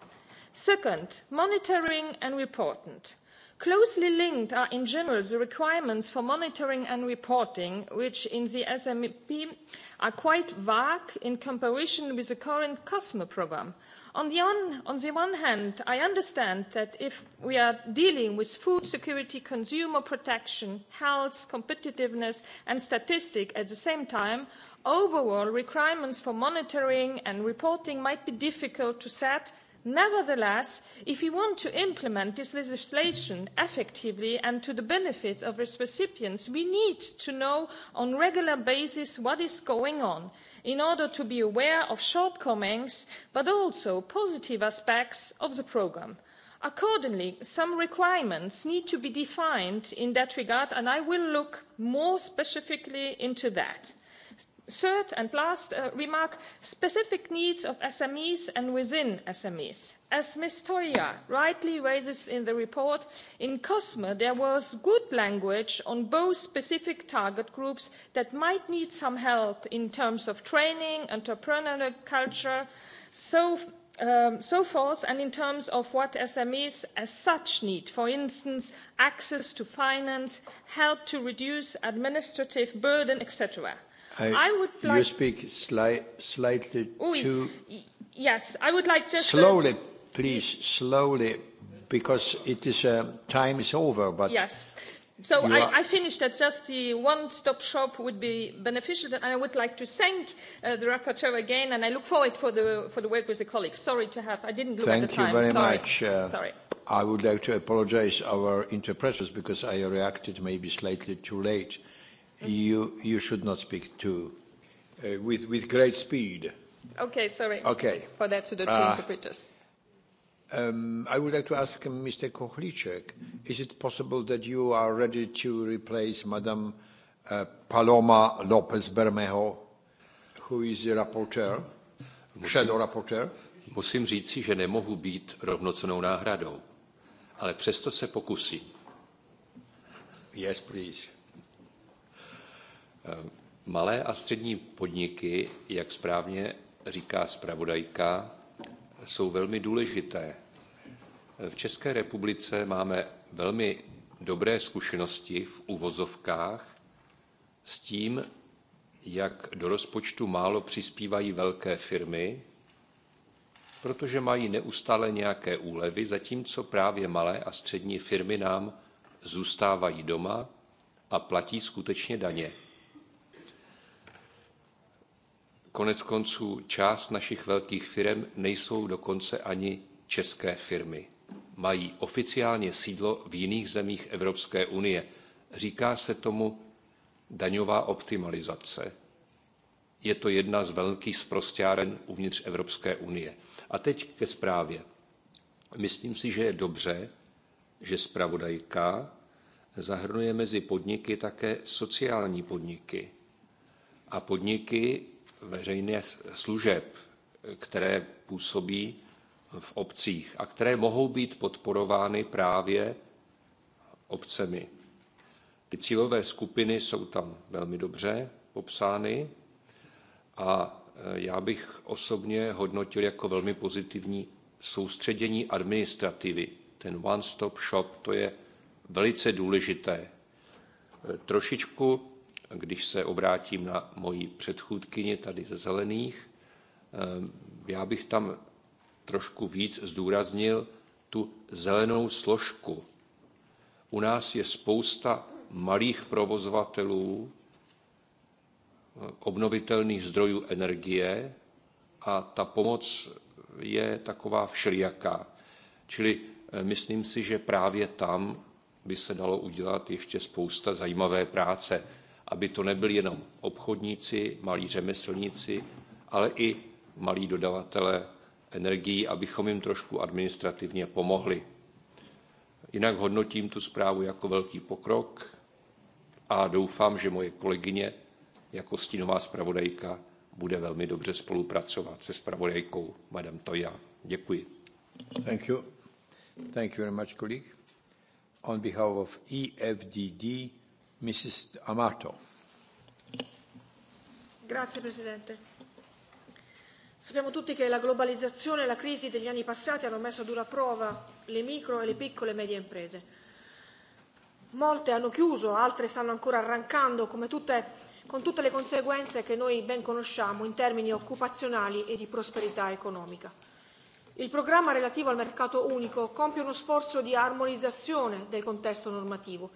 second monitoring and reporting closely linked are in general the requirements for monitoring and reporting which in the smp are quite vague in comparison with the current cosme programme. On the, on, on the one hand i understand that if we are dealing with food security consumer protection health competitiveness and statistics at the same time overall requirements for monitoring and reporting might be difficult to set Nevertheless, if we want to implement this legislation effectively and to the benefit of its recipients, we need to know on a regular basis what is going on in order to be aware of shortcomings but also positive aspects of the programme. Accordingly, some requirements need to be defined in that regard and I will look more specifically into that. Third and last uh, remark, specific needs of SMEs and within SMEs. As Ms. Toya rightly raises in the report, in COSME there was good language on both specific target groups that might need some help in terms of training, entrepreneurial culture, so Um, so forth and in terms of what SMEs as such need, for instance, access to finance, help to reduce administrative burden, etc. I, would like... You speak sli slightly too... Yes, I would like just... Slowly, to... please, slowly, because it is, uh time is over, but... Yes. So I, I finished that just the one-stop shop would be beneficial, and I would like to thank uh, the rapporteur again, and I look forward for the, for the work with the colleagues. Sorry to have... I didn't look thank at the time. Thank you very Sorry. much. Uh, Sorry. I would like to apologize our interpreters because I reacted maybe slightly too late you you should not speak too uh, with with great speed. Okay, sorry. Okay. For that to the uh, interpreters. Um, I would like to ask Mr. Kochlicek, is it possible that you are ready to replace Madam uh, Paloma lopez Bermejo, who is the rapporteur, musím, shadow rapporteur? Musím říci, že nemohu být rovnocenou náhradou, ale přesto se pokusím. Yes, please. Eh, malé a střední podniky, jak správně říká zpravodajka, jsou velmi důležité. V České republice máme velmi dobré zkušenosti v uvozovkách s tím, jak do rozpočtu málo přispívají velké firmy, protože mají neustále nějaké úlevy, zatímco právě malé a střední firmy nám zůstávají doma a platí skutečně daně. Konec konců část našich velkých firm nejsou dokonce ani české firmy. Mají oficiálně sídlo v jiných zemích Evropské unie. Říká se tomu daňová optimalizace. Je to jedna z velkých sprosťáren uvnitř Evropské unie. A teď ke zprávě. Myslím si, že je dobře, že zpravodajka zahrnuje mezi podniky také sociální podniky a podniky, veřejné služeb, které působí v obcích a které mohou být podporovány právě obcemi. Ty cílové skupiny jsou tam velmi dobře popsány a e, já bych osobně hodnotil jako velmi pozitivní soustředění administrativy. Ten one-stop shop, to je velice důležité. E, trošičku když se obrátím na moji předchůdkyni tady ze Zelených, eh, já bych tam trošku víc zdůraznil tu zelenou složku. U nás je spousta malých provozovatelů eh, obnovitelných zdrojů energie a ta pomoc je taková všelijaká. Čili eh, myslím si, že právě tam by se dalo udělat ještě spousta zajímavé práce aby to nebyli jenom obchodníci, malí řemeslníci, ale i malí dodavatelé energií, abychom jim trošku administrativně pomohli. Jinak hodnotím tu zprávu jako velký pokrok a doufám, že moje kolegyně jako stínová zpravodajka bude velmi dobře spolupracovat se zpravodajkou madam Toja. Děkuji. Thank you. Thank you very much, colleague. On behalf of EFDD, Signor Amato. Grazie Presidente. Sappiamo tutti che la globalizzazione e la crisi degli anni passati hanno messo a dura prova le micro e le piccole e medie imprese. Molte hanno chiuso, altre stanno ancora arrancando, come tutte, con tutte le conseguenze che noi ben conosciamo in termini occupazionali e di prosperità economica. Il programma relativo al mercato unico compie uno sforzo di armonizzazione del contesto normativo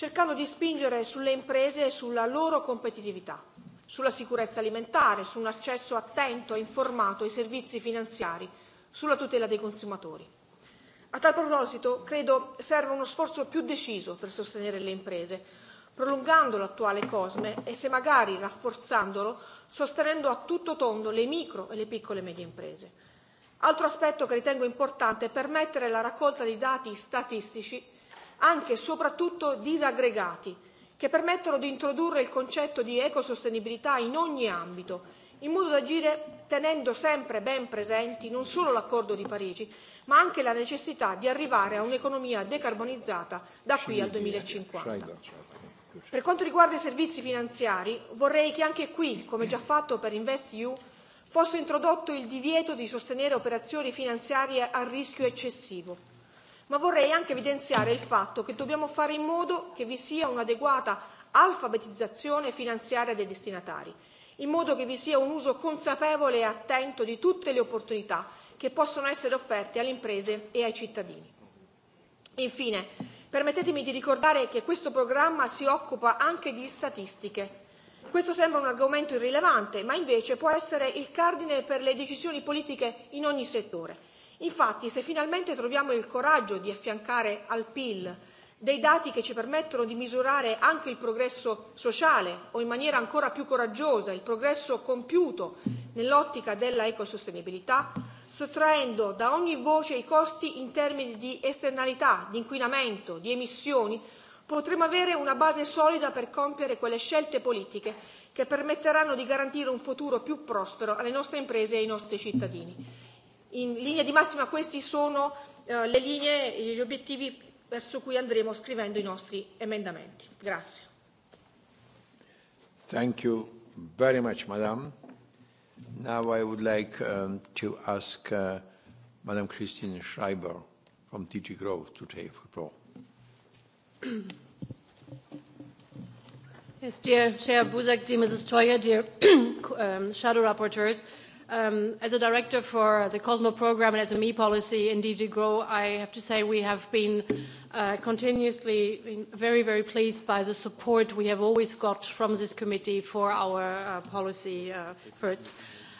cercando di spingere sulle imprese e sulla loro competitività, sulla sicurezza alimentare, su un accesso attento e informato ai servizi finanziari, sulla tutela dei consumatori. A tal proposito, credo serva uno sforzo più deciso per sostenere le imprese, prolungando l'attuale COSME e, se magari rafforzandolo, sostenendo a tutto tondo le micro e le piccole e medie imprese. Altro aspetto che ritengo importante è permettere la raccolta di dati statistici anche e soprattutto disaggregati, che permettono di introdurre il concetto di ecosostenibilità in ogni ambito, in modo da agire tenendo sempre ben presenti non solo l'accordo di Parigi, ma anche la necessità di arrivare a un'economia decarbonizzata da qui al 2050. Per quanto riguarda i servizi finanziari, vorrei che anche qui, come già fatto per InvestEU, fosse introdotto il divieto di sostenere operazioni finanziarie a rischio eccessivo, ma vorrei anche evidenziare il fatto che dobbiamo fare in modo che vi sia un'adeguata alfabetizzazione finanziaria dei destinatari, in modo che vi sia un uso consapevole e attento di tutte le opportunità che possono essere offerte alle imprese e ai cittadini. Infine, permettetemi di ricordare che questo programma si occupa anche di statistiche. Questo sembra un argomento irrilevante, ma invece può essere il cardine per le decisioni politiche in ogni settore Infatti, se finalmente troviamo il coraggio di affiancare al PIL dei dati che ci permettono di misurare anche il progresso sociale o in maniera ancora più coraggiosa il progresso compiuto nell'ottica della ecosostenibilità, sottraendo da ogni voce i costi in termini di esternalità, di inquinamento, di emissioni, potremo avere una base solida per compiere quelle scelte politiche che permetteranno di garantire un futuro più prospero alle nostre imprese e ai nostri cittadini. In linea di massima questi sono eh, le linee e gli obiettivi verso cui andremo scrivendo i nostri emendamenti. Grazie. Thank you very much, Madam. Now I would like um, to ask uh, Madam Christine Schreiber from DG Growth to take the floor. Yes, dear Chair Buzak, dear Mrs. Toya, dear um, shadow rapporteurs, Um, as a director for the COSMO program and SME policy in DG GROW, I have to say we have been uh, continuously very, very pleased by the support we have always got from this committee for our uh, policy uh, efforts.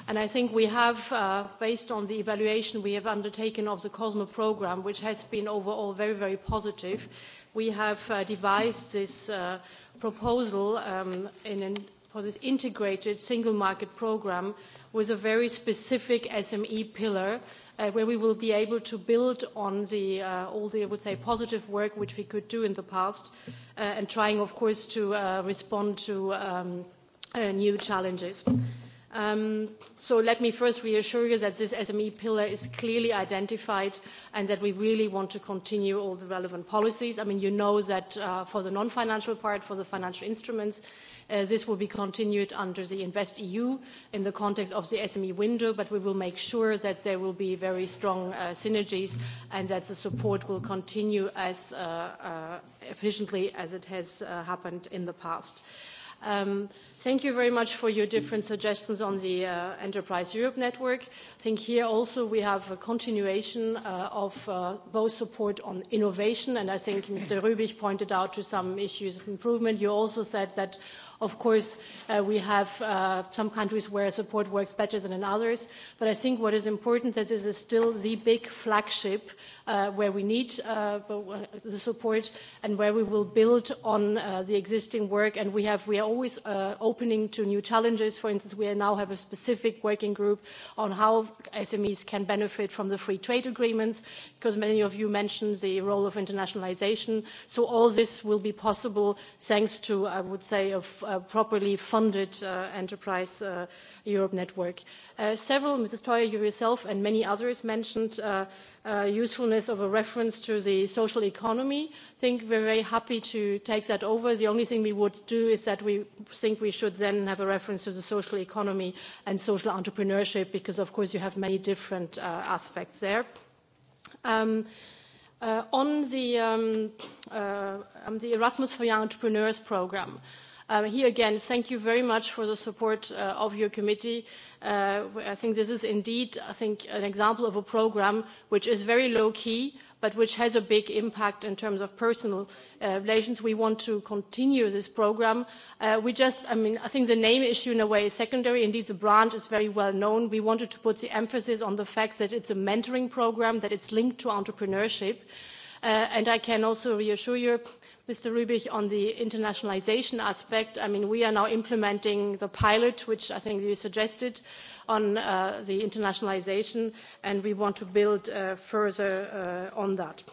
And I think we have, based on the evaluation we have undertaken of the COSMO program, which has been overall very, very positive, we have devised this proposal um, in for this integrated single market program with a very specific SME pillar uh, where we will be able to build on the, uh, all the, I would say, positive work which we could do in the past uh, and trying, of course, to uh, respond to um, uh, new challenges. Um, so let me first reassure you that this SME pillar is clearly identified and that we really want to continue all the relevant policies. I mean, you know that uh, for the non-financial part, for the financial instruments, Uh, this will be continued under the investeu in the context of the sme window but we will make sure that there will be very strong uh, synergies and that the support will continue as uh, efficiently as it has happened in the past. Um, thank you very much for your different suggestions on the Enterprise Europe network. I think here also we have a continuation of both support on innovation, and I think Mr. Rübig pointed out to some issues of improvement. You also said that Of course, uh, we have uh, some countries where support works better than in others, but I think what is important is that this is still the big flagship Uh, where we need uh, the support and where we will build on uh, the existing work and we have we are always uh, opening to new challenges for instance we now have a specific working group on how smes can benefit from the free trade agreements because many of you mentioned the role of internationalisation so all this will be possible thanks to i would say a, a properly funded uh, enterprise Europe network. Uh, several, Mrs. Toyer, you yourself and many others mentioned uh, uh, usefulness of a reference to the social economy. I think we're very happy to take that over. The only thing we would do is that we think we should then have a reference to the social economy and social entrepreneurship because, of course, you have many different uh, aspects there. Um, uh, on the, um, uh, the Erasmus for Young Entrepreneurs program, Um, here again, thank you very much for the support uh, of your committee. Uh, I think this is indeed, I think, an example of a program which is very low key, but which has a big impact in terms of personal uh, relations. We want to continue this program. we just, I mean, I think the name issue in a way is secondary. Indeed, the brand is very well known. We wanted to put the emphasis on the fact that it's a mentoring program, that it's linked to entrepreneurship. and I can also reassure you Mr. Rübig, on the internationalization aspect, I mean, we are now implementing the pilot, which I think you suggested, on uh, the internationalization, and we want to build uh, further uh, on that.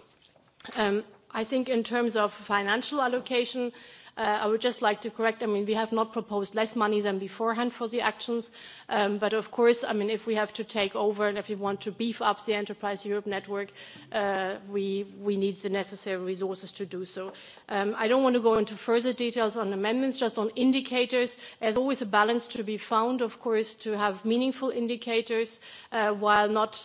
Um, I think in terms of financial allocation, Uh, I would just like to correct, I mean, we have not proposed less money than beforehand for the actions, um, but of course, I mean, if we have to take over and if we want to beef up the Enterprise Europe network, uh, we, we need the necessary resources to do so. Um, I don't want to go into further details on amendments, just on indicators. There's always a balance to be found, of course, to have meaningful indicators uh, while not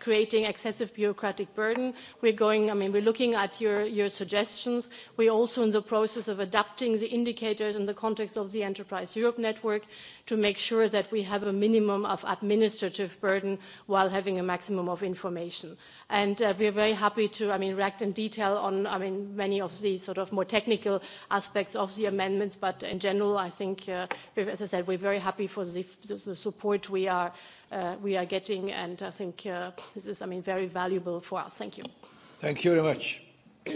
creating excessive bureaucratic burden. We're going, I mean, we're looking at your, your suggestions. We're also in the process of adapting adapting the indicators in the context of the enterprise europe network to make sure that we have a minimum of administrative burden while having a maximum of information. And uh, we are very happy to I mean, react in detail on I mean, many of the sort of more technical aspects of the amendments, but in general, I think, uh, as I said, we're very happy for the, the support we are, uh, we are getting, and I think this is I mean, very valuable for us. Thank you. Thank you very much.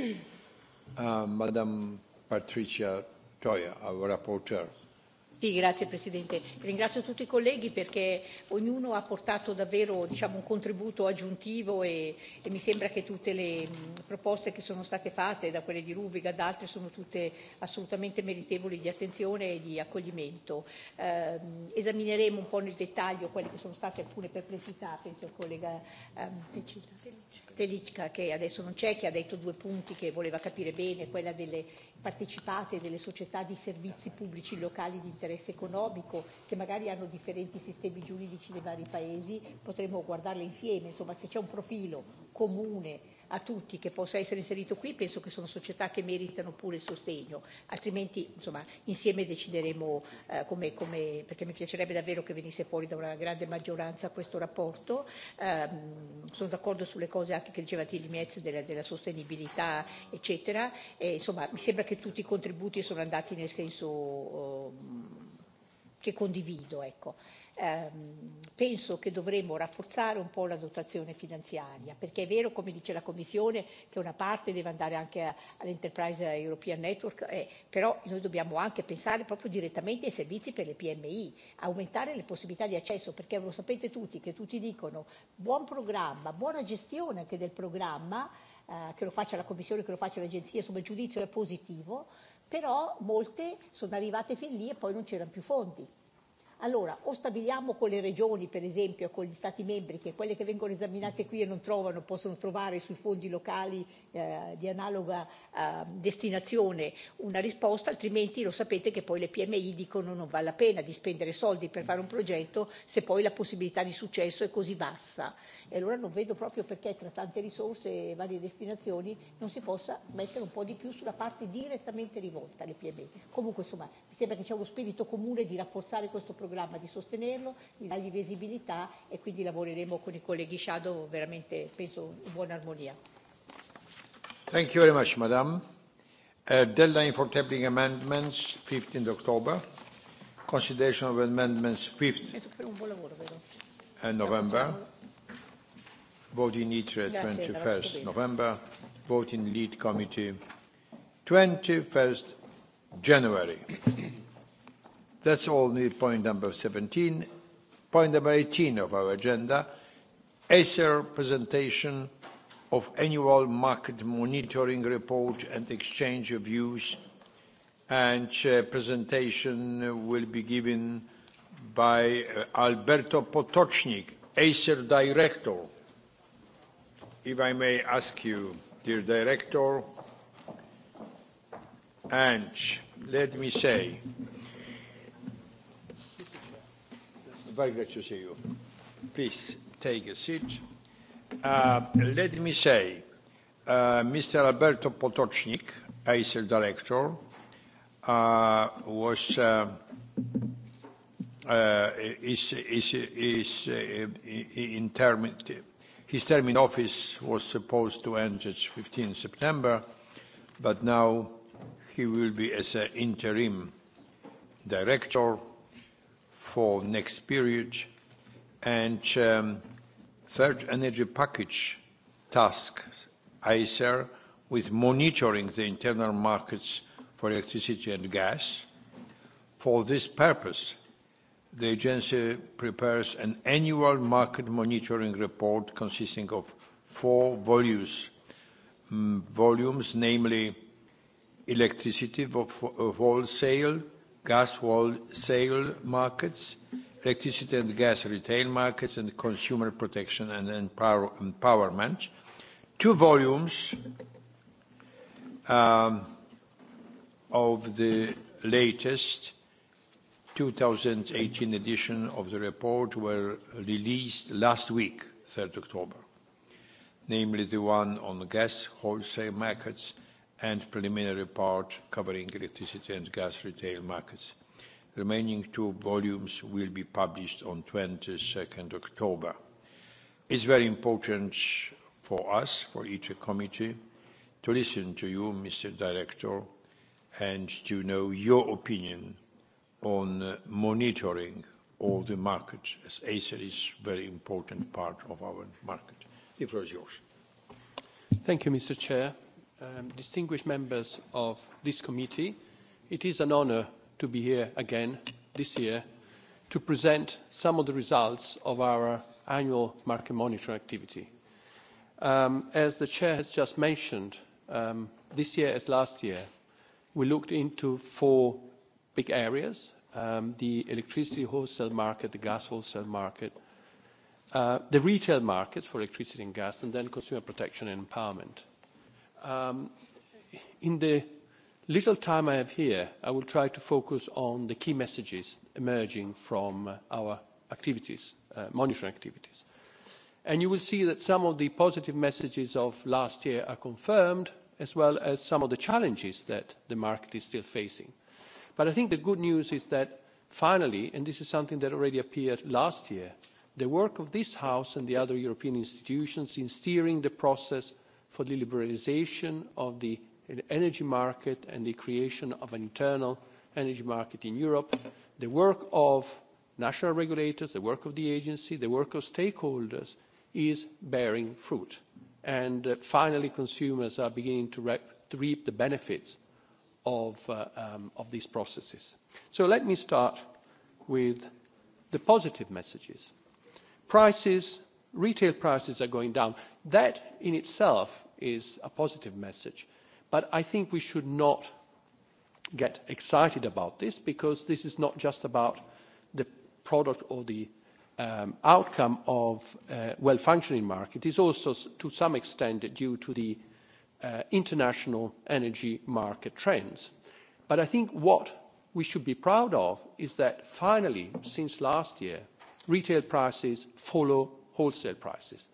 Madam Patricia Toia, our rapporteur. grazie Presidente. Ringrazio tutti i colleghi perché ognuno ha portato davvero diciamo, un contributo aggiuntivo e, e mi sembra che tutte le proposte che sono state fatte, da quelle di Rubiga, ad altre, sono tutte assolutamente meritevoli di attenzione e di accoglimento. Ehm, esamineremo un po' nel dettaglio quelle che sono state alcune perplessità, penso al collega ehm, Telicca che adesso non c'è, che ha detto due punti che voleva capire bene, quella delle partecipate delle società di servizi pubblici locali di interesse economico che magari hanno differenti sistemi giuridici nei vari Paesi, potremmo guardarle insieme, insomma se c'è un profilo comune a tutti che possa essere inserito qui penso che sono società che meritano pure il sostegno altrimenti insomma insieme decideremo eh, come, come perché mi piacerebbe davvero che venisse fuori da una grande maggioranza questo rapporto eh, sono d'accordo sulle cose anche che diceva Tilly della, della sostenibilità eccetera e, insomma mi sembra che tutti i contributi sono andati nel senso oh, che condivido ecco Ehm, penso che dovremmo rafforzare un po' la dotazione finanziaria perché è vero come dice la Commissione che una parte deve andare anche all'Enterprise European Network eh, però noi dobbiamo anche pensare proprio direttamente ai servizi per le PMI aumentare le possibilità di accesso perché lo sapete tutti che tutti dicono buon programma buona gestione anche del programma eh, che lo faccia la Commissione che lo faccia l'agenzia insomma il giudizio è positivo però molte sono arrivate fin lì e poi non c'erano più fondi Allora, o stabiliamo con le regioni, per esempio, e con gli Stati membri, che quelle che vengono esaminate qui e non trovano possono trovare sui fondi locali eh, di analoga eh, destinazione una risposta, altrimenti lo sapete che poi le PMI dicono non vale la pena di spendere soldi per fare un progetto se poi la possibilità di successo è così bassa. E allora non vedo proprio perché tra tante risorse e varie destinazioni non si possa mettere un po' di più sulla parte direttamente rivolta alle PMI. Comunque, insomma, mi sembra che c'è uno spirito comune di rafforzare questo programma di sostenerlo, di dargli visibilità e quindi lavoreremo con i colleghi shadow veramente penso in buona armonia. Thank you very much, madam. Uh, deadline for tabling amendments 15 October. Consideration of amendments 5th and uh, November. Vote in ITRE 21st November. Vote in lead committee 21st January. That's all need point number 17. Point number 18 of our agenda, ACER presentation of annual market monitoring report and exchange of views, and uh, presentation will be given by uh, Alberto Potocnik, ACER Director. If I may ask you, dear Director, and let me say, very good to see you. Please take a seat. Uh, let me say, uh, Mr. Alberto Potočnik, ISIL director, uh, was uh, uh, is is is uh, in term his term in office was supposed to end at 15 September, but now he will be as an interim director for next period, and um, third energy package task ICER with monitoring the internal markets for electricity and gas. For this purpose, the agency prepares an annual market monitoring report consisting of four volumes, mm, volumes namely electricity wholesale, gas wholesale markets, electricity and gas retail markets, and consumer protection and empowerment. Two volumes um, of the latest 2018 edition of the report were released last week, 3rd October, namely the one on gas wholesale markets and preliminary part covering electricity and gas retail markets. The remaining two volumes will be published on 22nd October. It's very important for us, for each committee, to listen to you, Mr. Director, and to know your opinion on monitoring all the markets, as Acer is a very important part of our market. The floor is yours. Thank you, Mr. Chair um, distinguished members of this committee, it is an honour to be here again this year to present some of the results of our annual market monitoring activity. Um, as the chair has just mentioned, um, this year as last year, we looked into four big areas, um, the electricity wholesale market, the gas wholesale market, uh, the retail markets for electricity and gas, and then consumer protection and empowerment. Um, in the little time I have here, I will try to focus on the key messages emerging from our activities, uh, monitoring activities. And you will see that some of the positive messages of last year are confirmed, as well as some of the challenges that the market is still facing. But I think the good news is that finally, and this is something that already appeared last year, the work of this House and the other European institutions in steering the process for the liberalisation of the energy market and the creation of an internal energy market in Europe, the work of national regulators, the work of the agency, the work of stakeholders is bearing fruit. And uh, finally, consumers are beginning to, rep to reap the benefits of, uh, um, of these processes. So let me start with the positive messages. Prices retail prices are going down. That in itself is a positive message. But I think we should not get excited about this because this is not just about the product or the um, outcome of a uh, well-functioning market. It is also to some extent due to the uh, international energy market trends. But I think what we should be proud of is that finally, since last year, retail prices follow wholesale prices.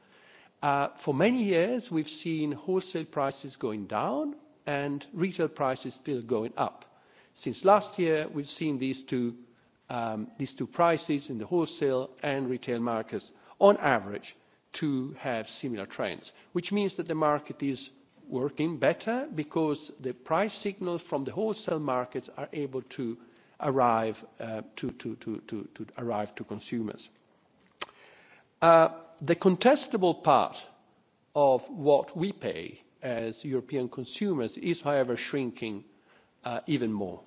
Uh, for many years, we've seen wholesale prices going down and retail prices still going up. Since last year, we've seen these two, um, these two prices in the wholesale and retail markets, on average, to have similar trends, which means that the market is working better because the price signals from the wholesale markets are able to arrive, uh, to, to, to, to arrive to consumers. Uh, the contestable part of what we pay as European consumers is, however, shrinking uh, even more.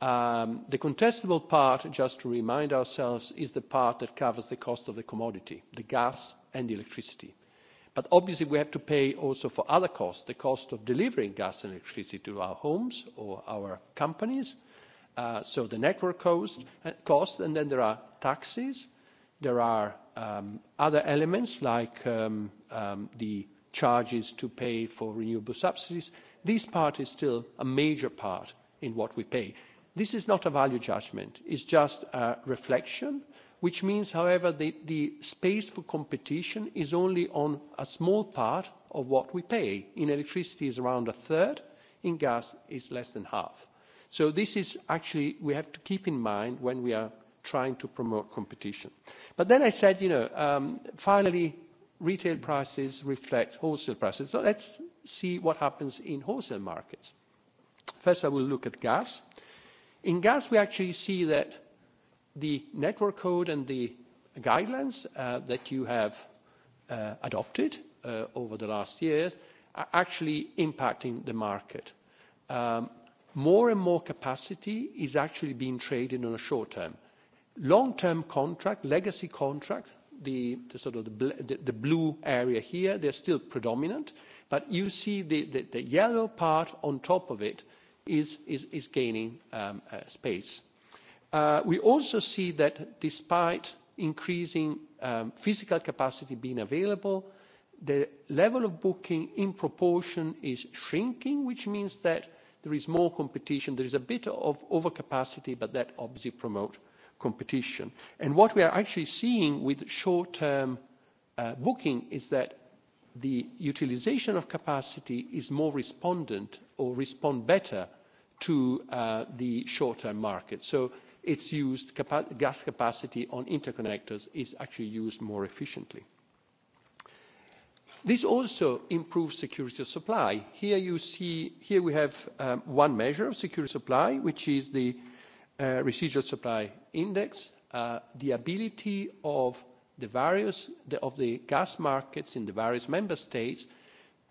Um, the contestable part, just to remind ourselves, is the part that covers the cost of the commodity, the gas and the electricity. But obviously we have to pay also for other costs, the cost of delivering gas and electricity to our homes or our companies, uh, so the network cost, cost, and then there are taxes, there are Um, other elements like um, um, the charges to pay for renewable subsidies, this part is still a major part in what we pay. This is not a value judgment. It's just a reflection, which means, however, the, the space for competition is only on a small part of what we pay. In electricity is around a third. In gas is less than half. So this is actually, we have to keep in mind when we are trying to promote competition. But then I said, you know, um, finally, retail prices reflect wholesale prices. So let's see what happens in wholesale markets. First, I will look at gas. In gas, we actually see that the network code and the guidelines uh, that you have uh, adopted uh, over the last years are actually impacting the market. Um, more and more capacity is actually being traded on a short term long-term contract, legacy contract, the, sort of the, blue area here, they're still predominant, but you see the, the, yellow part on top of it is, gaining um, uh, space. Uh, we also see that despite increasing um, physical capacity being available, the level of booking in proportion is shrinking, which means that there is more competition. There is a bit of overcapacity, but that obviously promote competition. And what we are actually seeing with short-term uh, booking is that the utilization of capacity is more respondent or respond better to uh, the short-term market. So it's used, capa gas capacity on interconnectors is actually used more efficiently. This also improves security of supply. Here you see, here we have um, one measure of security supply, which is the Uh, residual supply index, uh, the ability of the various of the gas markets in the various member states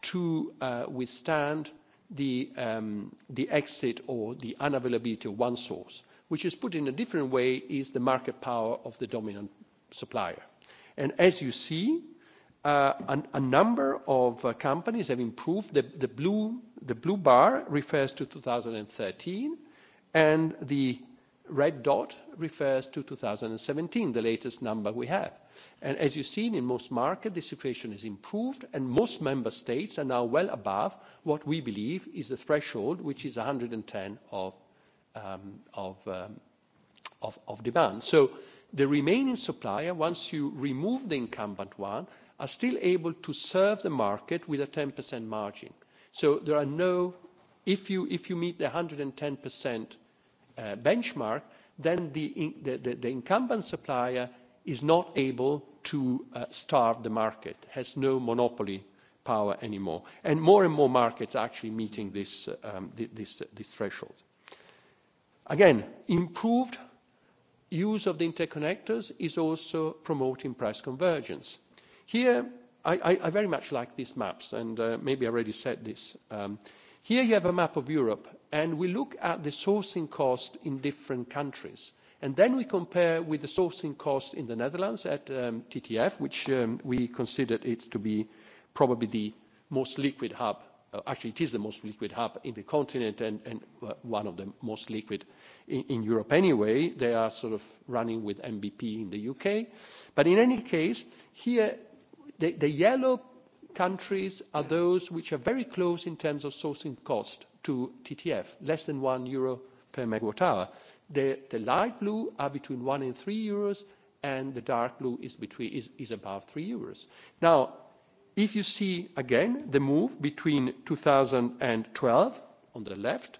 to uh, withstand um, the, exit or the unavailability of one source, which is put in a different way is the market power of the dominant supplier. And as you see, a number of companies have improved. the blue bar refers to 2013, and the Red dot refers to 2017, the latest number we have. And as you've seen, in most markets, the situation has improved, and most member states are now well above what we believe is the threshold, which is 110 um, of, um, of, of, demand. So the remaining supplier, once you remove the incumbent one, are still able to serve the market with a 10% margin. So there are no... If you, if you meet the 110% Uh, benchmark, then the, the, the, incumbent supplier is not able to uh, starve the market, has no monopoly power anymore. And more and more markets are actually meeting this, uh, um, this, this threshold. Again, improved use of the interconnectors is also promoting price convergence. Here, I, I, I very much like these maps, and uh, maybe I already said this. Um, here you have a map of Europe, and we look at the sourcing cost in different countries. And then we compare with the sourcing cost in the Netherlands at um, TTF, which um, we considered it to be probably the most liquid hub. Uh, actually, it is the most liquid hub in the continent and, uh, one of the most liquid in, Europe anyway. They are sort of running with MBP in the UK. But in any case, here, the, the yellow countries are those which are very close in terms of sourcing cost to TTF, less than 1 euro per megawatt hour. The, the light blue are between 1 and 3 euros, and the dark blue is, between, is, is above 3 euros. Now, if you see again the move between 2012 on the left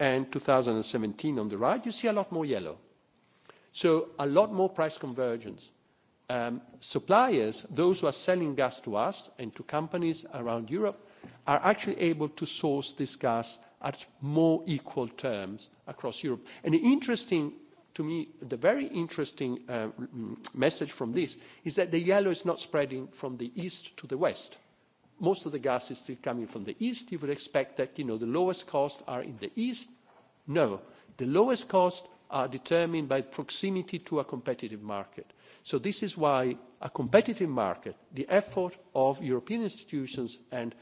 and 2017 on the right, you see a lot more yellow. So a lot more price convergence. Um, suppliers, those who are selling gas to us and to companies around Europe, are actually able to source this gas at more equal terms across Europe. And interesting to me, the very interesting uh, message from this is that the yellow is not spreading from the east to the west. Most of the gas is still coming from the east. You would expect that you know, the lowest costs are in the east. No, the lowest costs are determined by proximity to a competitive market. So this is why a competitive market, the effort of European institutions and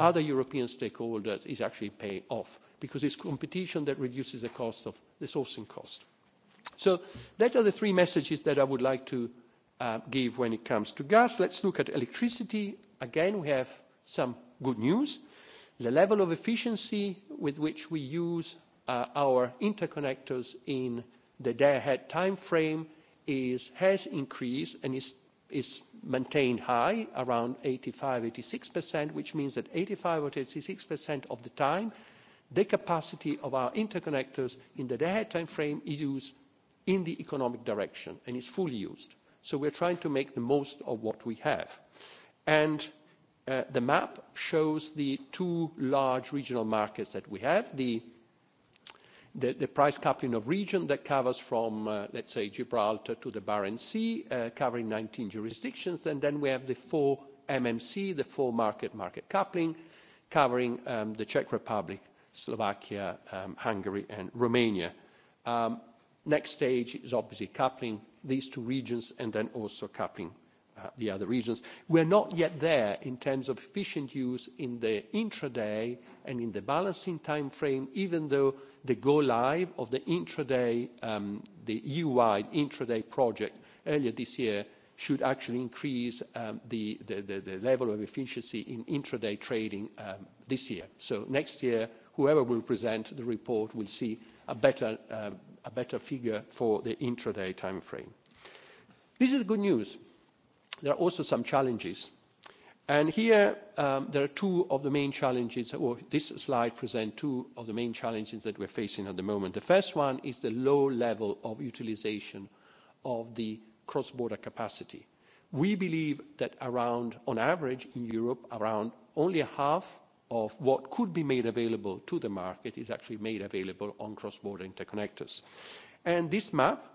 other European stakeholders is actually paying off because it's competition that reduces the cost of the sourcing cost. So those are the three messages that I would like to uh, give when it comes to gas. Let's look at electricity. Again, we have some good news. The level of efficiency with which we use uh, our interconnectors in the day-ahead time frame is, has increased and is maintained high, around 85%-86%, which means that 85% or 86% of the time, the capacity of our interconnectors in the day-ahead time frame is used in the economic direction and is fully used. So we're trying to make the most of what we have. And uh, the map shows the two large regional markets that we have, the the, the price coupling of region that covers from, uh, let's say, Gibraltar to the Barents Sea, uh, covering 19 jurisdictions. And then we have the four MMC, the four market market coupling, covering um, the Czech Republic, Slovakia, um, Hungary, and Romania. Um, next stage is obviously coupling these two regions and then also coupling uh, the other regions. We're not yet there in terms of efficient use in the intraday and in the balancing time frame, even though the go live of the intraday, um, the EU-wide intraday project earlier this year should actually increase um, the, the, the, level of efficiency in intraday trading um, this year. So next year, whoever will present the report will see a better, uh, a better figure for the intraday time frame. This is good news. There are also some challenges And here um, there are two of the main challenges, or this slide presents two of the main challenges that we're facing at the moment. The first one is the low level of utilization of the cross-border capacity. We believe that around, on average in Europe, around only half of what could be made available to the market is actually made available on cross-border interconnectors. And this map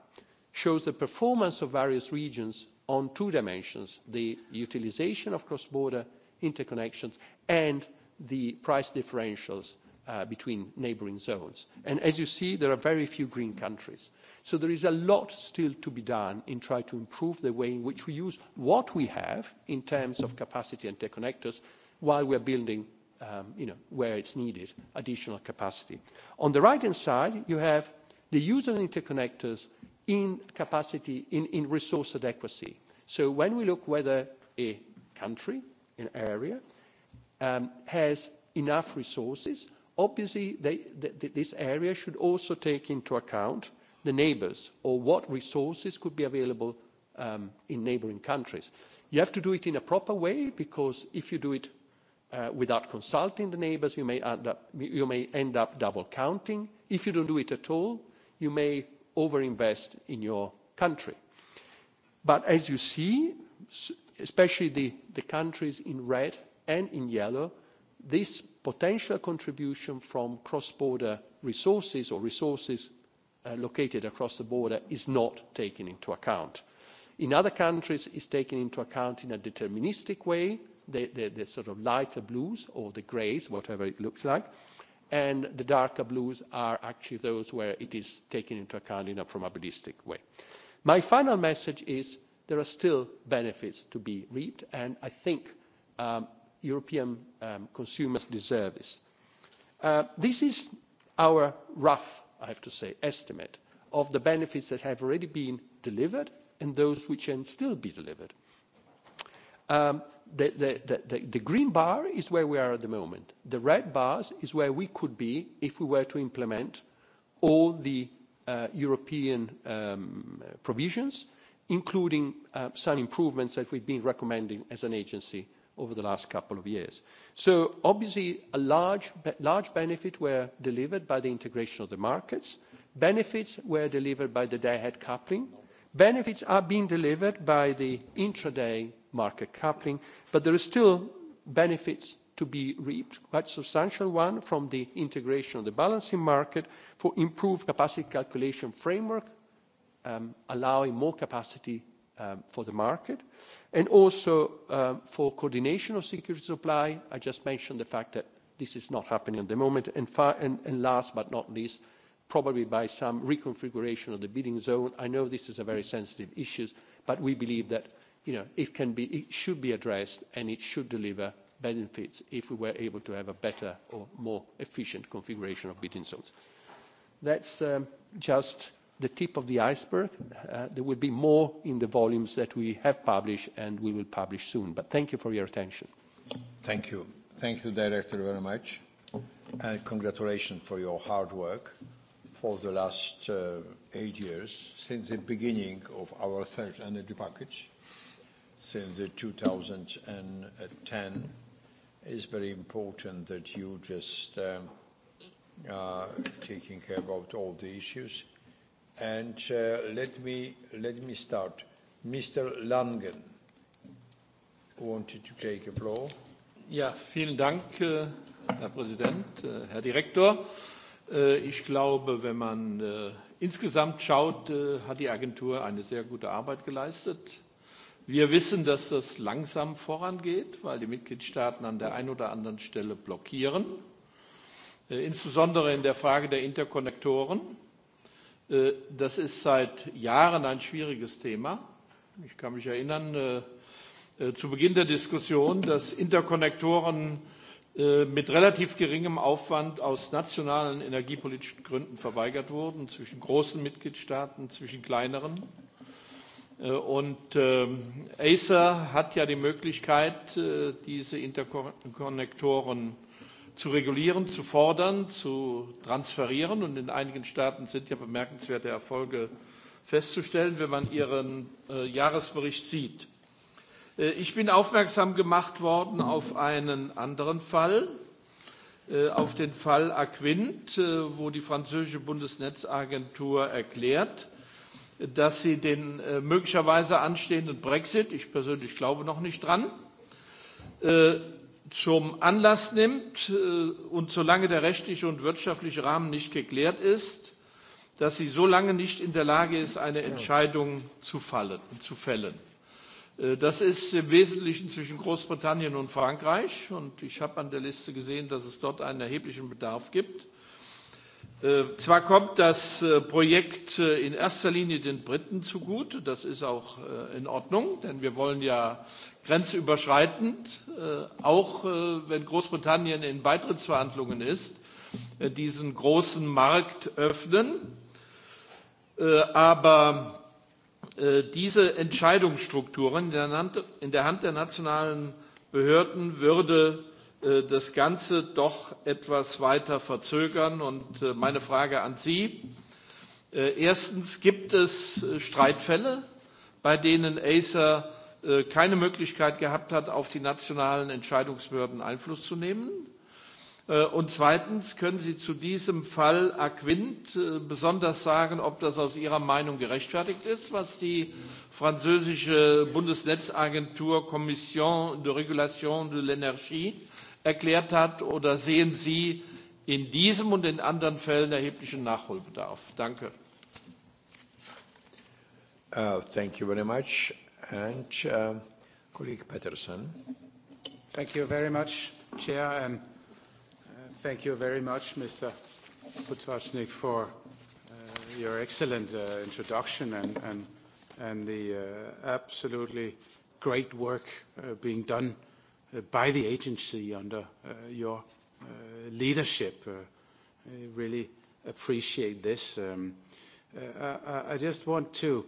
shows the performance of various regions on two dimensions the utilization of cross border interconnections and the price differentials uh, between neighbouring zones. And as you see, there are very few green countries. So there is a lot still to be done in trying to improve the way in which we use what we have in terms of capacity and interconnectors while we are building, um, you know, where it's needed, additional capacity. On the right-hand side, you have the use of interconnectors in capacity, in, in resource adequacy. So when we look whether a country, an area, um, has enough resources, obviously they, this area should also take into account the neighbours or what resources could be available um, in neighbouring countries. You have to do it in a proper way because if you do it uh, without consulting the neighbours, you, may end up, you may end up double counting. If you don't do it at all, you may overinvest in your country. But as you see, especially the, the countries in red and in yellow, this potential contribution from cross-border resources or resources uh, located across the border is not taken into account. In other countries, is taken into account in a deterministic way, the, the, the sort of lighter blues or the greys, whatever it looks like and the darker blues are actually those where it is taken into account in a probabilistic way. My final message is there are still benefits to be reaped, and I think um, European um, consumers deserve this. Uh, this is our rough, I have to say, estimate of the benefits that have already been delivered and those which can still be delivered. Um, The, green bar is where we are at the moment. The red bars is where we could be if we were to implement all the uh, European um, provisions, including uh, some improvements that we've been recommending as an agency over the last couple of years. So obviously, a large, large benefit were delivered by the integration of the markets. Benefits were delivered by the day-ahead coupling. Benefits are being delivered by the intraday market coupling but there are still benefits to be reaped quite substantial one from the integration of the balancing market for improved capacity calculation framework um, allowing more capacity um, for the market and also um, for coordination of security supply i just mentioned the fact that this is not happening at the moment and, far, and, and last but not least probably by some reconfiguration of the bidding zone i know this is a very sensitive issue but we believe that you know, it can be, it should be addressed and it should deliver benefits if we were able to have a better or more efficient configuration of bidding zones. That's um, just the tip of the iceberg. Uh, there will be more in the volumes that we have published and we will publish soon. But thank you for your attention. Thank you. Thank you, Director, very much. And congratulations for your hard work for the last uh, eight years since the beginning of our third energy package since 2010, is very important that you just um, uh, taking care about all the issues. And uh, let me let me start. Mr. Langen wanted to take the floor. Ja, vielen Dank, äh, Herr Präsident, äh, Herr Direktor. Äh, ich glaube, wenn man insgesamt schaut, hat die Agentur eine sehr gute Arbeit geleistet Wir wissen, dass das langsam vorangeht, weil die Mitgliedstaaten an der einen oder anderen Stelle blockieren, äh, insbesondere in der Frage der Interkonnektoren. Äh, das ist seit Jahren ein schwieriges Thema. Ich kann mich erinnern, äh, zu Beginn der Diskussion, dass Interkonnektoren mit relativ geringem Aufwand aus nationalen energiepolitischen Gründen verweigert wurden, zwischen großen Mitgliedstaaten, zwischen kleineren. Äh, und ähm, Acer hat ja die Möglichkeit, äh, diese Interkonnektoren zu regulieren, zu fordern, zu transferieren. Und in einigen Staaten sind ja bemerkenswerte Erfolge festzustellen, wenn man ihren äh, Jahresbericht sieht. Ich bin aufmerksam gemacht worden auf einen anderen Fall, auf den Fall Aquint, wo die französische Bundesnetzagentur erklärt, dass sie den äh, möglicherweise anstehenden Brexit, ich persönlich glaube noch nicht dran, äh, zum Anlass nimmt äh, und solange der rechtliche und wirtschaftliche Rahmen nicht geklärt ist, dass sie so lange nicht in der Lage ist, eine Entscheidung zu, fallen, zu fällen. Das ist im Wesentlichen zwischen Großbritannien und Frankreich. Und ich habe an der Liste gesehen, dass es dort einen erheblichen Bedarf gibt. Äh, zwar kommt das äh, Projekt äh, in erster Linie den Briten zugute, das ist auch in Ordnung, denn wir wollen ja grenzüberschreitend, auch wenn Großbritannien in Beitrittsverhandlungen ist, diesen großen Markt öffnen. Aber diese Entscheidungsstrukturen in der Hand der nationalen Behörden würde Äh, das Ganze doch etwas weiter verzögern. Und äh, meine Frage an Sie. Äh, erstens, gibt es Streitfälle, bei denen Acer keine Möglichkeit gehabt hat, auf die nationalen Entscheidungsbehörden Einfluss zu nehmen? Und zweitens, können Sie zu diesem Fall Aquint besonders sagen, ob das aus Ihrer Meinung gerechtfertigt ist, was die französische Bundesnetzagentur Commission de Régulation de l'Énergie erklärt hat? Oder sehen Sie in diesem und in anderen Fällen erheblichen Nachholbedarf? Danke. Uh, thank you very much. And uh, colleague Peterson. Thank you very much, Chair, and uh, thank you very much, Mr. Putvachnik for uh, your excellent uh, introduction and, and, and the uh, absolutely great work uh, being done by the agency under uh, your uh, leadership. Uh, I really appreciate this. Um, I, just want to,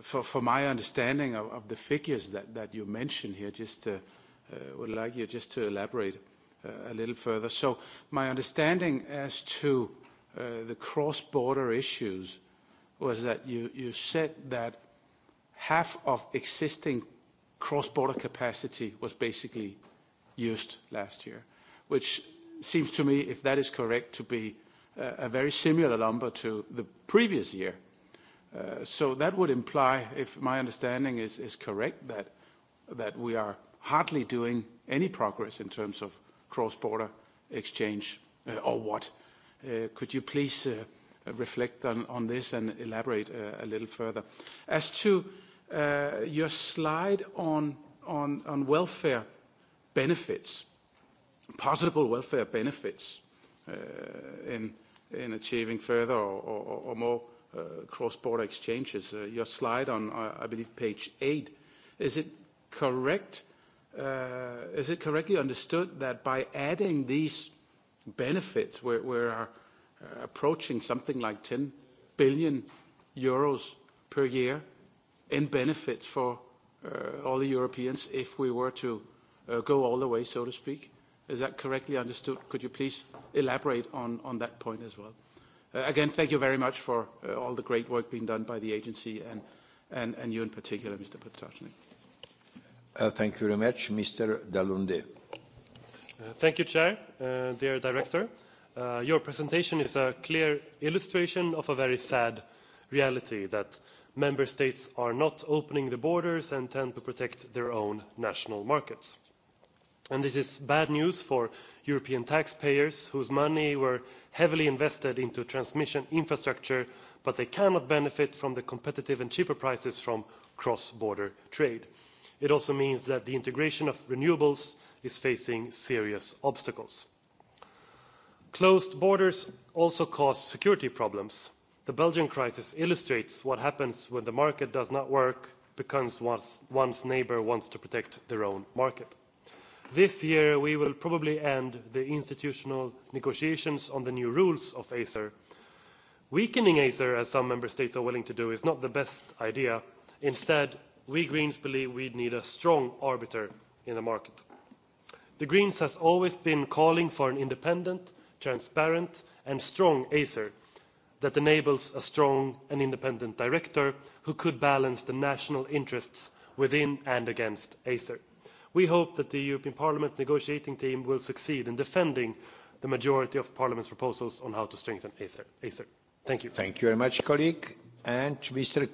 for, my understanding of, the figures that, you mentioned here, just would like you just to elaborate a little further. So my understanding as to the cross-border issues was that you, you said that half of existing cross-border capacity was basically used last year, which seems to me, if that is correct, to be a very similar number to the previous year. Uh, so that would imply, if my understanding is, correct, that, we are hardly doing any progress in terms of cross-border exchange uh, or what. Uh, could you please reflect on this and elaborate a little further? As to uh, your slide on, on, on welfare benefits, possible welfare benefits uh, in, in achieving further or, or, or more uh, cross-border exchanges. Uh, your slide on, uh, I believe, page eight, is it correct? Uh, is it correctly understood that by adding these benefits, we're, we're uh, approaching something like 10 billion euros per year in benefit for uh, all the Europeans if we were to uh, go all the way, so to speak. Is that correctly understood? Could you please elaborate on, on that point as well? Uh, again, thank you very much for all the great work being done by the agency and, and, and you in particular, Mr. Potocnik. Thank you very much. Mr. Dalunde. Thank you, Chair, dear Director. Your presentation is a clear illustration of a very sad reality that member states are not opening the borders and tend to protect their own national markets. And this is bad news for European taxpayers whose money were heavily invested into transmission infrastructure, but they cannot benefit from the competitive and cheaper prices from cross-border trade. It also means that the integration of renewables is facing serious obstacles. Closed borders also cause security problems The Belgian crisis illustrates what happens when the market does not work because one's, one's neighbour wants to protect their own market. This year, we will probably end the institutional negotiations on the new rules of Acer. Weakening Acer, as some member states are willing to do, is not the best idea. Instead, we Greens believe we need a strong arbiter in the market. The Greens has always been calling for an independent, transparent and strong Acer that enables a strong and independent director who could balance the national interests within and against acer. we hope that the european parliament negotiating team will succeed in defending the majority of parliament's proposals on how to strengthen acer. thank you. thank you very much colleague and mr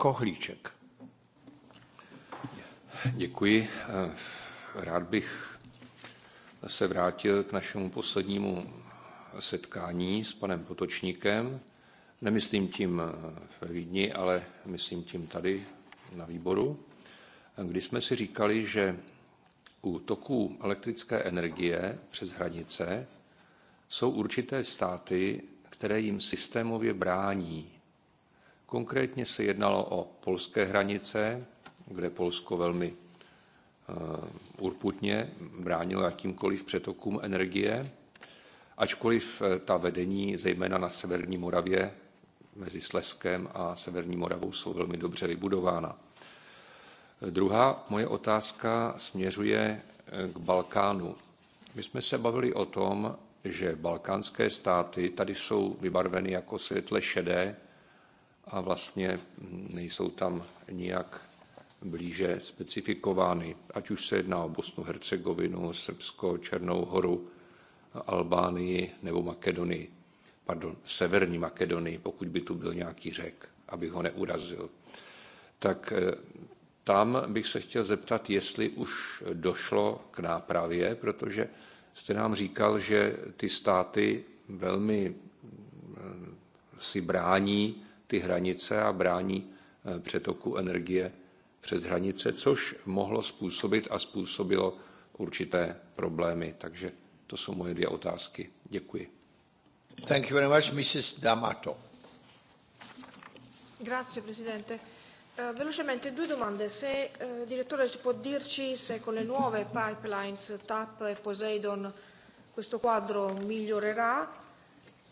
Děkuji. Eh, rád bych se vrátil k našemu poslednímu setkání s panem Potočnikem nemyslím tím v eh, Vídni, ale myslím tím tady na výboru, kdy jsme si říkali, že u toků elektrické energie přes hranice jsou určité státy, které jim systémově brání. Konkrétně se jednalo o polské hranice, kde Polsko velmi eh, urputně bránilo jakýmkoliv přetokům energie, ačkoliv eh, ta vedení, zejména na severní Moravě, mezi Sleskem a Severní Moravou jsou velmi dobře vybudována. Druhá moje otázka směřuje eh, k Balkánu. My jsme se bavili o tom, že balkánské státy tady jsou vybarveny jako světle šedé a vlastně hm, nejsou tam nijak blíže specifikovány, ať už se jedná o Bosnu, Hercegovinu, Srbsko, Černou horu, Albánii nebo Makedonii pardon, Severní Makedonii, pokud by tu byl nějaký řek, abych ho neurazil. Tak eh, tam bych se chtěl zeptat, jestli už došlo k nápravě, protože jste nám říkal, že ty státy velmi eh, si brání ty hranice a brání eh, přetoku energie přes hranice, což mohlo způsobit a způsobilo určité problémy. Takže to jsou moje dvě otázky. Děkuji. Thank you very Grazie Presidente. Eh, velocemente due domande. Se eh, il direttore ci può dirci se con le nuove pipelines TAP e Poseidon questo quadro migliorerà.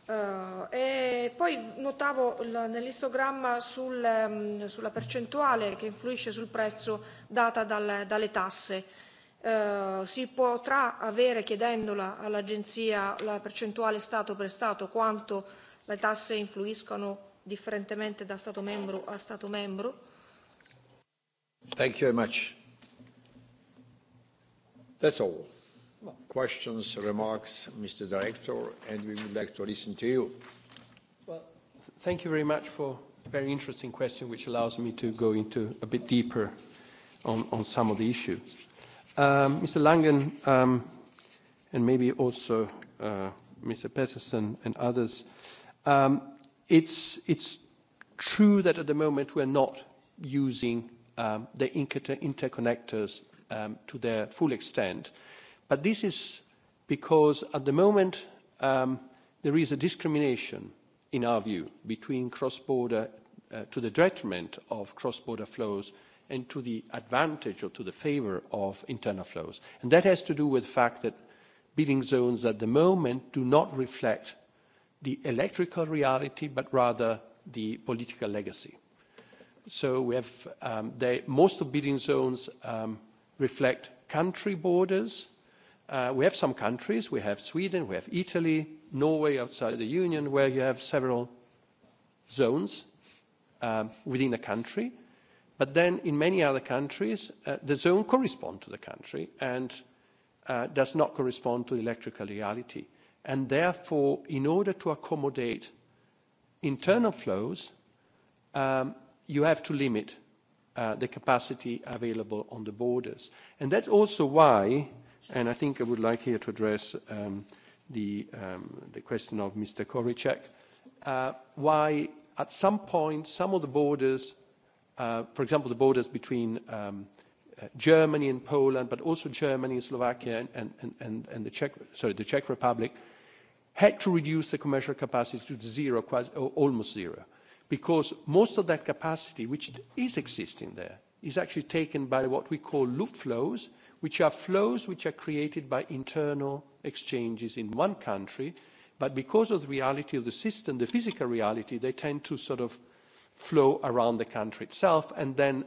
Eh, e poi notavo nell'istogramma ehm, sulla percentuale che influisce sul prezzo data dalle tasse Eh, si potrà avere chiedendola all'agenzia la percentuale stato per stato quanto le tasse influiscano differentemente da stato membro a stato membro? Thank you very much. That's all. Questions, remarks, Mr. Director, and we would like to listen to you. Well, thank you very much for a very interesting question, which allows me to go into a bit deeper on, on some of the issues. Um, Mr. Langen um, and maybe also uh, Mr. Peterson and others, um, it's, it's true that at the moment we're not using um, the inter interconnectors um, to their full extent. But this is because at the moment um, there is a discrimination, in our view, between cross-border, uh, to the detriment of cross-border flows and to the advantage or to the favour of internal flows. And that has to do with the fact that bidding zones at the moment do not reflect the electrical reality, but rather the political legacy. So we have um, they, most of bidding zones um, reflect country borders. Uh, we have some countries, we have Sweden, we have Italy, Norway outside the Union, where you have several zones um, within a country but then in many other countries uh, the zone corresponds to the country and uh, does not correspond to electrical reality and therefore in order to accommodate internal flows um, you have to limit uh, the capacity available on the borders and that's also why and i think i would like here to address um, the, um, the question of mr Koricek, uh, why at some point some of the borders Uh, for example, the borders between um, uh, Germany and Poland, but also Germany, Slovakia, and, and, and, and the, Czech, sorry, the Czech Republic, had to reduce the commercial capacity to zero, quasi, almost zero, because most of that capacity, which is existing there, is actually taken by what we call loop flows, which are flows which are created by internal exchanges in one country, but because of the reality of the system, the physical reality, they tend to sort of flow around the country itself and then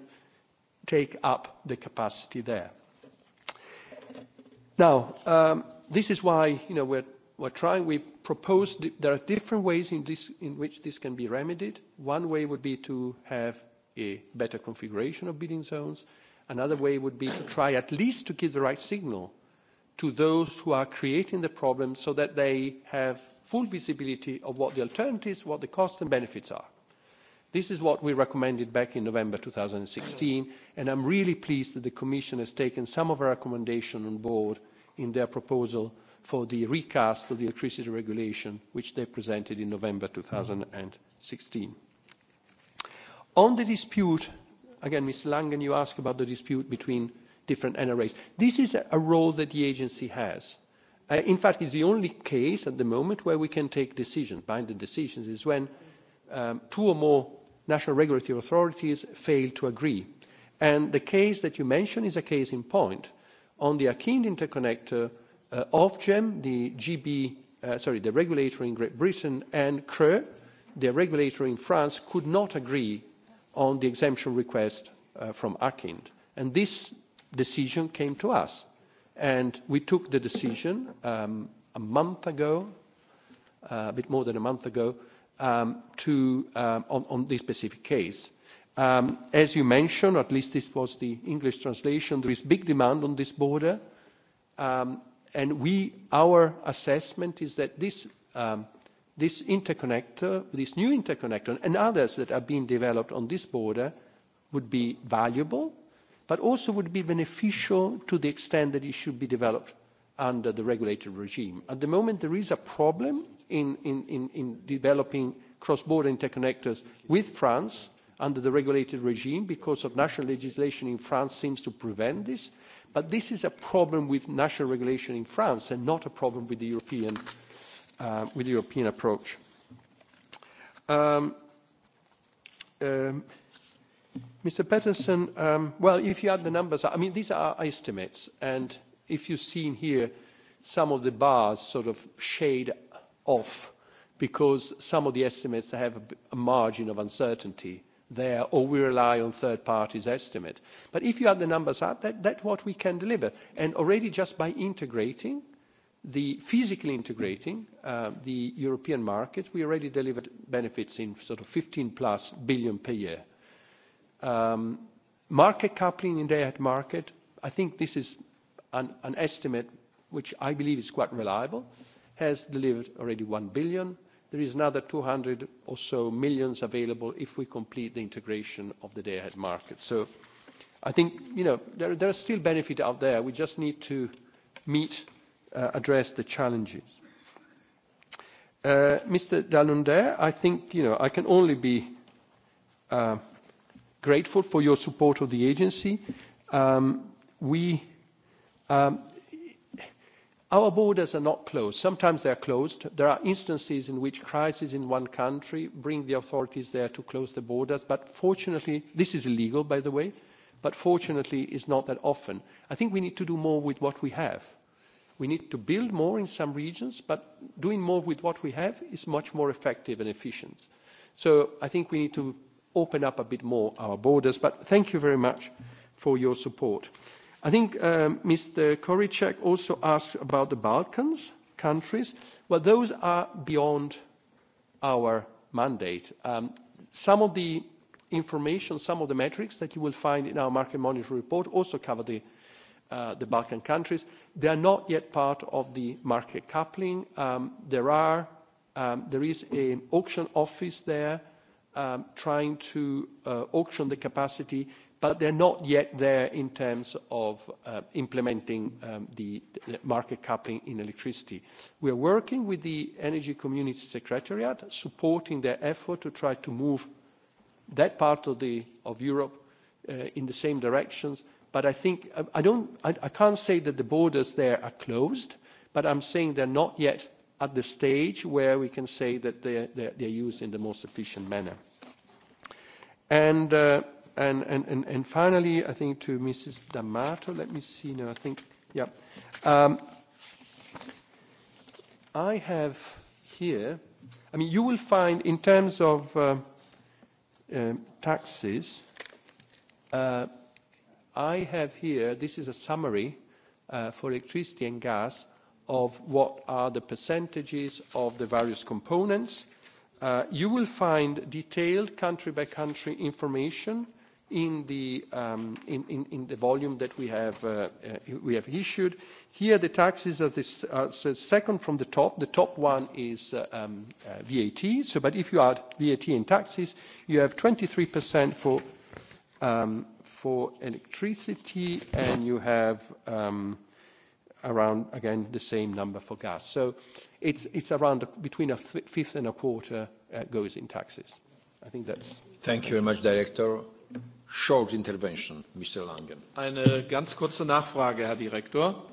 take up the capacity there. Now, um, this is why you know, we're, we're trying, we propose, there are different ways in, this, in which this can be remedied. One way would be to have a better configuration of bidding zones. Another way would be to try at least to give the right signal to those who are creating the problem so that they have full visibility of what the alternatives, what the costs and benefits are. This is what we recommended back in November 2016, and I'm really pleased that the Commission has taken some of our recommendations on board in their proposal for the recast of the electricity regulation, which they presented in November 2016. On the dispute, again, Ms Langen, you asked about the dispute between different NRAs. This is a role that the agency has. Uh, in fact, it's the only case at the moment where we can take decisions. Binding decisions is when um, two or more national regulatory authorities failed to agree. And the case that you mentioned is a case in point. On the Akin interconnector, uh, Ofgem, the GB, uh, sorry, the regulator in Great Britain, and CRE, the regulator in France, could not agree on the exemption request uh, from Akin. And this decision came to us. And we took the decision um, a month ago, uh, a bit more than a month ago, um, to, um, on, on this specific case. Um, as you mentioned, at least this was the English translation, there is big demand on this border. Um, and we, our assessment is that this, um, this interconnector, this new interconnector, and others that are being developed on this border would be valuable, but also would be beneficial to the extent that it should be developed under the regulated regime. At the moment, there is a problem in, in, in, in developing cross-border interconnectors with France under the regulated regime because of national legislation in France seems to prevent this. But this is a problem with national regulation in France and not a problem with the European, uh, with the European approach. Um, um, Mr. Patterson, um, well, if you add the numbers, I mean, these are estimates, and If you've seen here, some of the bars sort of shade off because some of the estimates have a margin of uncertainty there, or we rely on third parties' estimate. But if you add the numbers up, that, that's what we can deliver. And already just by integrating, the physically integrating uh, the European market, we already delivered benefits in sort of 15+ plus billion per year. Um, market coupling in day at market, I think this is an, estimate which I believe is quite reliable, has delivered already 1 billion. There is another 200 or so millions available if we complete the integration of the day-ahead market. So I think, you know, there, there are still benefit out there. We just need to meet, uh, address the challenges. Uh, Mr. Dalunde, I think, you know, I can only be uh, grateful for your support of the agency. Um, we Um, our borders are not closed. Sometimes they are closed. There are instances in which crises in one country bring the authorities there to close the borders, but fortunately, this is illegal, by the way, but fortunately, it's not that often. I think we need to do more with what we have. We need to build more in some regions, but doing more with what we have is much more effective and efficient. So I think we need to open up a bit more our borders, but thank you very much for your support. I think uh, Mr. Korychek also asked about the Balkans countries. Well, those are beyond our mandate. Um, some of the information, some of the metrics that you will find in our market monitoring report also cover the, uh, the Balkan countries. They are not yet part of the market coupling. Um, there, are, um, there is an auction office there um, trying to uh, auction the capacity but they're not yet there in terms of uh, implementing um, the, market coupling in electricity. We are working with the Energy Community Secretariat, supporting their effort to try to move that part of, the, of Europe uh, in the same directions. But I think um, I, don't, I, I can't say that the borders there are closed, but I'm saying they're not yet at the stage where we can say that they're, they're, they're used in the most efficient manner. And uh, And, and, and, and finally, I think to Mrs. D'Amato, let me see now, I think, yeah. Um, I have here, I mean, you will find in terms of uh, um, taxes, uh, I have here, this is a summary uh, for electricity and gas of what are the percentages of the various components. Uh, you will find detailed country by -country information in the, um, in, in, in the volume that we have, uh, uh, we have issued. Here, the taxes are this, uh, second from the top. The top one is um, VAT. So, but if you add VAT and taxes, you have 23% for, um, for electricity, and you have um, around, again, the same number for gas. So it's, it's around between a fifth and a quarter goes in taxes. I think that's- Thank you very much, Director. Short intervention, Mr. Langen. Eine ganz kurze Nachfrage, Herr Direktor,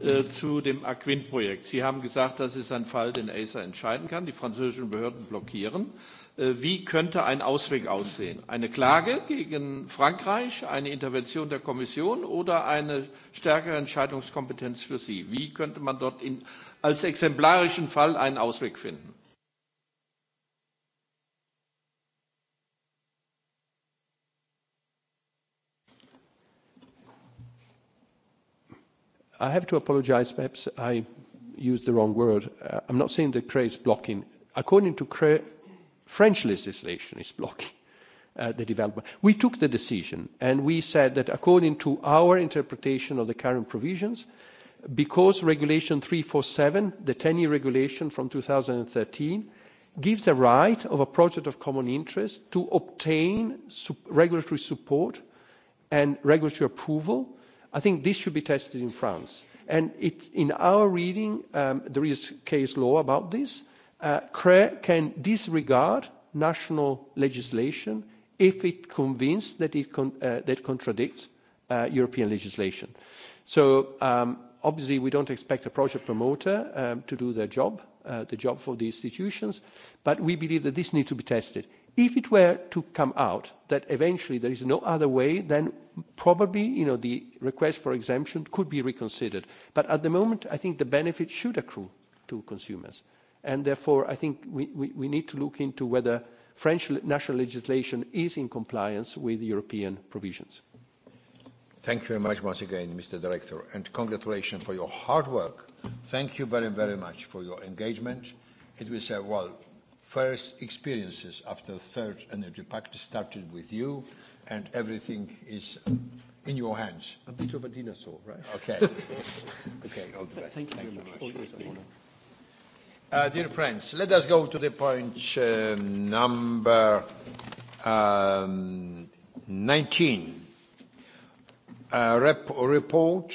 äh, zu dem Aquin-Projekt. Sie haben gesagt, das ist ein Fall, den ACER entscheiden kann. Die französischen Behörden blockieren. Äh, wie könnte ein Ausweg aussehen? Eine Klage gegen Frankreich, eine Intervention der Kommission oder eine stärkere Entscheidungskompetenz für Sie? Wie könnte man dort in, als exemplarischen Fall einen Ausweg finden? I have to apologize. Perhaps I used the wrong word. Uh, I'm not saying that CRE is blocking. According to CRE, French legislation is blocking uh, the development. We took the decision and we said that according to our interpretation of the current provisions, because Regulation 347, the 10-year regulation from 2013, gives a right of a project of common interest to obtain sup regulatory support and regulatory approval i think this should be tested in France. And it, in our reading, um, there is case law about this. Uh, CRE can disregard national legislation if it convinced that it con uh, that contradicts uh, European legislation. So um, obviously we don't expect a project promoter um, to do their job, uh, the job for the institutions, but we believe that this needs to be tested if it were to come out that eventually there is no other way, then probably you know, the request for exemption could be reconsidered. But at the moment, I think the benefit should accrue to consumers. And therefore, I think we, we, we need to look into whether French national legislation is in compliance with European provisions. Thank you very much once again, Mr. Director, and congratulations for your hard work. Thank you very, very much for your engagement. It was a, well, first experiences after the third energy pact started with you, and everything is in your hands. A bit of a dinosaur, right? Okay. okay, all the best. Thank, Thank you very much. Uh, dear friends, let us go to the point um, number um, 19. Uh, rep- report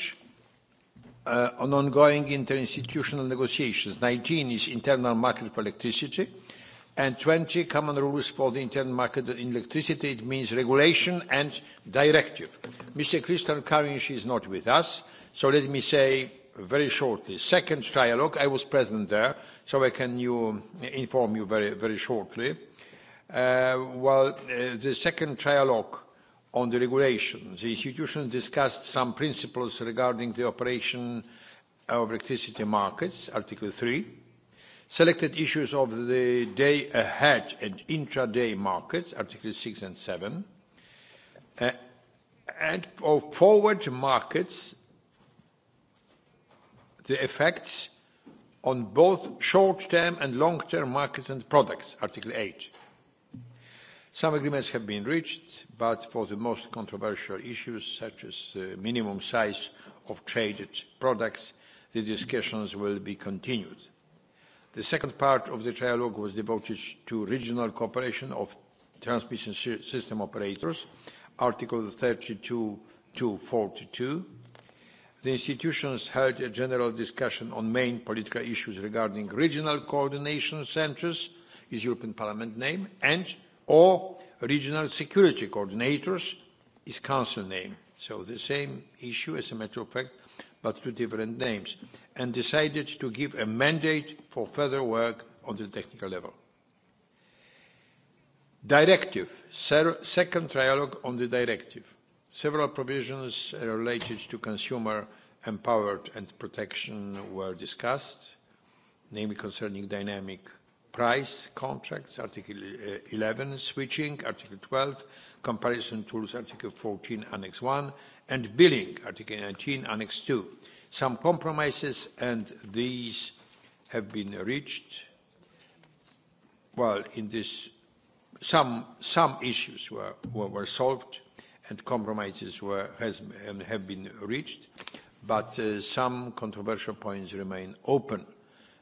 uh, on ongoing interinstitutional negotiations. 19 is internal market for electricity and 20 common rules for the internal market in electricity. It means regulation and directive. Mr. Christian Karinj is not with us, so let me say very shortly. Second trialogue, I was present there, so I can inform you very, very shortly. while uh, well, uh, the second trialogue on the regulation, the institutions discussed some principles regarding the operation of electricity markets, Article 3, Selected issues of the day ahead and intraday markets, Article 6 and 7, uh, and of forward markets, the effects on both short-term and long-term markets and products, Article 8. Some agreements have been reached, but for the most controversial issues, such as the minimum size of traded products, the discussions will be continued. The second part of the trialogue was devoted to regional cooperation of transmission system operators, Article 32 to 42. The institutions held a general discussion on main political issues regarding regional coordination centres, is European Parliament name, and or regional security coordinators is Council name. So the same issue, as a matter of fact, but two different names, and decided to give a mandate for further work on the technical level. Directive, second trialogue on the directive. Several provisions related to consumer empowered and protection were discussed, namely concerning dynamic price contracts, Article 11, uh, switching, Article 12, comparison tools, Article 14, Annex 1, and billing, Article 19, Annex 2. Some compromises, and these have been reached. Well, in this, some, some issues were, were, were solved and compromises were, has, have been reached, but uh, some controversial points remain open.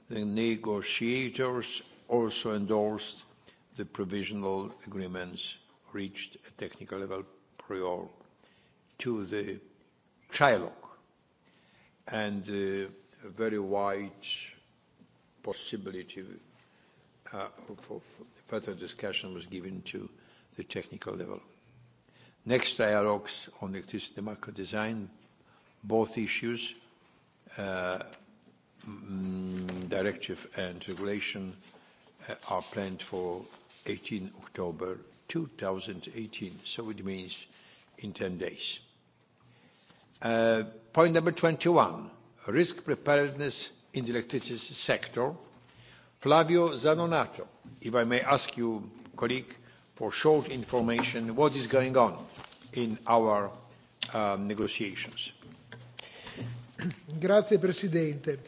The negotiators also endorsed the provisional agreements reached at technical level prior to the trilogue and a very wide possibility uh, for further discussion was given to the technical level. Next dialogues on electricity market design, both issues, uh, mm, directive and regulation, uh, are planned for 18 October 2018, so it means in 10 days. Uh, point number 21, risk preparedness in the electricity sector. Flavio Zanonato, if I may ask you, colleague, for short information, what is going on in our um, negotiations? Grazie Presidente.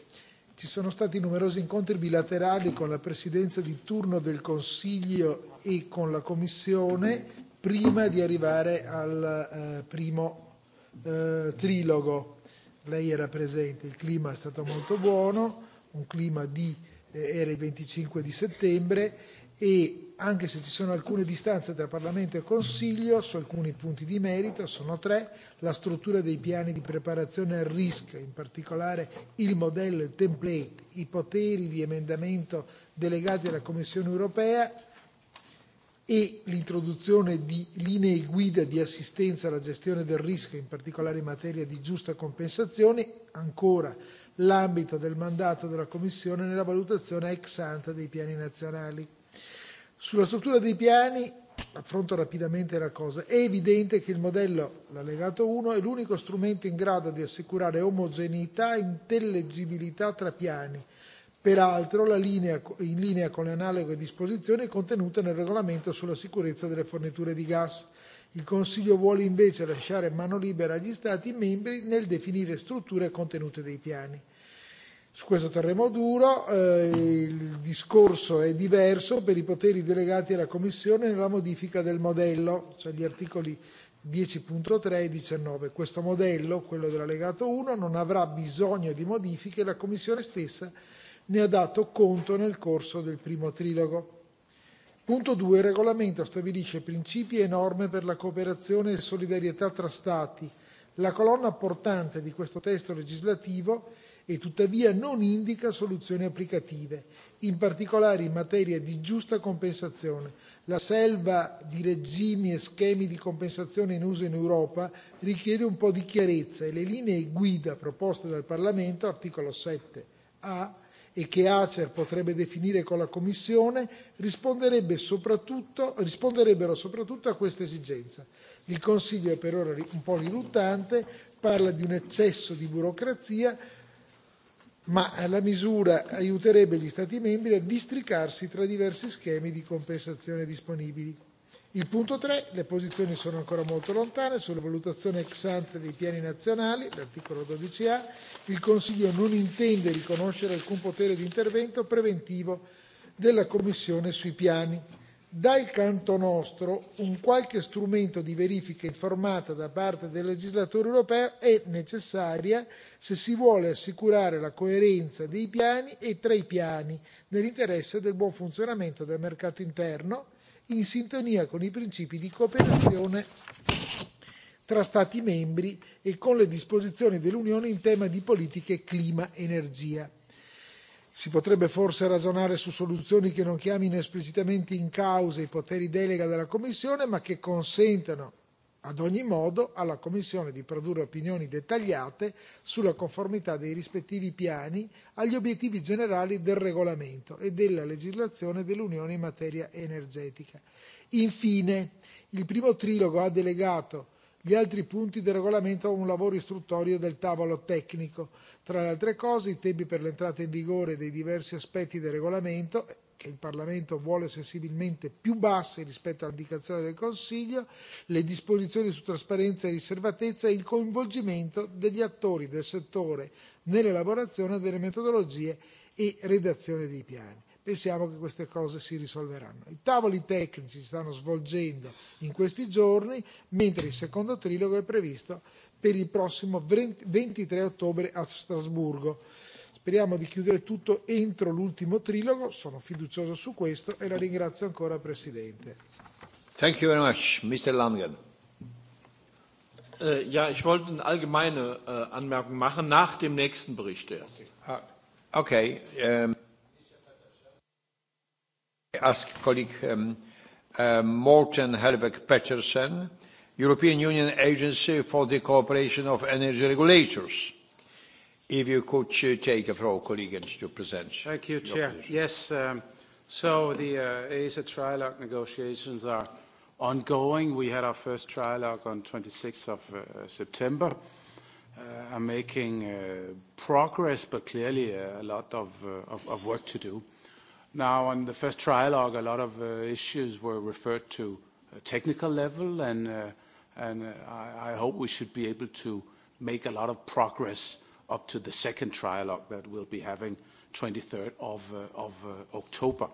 Ci sono stati numerosi incontri bilaterali con la Presidenza di turno del Consiglio e con la Commissione prima di arrivare al eh, primo Eh, trilogo. Lei era presente, il clima è stato molto buono, un clima di, eh, era il 25 di settembre e anche se ci sono alcune distanze tra Parlamento e Consiglio, su alcuni punti di merito, sono tre, la struttura dei piani di preparazione al rischio, in particolare il modello, il template, i poteri di emendamento delegati alla Commissione europea, e l'introduzione di linee guida di assistenza alla gestione del rischio, in particolare in materia di giusta compensazione, ancora l'ambito del mandato della Commissione nella valutazione ex ante dei piani nazionali. Sulla struttura dei piani, affronto rapidamente la cosa, è evidente che il modello, l'allegato 1, è l'unico strumento in grado di assicurare omogeneità e intellegibilità tra piani, Peraltro la linea, in linea con le analoghe disposizioni contenute nel regolamento sulla sicurezza delle forniture di gas. Il Consiglio vuole invece lasciare mano libera agli Stati membri nel definire strutture contenute dei piani. Su questo terremo duro, eh, il discorso è diverso per i poteri delegati alla Commissione nella modifica del modello, cioè gli articoli 10.3 e 19. Questo modello, quello dell'allegato 1, non avrà bisogno di modifiche, e la Commissione stessa ne ha dato conto nel corso del primo trilogo. Punto 2. Il regolamento stabilisce principi e norme per la cooperazione e solidarietà tra Stati, la colonna portante di questo testo legislativo, e tuttavia non indica soluzioni applicative, in particolare in materia di giusta compensazione. La selva di regimi e schemi di compensazione in uso in Europa richiede un po' di chiarezza e le linee guida proposte dal Parlamento, articolo 7a, e che acer potrebbe definire con la commissione risponderebbe soprattutto, risponderebbero soprattutto a questa esigenza. il consiglio è per ora un po' riluttante parla di un eccesso di burocrazia ma la misura aiuterebbe gli stati membri a districarsi tra diversi schemi di compensazione disponibili. Il punto 3, le posizioni sono ancora molto lontane sulla valutazione ex ante dei piani nazionali, l'articolo 12A, il Consiglio non intende riconoscere alcun potere di intervento preventivo della Commissione sui piani. Dal canto nostro, un qualche strumento di verifica informata da parte del legislatore europeo è necessaria se si vuole assicurare la coerenza dei piani e tra i piani, nell'interesse del buon funzionamento del mercato interno in sintonia con i principi di cooperazione tra Stati membri e con le disposizioni dell'Unione in tema di politiche e clima-energia. E si potrebbe forse ragionare su soluzioni che non chiamino esplicitamente in causa i poteri delega della Commissione, ma che consentano ad ogni modo alla Commissione di produrre opinioni dettagliate sulla conformità dei rispettivi piani agli obiettivi generali del regolamento e della legislazione dell'Unione in materia energetica. Infine, il primo trilogo ha delegato gli altri punti del regolamento a un lavoro istruttorio del tavolo tecnico. Tra le altre cose, i tempi per l'entrata in vigore dei diversi aspetti del regolamento che il Parlamento vuole sensibilmente più basse rispetto all'indicazione del Consiglio, le disposizioni su trasparenza e riservatezza e il coinvolgimento degli attori del settore nell'elaborazione delle metodologie e redazione dei piani. Pensiamo che queste cose si risolveranno. I tavoli tecnici si stanno svolgendo in questi giorni, mentre il secondo trilogo è previsto per il prossimo 23 ottobre a Strasburgo. Speriamo di chiudere tutto entro l'ultimo trilogo, sono fiducioso su questo e la ringrazio ancora Presidente. Thank you very much. Mr. Langen. Äh, ja, ich wollte eine allgemeine äh, Anmerkung machen nach dem nächsten Bericht erst. Ah, okay. Uh, okay um, I ask colleague um, uh, Morten Helveg Petersen, European Union Agency for the Cooperation of Energy Regulators. If you could take a floor, colleagues, to present. Thank you, Chair. Yes, um, so the uh, ASA trilogue negotiations are ongoing. We had our first trilogue on 26th of uh, September. Uh, I'm making uh, progress, but clearly uh, a lot of, uh, of, of work to do. Now, on the first trilogue, a lot of uh, issues were referred to a technical level, and, and I, I hope we should be able to make a lot of progress up to the second trialogue that we'll be having 23rd of, uh, of uh, October.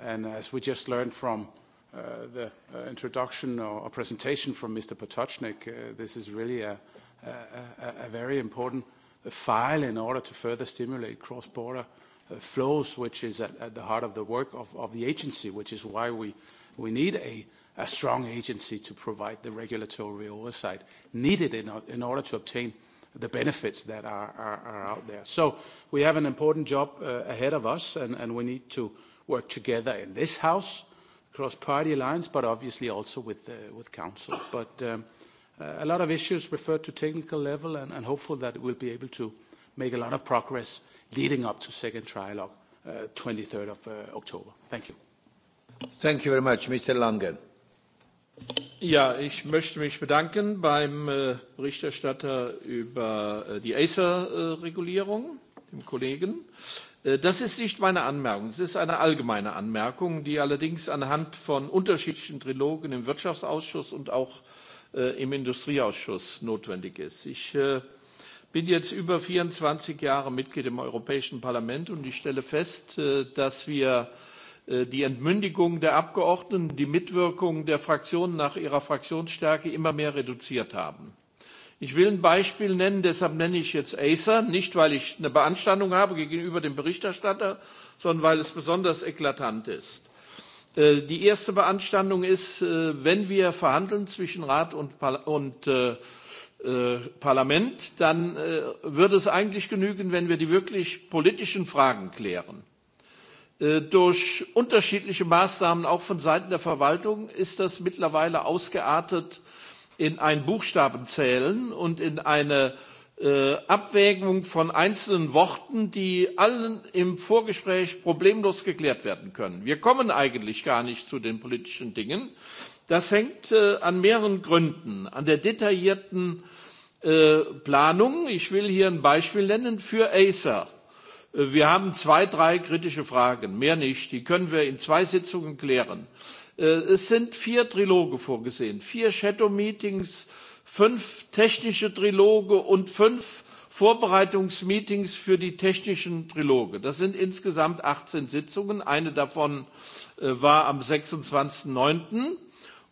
And as we just learned from uh, the introduction or presentation from Mr. Potocnik, this is really a, a, very important file in order to further stimulate cross-border flows, which is at, the heart of the work of, of the agency, which is why we, we need a, a strong agency to provide the regulatory oversight needed in order to obtain the benefits that are, out there. So we have an important job uh, ahead of us, and, we need to work together in this House, across party lines, but obviously also with, uh, Council. But um, uh, a lot of issues refer to technical level, and, and hopeful that we'll be able to make a lot of progress leading up to second trilogue uh, 23rd of October. Thank you. Thank you very much, Mr. Langen. Ja, ich möchte mich bedanken beim äh, Berichterstatter über äh, die Acer-Regulierung, dem Kollegen. Äh, das ist nicht meine Anmerkung, es ist eine allgemeine Anmerkung, die allerdings anhand von unterschiedlichen Trilogen im Wirtschaftsausschuss und auch im Industrieausschuss notwendig ist. Ich bin jetzt über 24 Jahre Mitglied im Europäischen Parlament und ich stelle fest, dass wir Äh, die Entmündigung der Abgeordneten, die Mitwirkung der Fraktionen nach ihrer Fraktionsstärke immer mehr reduziert haben. Ich will ein Beispiel nennen, deshalb nenne ich jetzt Acer, nicht weil ich eine Beanstandung habe gegenüber dem Berichterstatter, sondern weil es besonders eklatant ist. Äh, die erste Beanstandung ist, äh, wenn wir verhandeln zwischen Rat und, Parlament, dann würde es eigentlich genügen, wenn wir die wirklich politischen Fragen klären. Äh, durch unterschiedliche Maßnahmen auch von Seiten der Verwaltung ist das mittlerweile ausgeartet in ein Buchstabenzählen und in eine äh, Abwägung von einzelnen Worten, die allen im Vorgespräch problemlos geklärt werden können. Wir kommen eigentlich gar nicht zu den politischen Dingen. Das hängt äh, an mehreren Gründen, an der detaillierten Planung. Ich will hier ein Beispiel nennen für Acer. Wir haben zwei, drei kritische Fragen, mehr nicht. Die können wir in zwei Sitzungen klären. Äh, es sind vier Triloge vorgesehen, vier Shadow-Meetings, fünf technische Triloge und fünf Vorbereitungsmeetings für die technischen Triloge. Das sind insgesamt 18 Sitzungen. Eine davon äh, war am 26.09.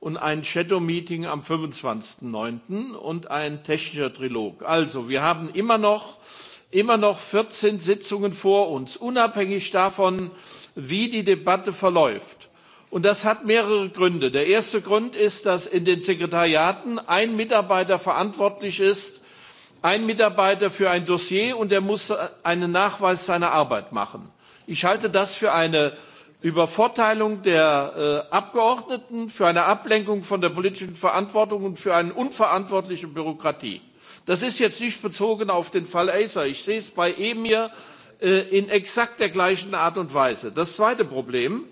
und ein Shadow-Meeting am 25.09. und ein technischer Trilog. Also, wir haben immer noch immer noch vierzehn sitzungen vor uns unabhängig davon wie die debatte verläuft. Und das hat mehrere gründe. der erste grund ist dass in den sekretariaten ein mitarbeiter verantwortlich ist ein mitarbeiter für ein dossier und er muss einen nachweis seiner arbeit machen. ich halte das für eine übervorteilung der äh, abgeordneten für eine ablenkung von der politischen verantwortung und für eine unverantwortliche bürokratie das ist jetzt nicht bezogen auf den fall acer ich sehe es bei emir äh, in exakt der gleichen art und weise. das zweite problem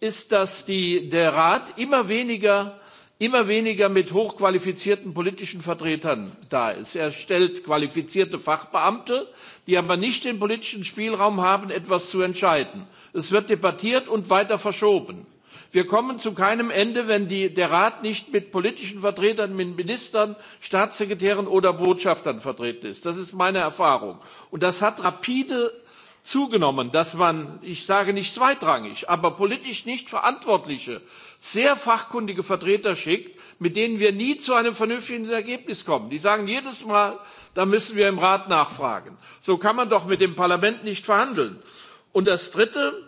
ist dass die, der rat immer weniger immer weniger mit hochqualifizierten politischen vertretern da ist. er stellt qualifizierte fachbeamte die aber nicht den politischen spielraum haben etwas zu entscheiden. es wird debattiert und weiter verschoben wir kommen zu keinem ende wenn die, der rat nicht mit politischen vertretern mit ministern staatssekretären oder botschaftern vertreten ist. das ist meine erfahrung und das hat rapide zugenommen dass man ich sage nicht zweitrangig aber politisch nicht verantwortliche sehr fachkundige vertreter schickt mit denen wir nie zu einem vernünftigen ergebnis kommen. die sagen jedes mal da müssen wir im rat nachfragen. so kann man doch mit dem parlament nicht verhandeln. und das dritte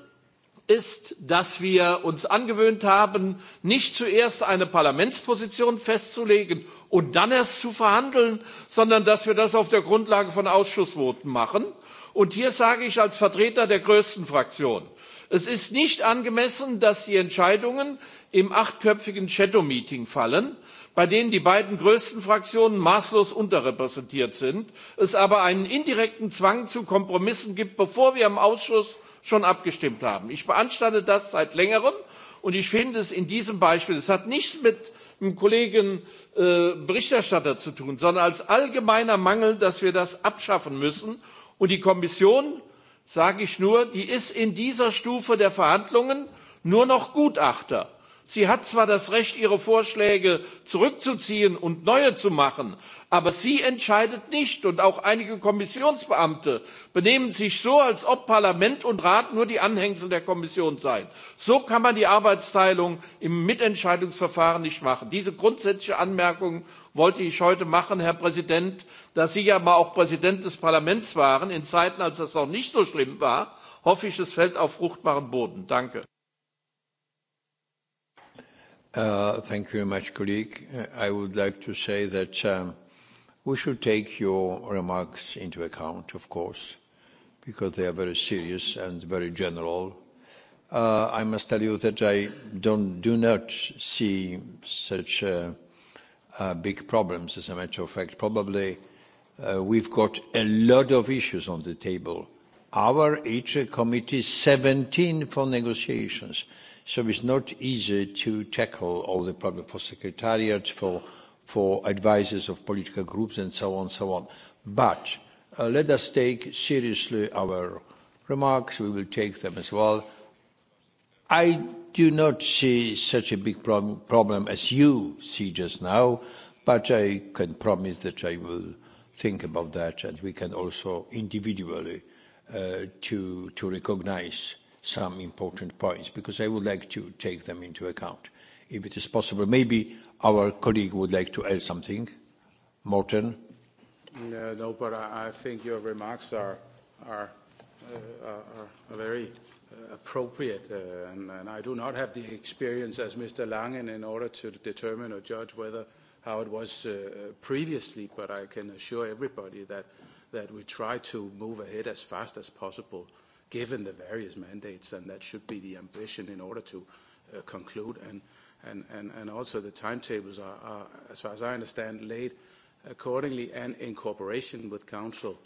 ist dass wir uns angewöhnt haben nicht zuerst eine parlamentsposition festzulegen und dann erst zu verhandeln sondern dass wir das auf der grundlage von ausschussvoten machen und hier sage ich als vertreter der größten fraktion es ist nicht angemessen dass die entscheidungen im achtköpfigen shadow meeting fallen bei denen die beiden größten fraktionen maßlos unterrepräsentiert sind es aber einen indirekten zwang zu kompromissen gibt bevor wir im ausschuss schon abgestimmt haben. ich beanstande das seit längerem und ich finde es in diesem beispiel es hat nichts mit dem kollegen äh, berichterstatter zu tun sondern als allgemeiner mangel dass wir das abschaffen müssen und die kommission sage ich nur die ist in dieser stufe der verhandlungen nur noch gutachter sie hat zwar das recht ihre vorschläge zurückzuziehen und neue zu machen aber sie entscheidet nicht und auch einige kommissionsbeamte benehmen sich so als ob parlament und rat nur die anhängsel der kommission seien. so kann man die arbeitsteilung im mitentscheidungsverfahren nicht machen. diese grundsätzliche anmerkung wollte ich heute machen herr präsident da sie ja mal auch präsident des parlaments waren in zeiten als das noch nicht so schlimm war hoffe ich es fällt auf fruchtbaren boden. Uh, thank you very much, colleague. Uh, I would like to say that um, we should take your remarks into account, of course, because they are very serious and very general. Uh, I must tell you that I don't, do not see such uh, uh, big problems, as a matter of fact. Probably uh, we've got a lot of issues on the table. Our HR committee, 17 for negotiations. So it's not easy to tackle all the problems for secretariat, for, for advisors of political groups and so on, so on. But uh, let us take seriously our remarks. We will take them as well. I do not see such a big problem, problem as you see just now, but I can promise that I will think about that and we can also individually uh, to, to recognize some important points because I would like to take them into account, if it is possible. Maybe our colleague would like to add something. Morten? No, but I, think your remarks are, are, uh, very uh, appropriate, uh, and, I do not have the experience as Mr. Langen in order to determine or judge whether how it was uh, previously, but I can assure everybody that, that we try to move ahead as fast as possible given the various mandates, and that should be the ambition in order to uh, conclude. And, and, and, and also the timetables are, are, as far as I understand, laid accordingly and in cooperation with Council.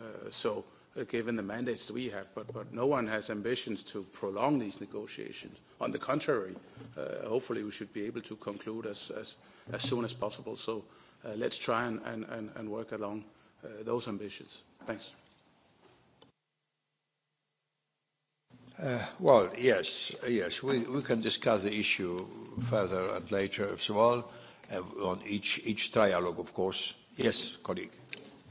Uh, so uh, given the mandates we have, but, but no one has ambitions to prolong these negotiations. On the contrary, uh, hopefully we should be able to conclude as, as, as soon as possible. So uh, let's try and, and, and work along uh, those ambitions. Thanks. Uh, well, yes, yes, we, we can discuss the issue further and later as well, uh, on each, each dialogue, of course. Yes, colleague.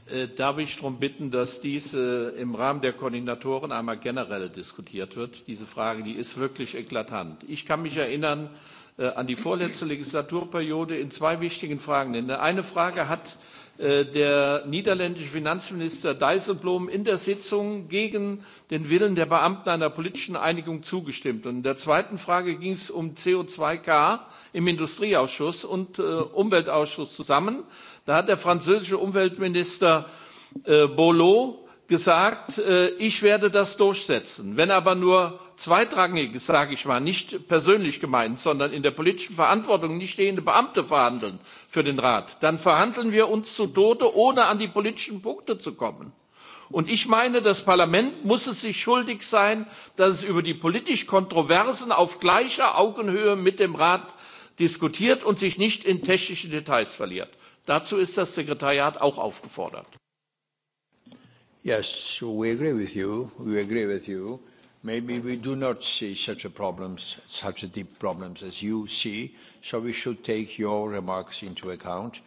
Äh, darf ich darum bitten, dass dies äh, im Rahmen der Koordinatoren einmal generell diskutiert wird? Diese Frage, die ist wirklich eklatant. Ich kann mich erinnern äh, an die vorletzte Legislaturperiode in zwei wichtigen Fragen. eine Frage hat Äh, der niederländische Finanzminister Dijsselbloem in der Sitzung gegen den Willen der Beamten einer politischen Einigung zugestimmt. Und in der zweiten Frage ging es um CO2K im Industrieausschuss und äh, Umweltausschuss zusammen. Da hat der französische Umweltminister äh, Bolo gesagt, äh, ich werde das durchsetzen, wenn aber nur zweitrangig, sage ich mal nicht persönlich gemeint sondern in der politischen verantwortung nicht stehende beamte verhandeln für den rat dann verhandeln wir uns zu tode ohne an die politischen punkte zu kommen. und ich meine das parlament muss es sich schuldig sein dass es über die politisch kontroversen auf gleicher augenhöhe mit dem rat diskutiert und sich nicht in technische details verliert. dazu ist das sekretariat auch aufgefordert. yes we agree with you we agree with you. Maybe we do not see such a problems, such a deep problems as you see, so we should take your remarks into account.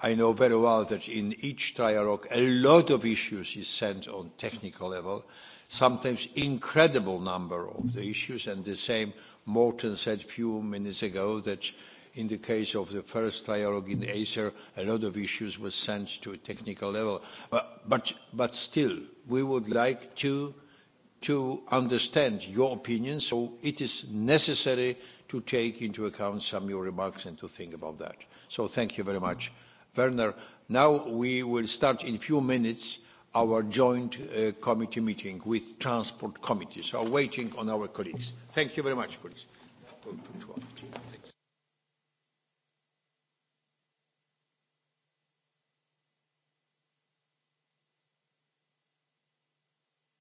I know very well that in each trialogue a lot of issues is sent on technical level, sometimes incredible number of the issues, and the same Morton said a few minutes ago that in the case of the first trialogue in Acer, a lot of issues were sent to a technical level. But, but, but still, we would like to to understand your opinion, so it is necessary to take into account some of your remarks and to think about that. So thank you very much. Werner, now we will start in a few minutes our joint uh, committee meeting with Transport Committee. So waiting on our colleagues. Thank you very much, colleagues.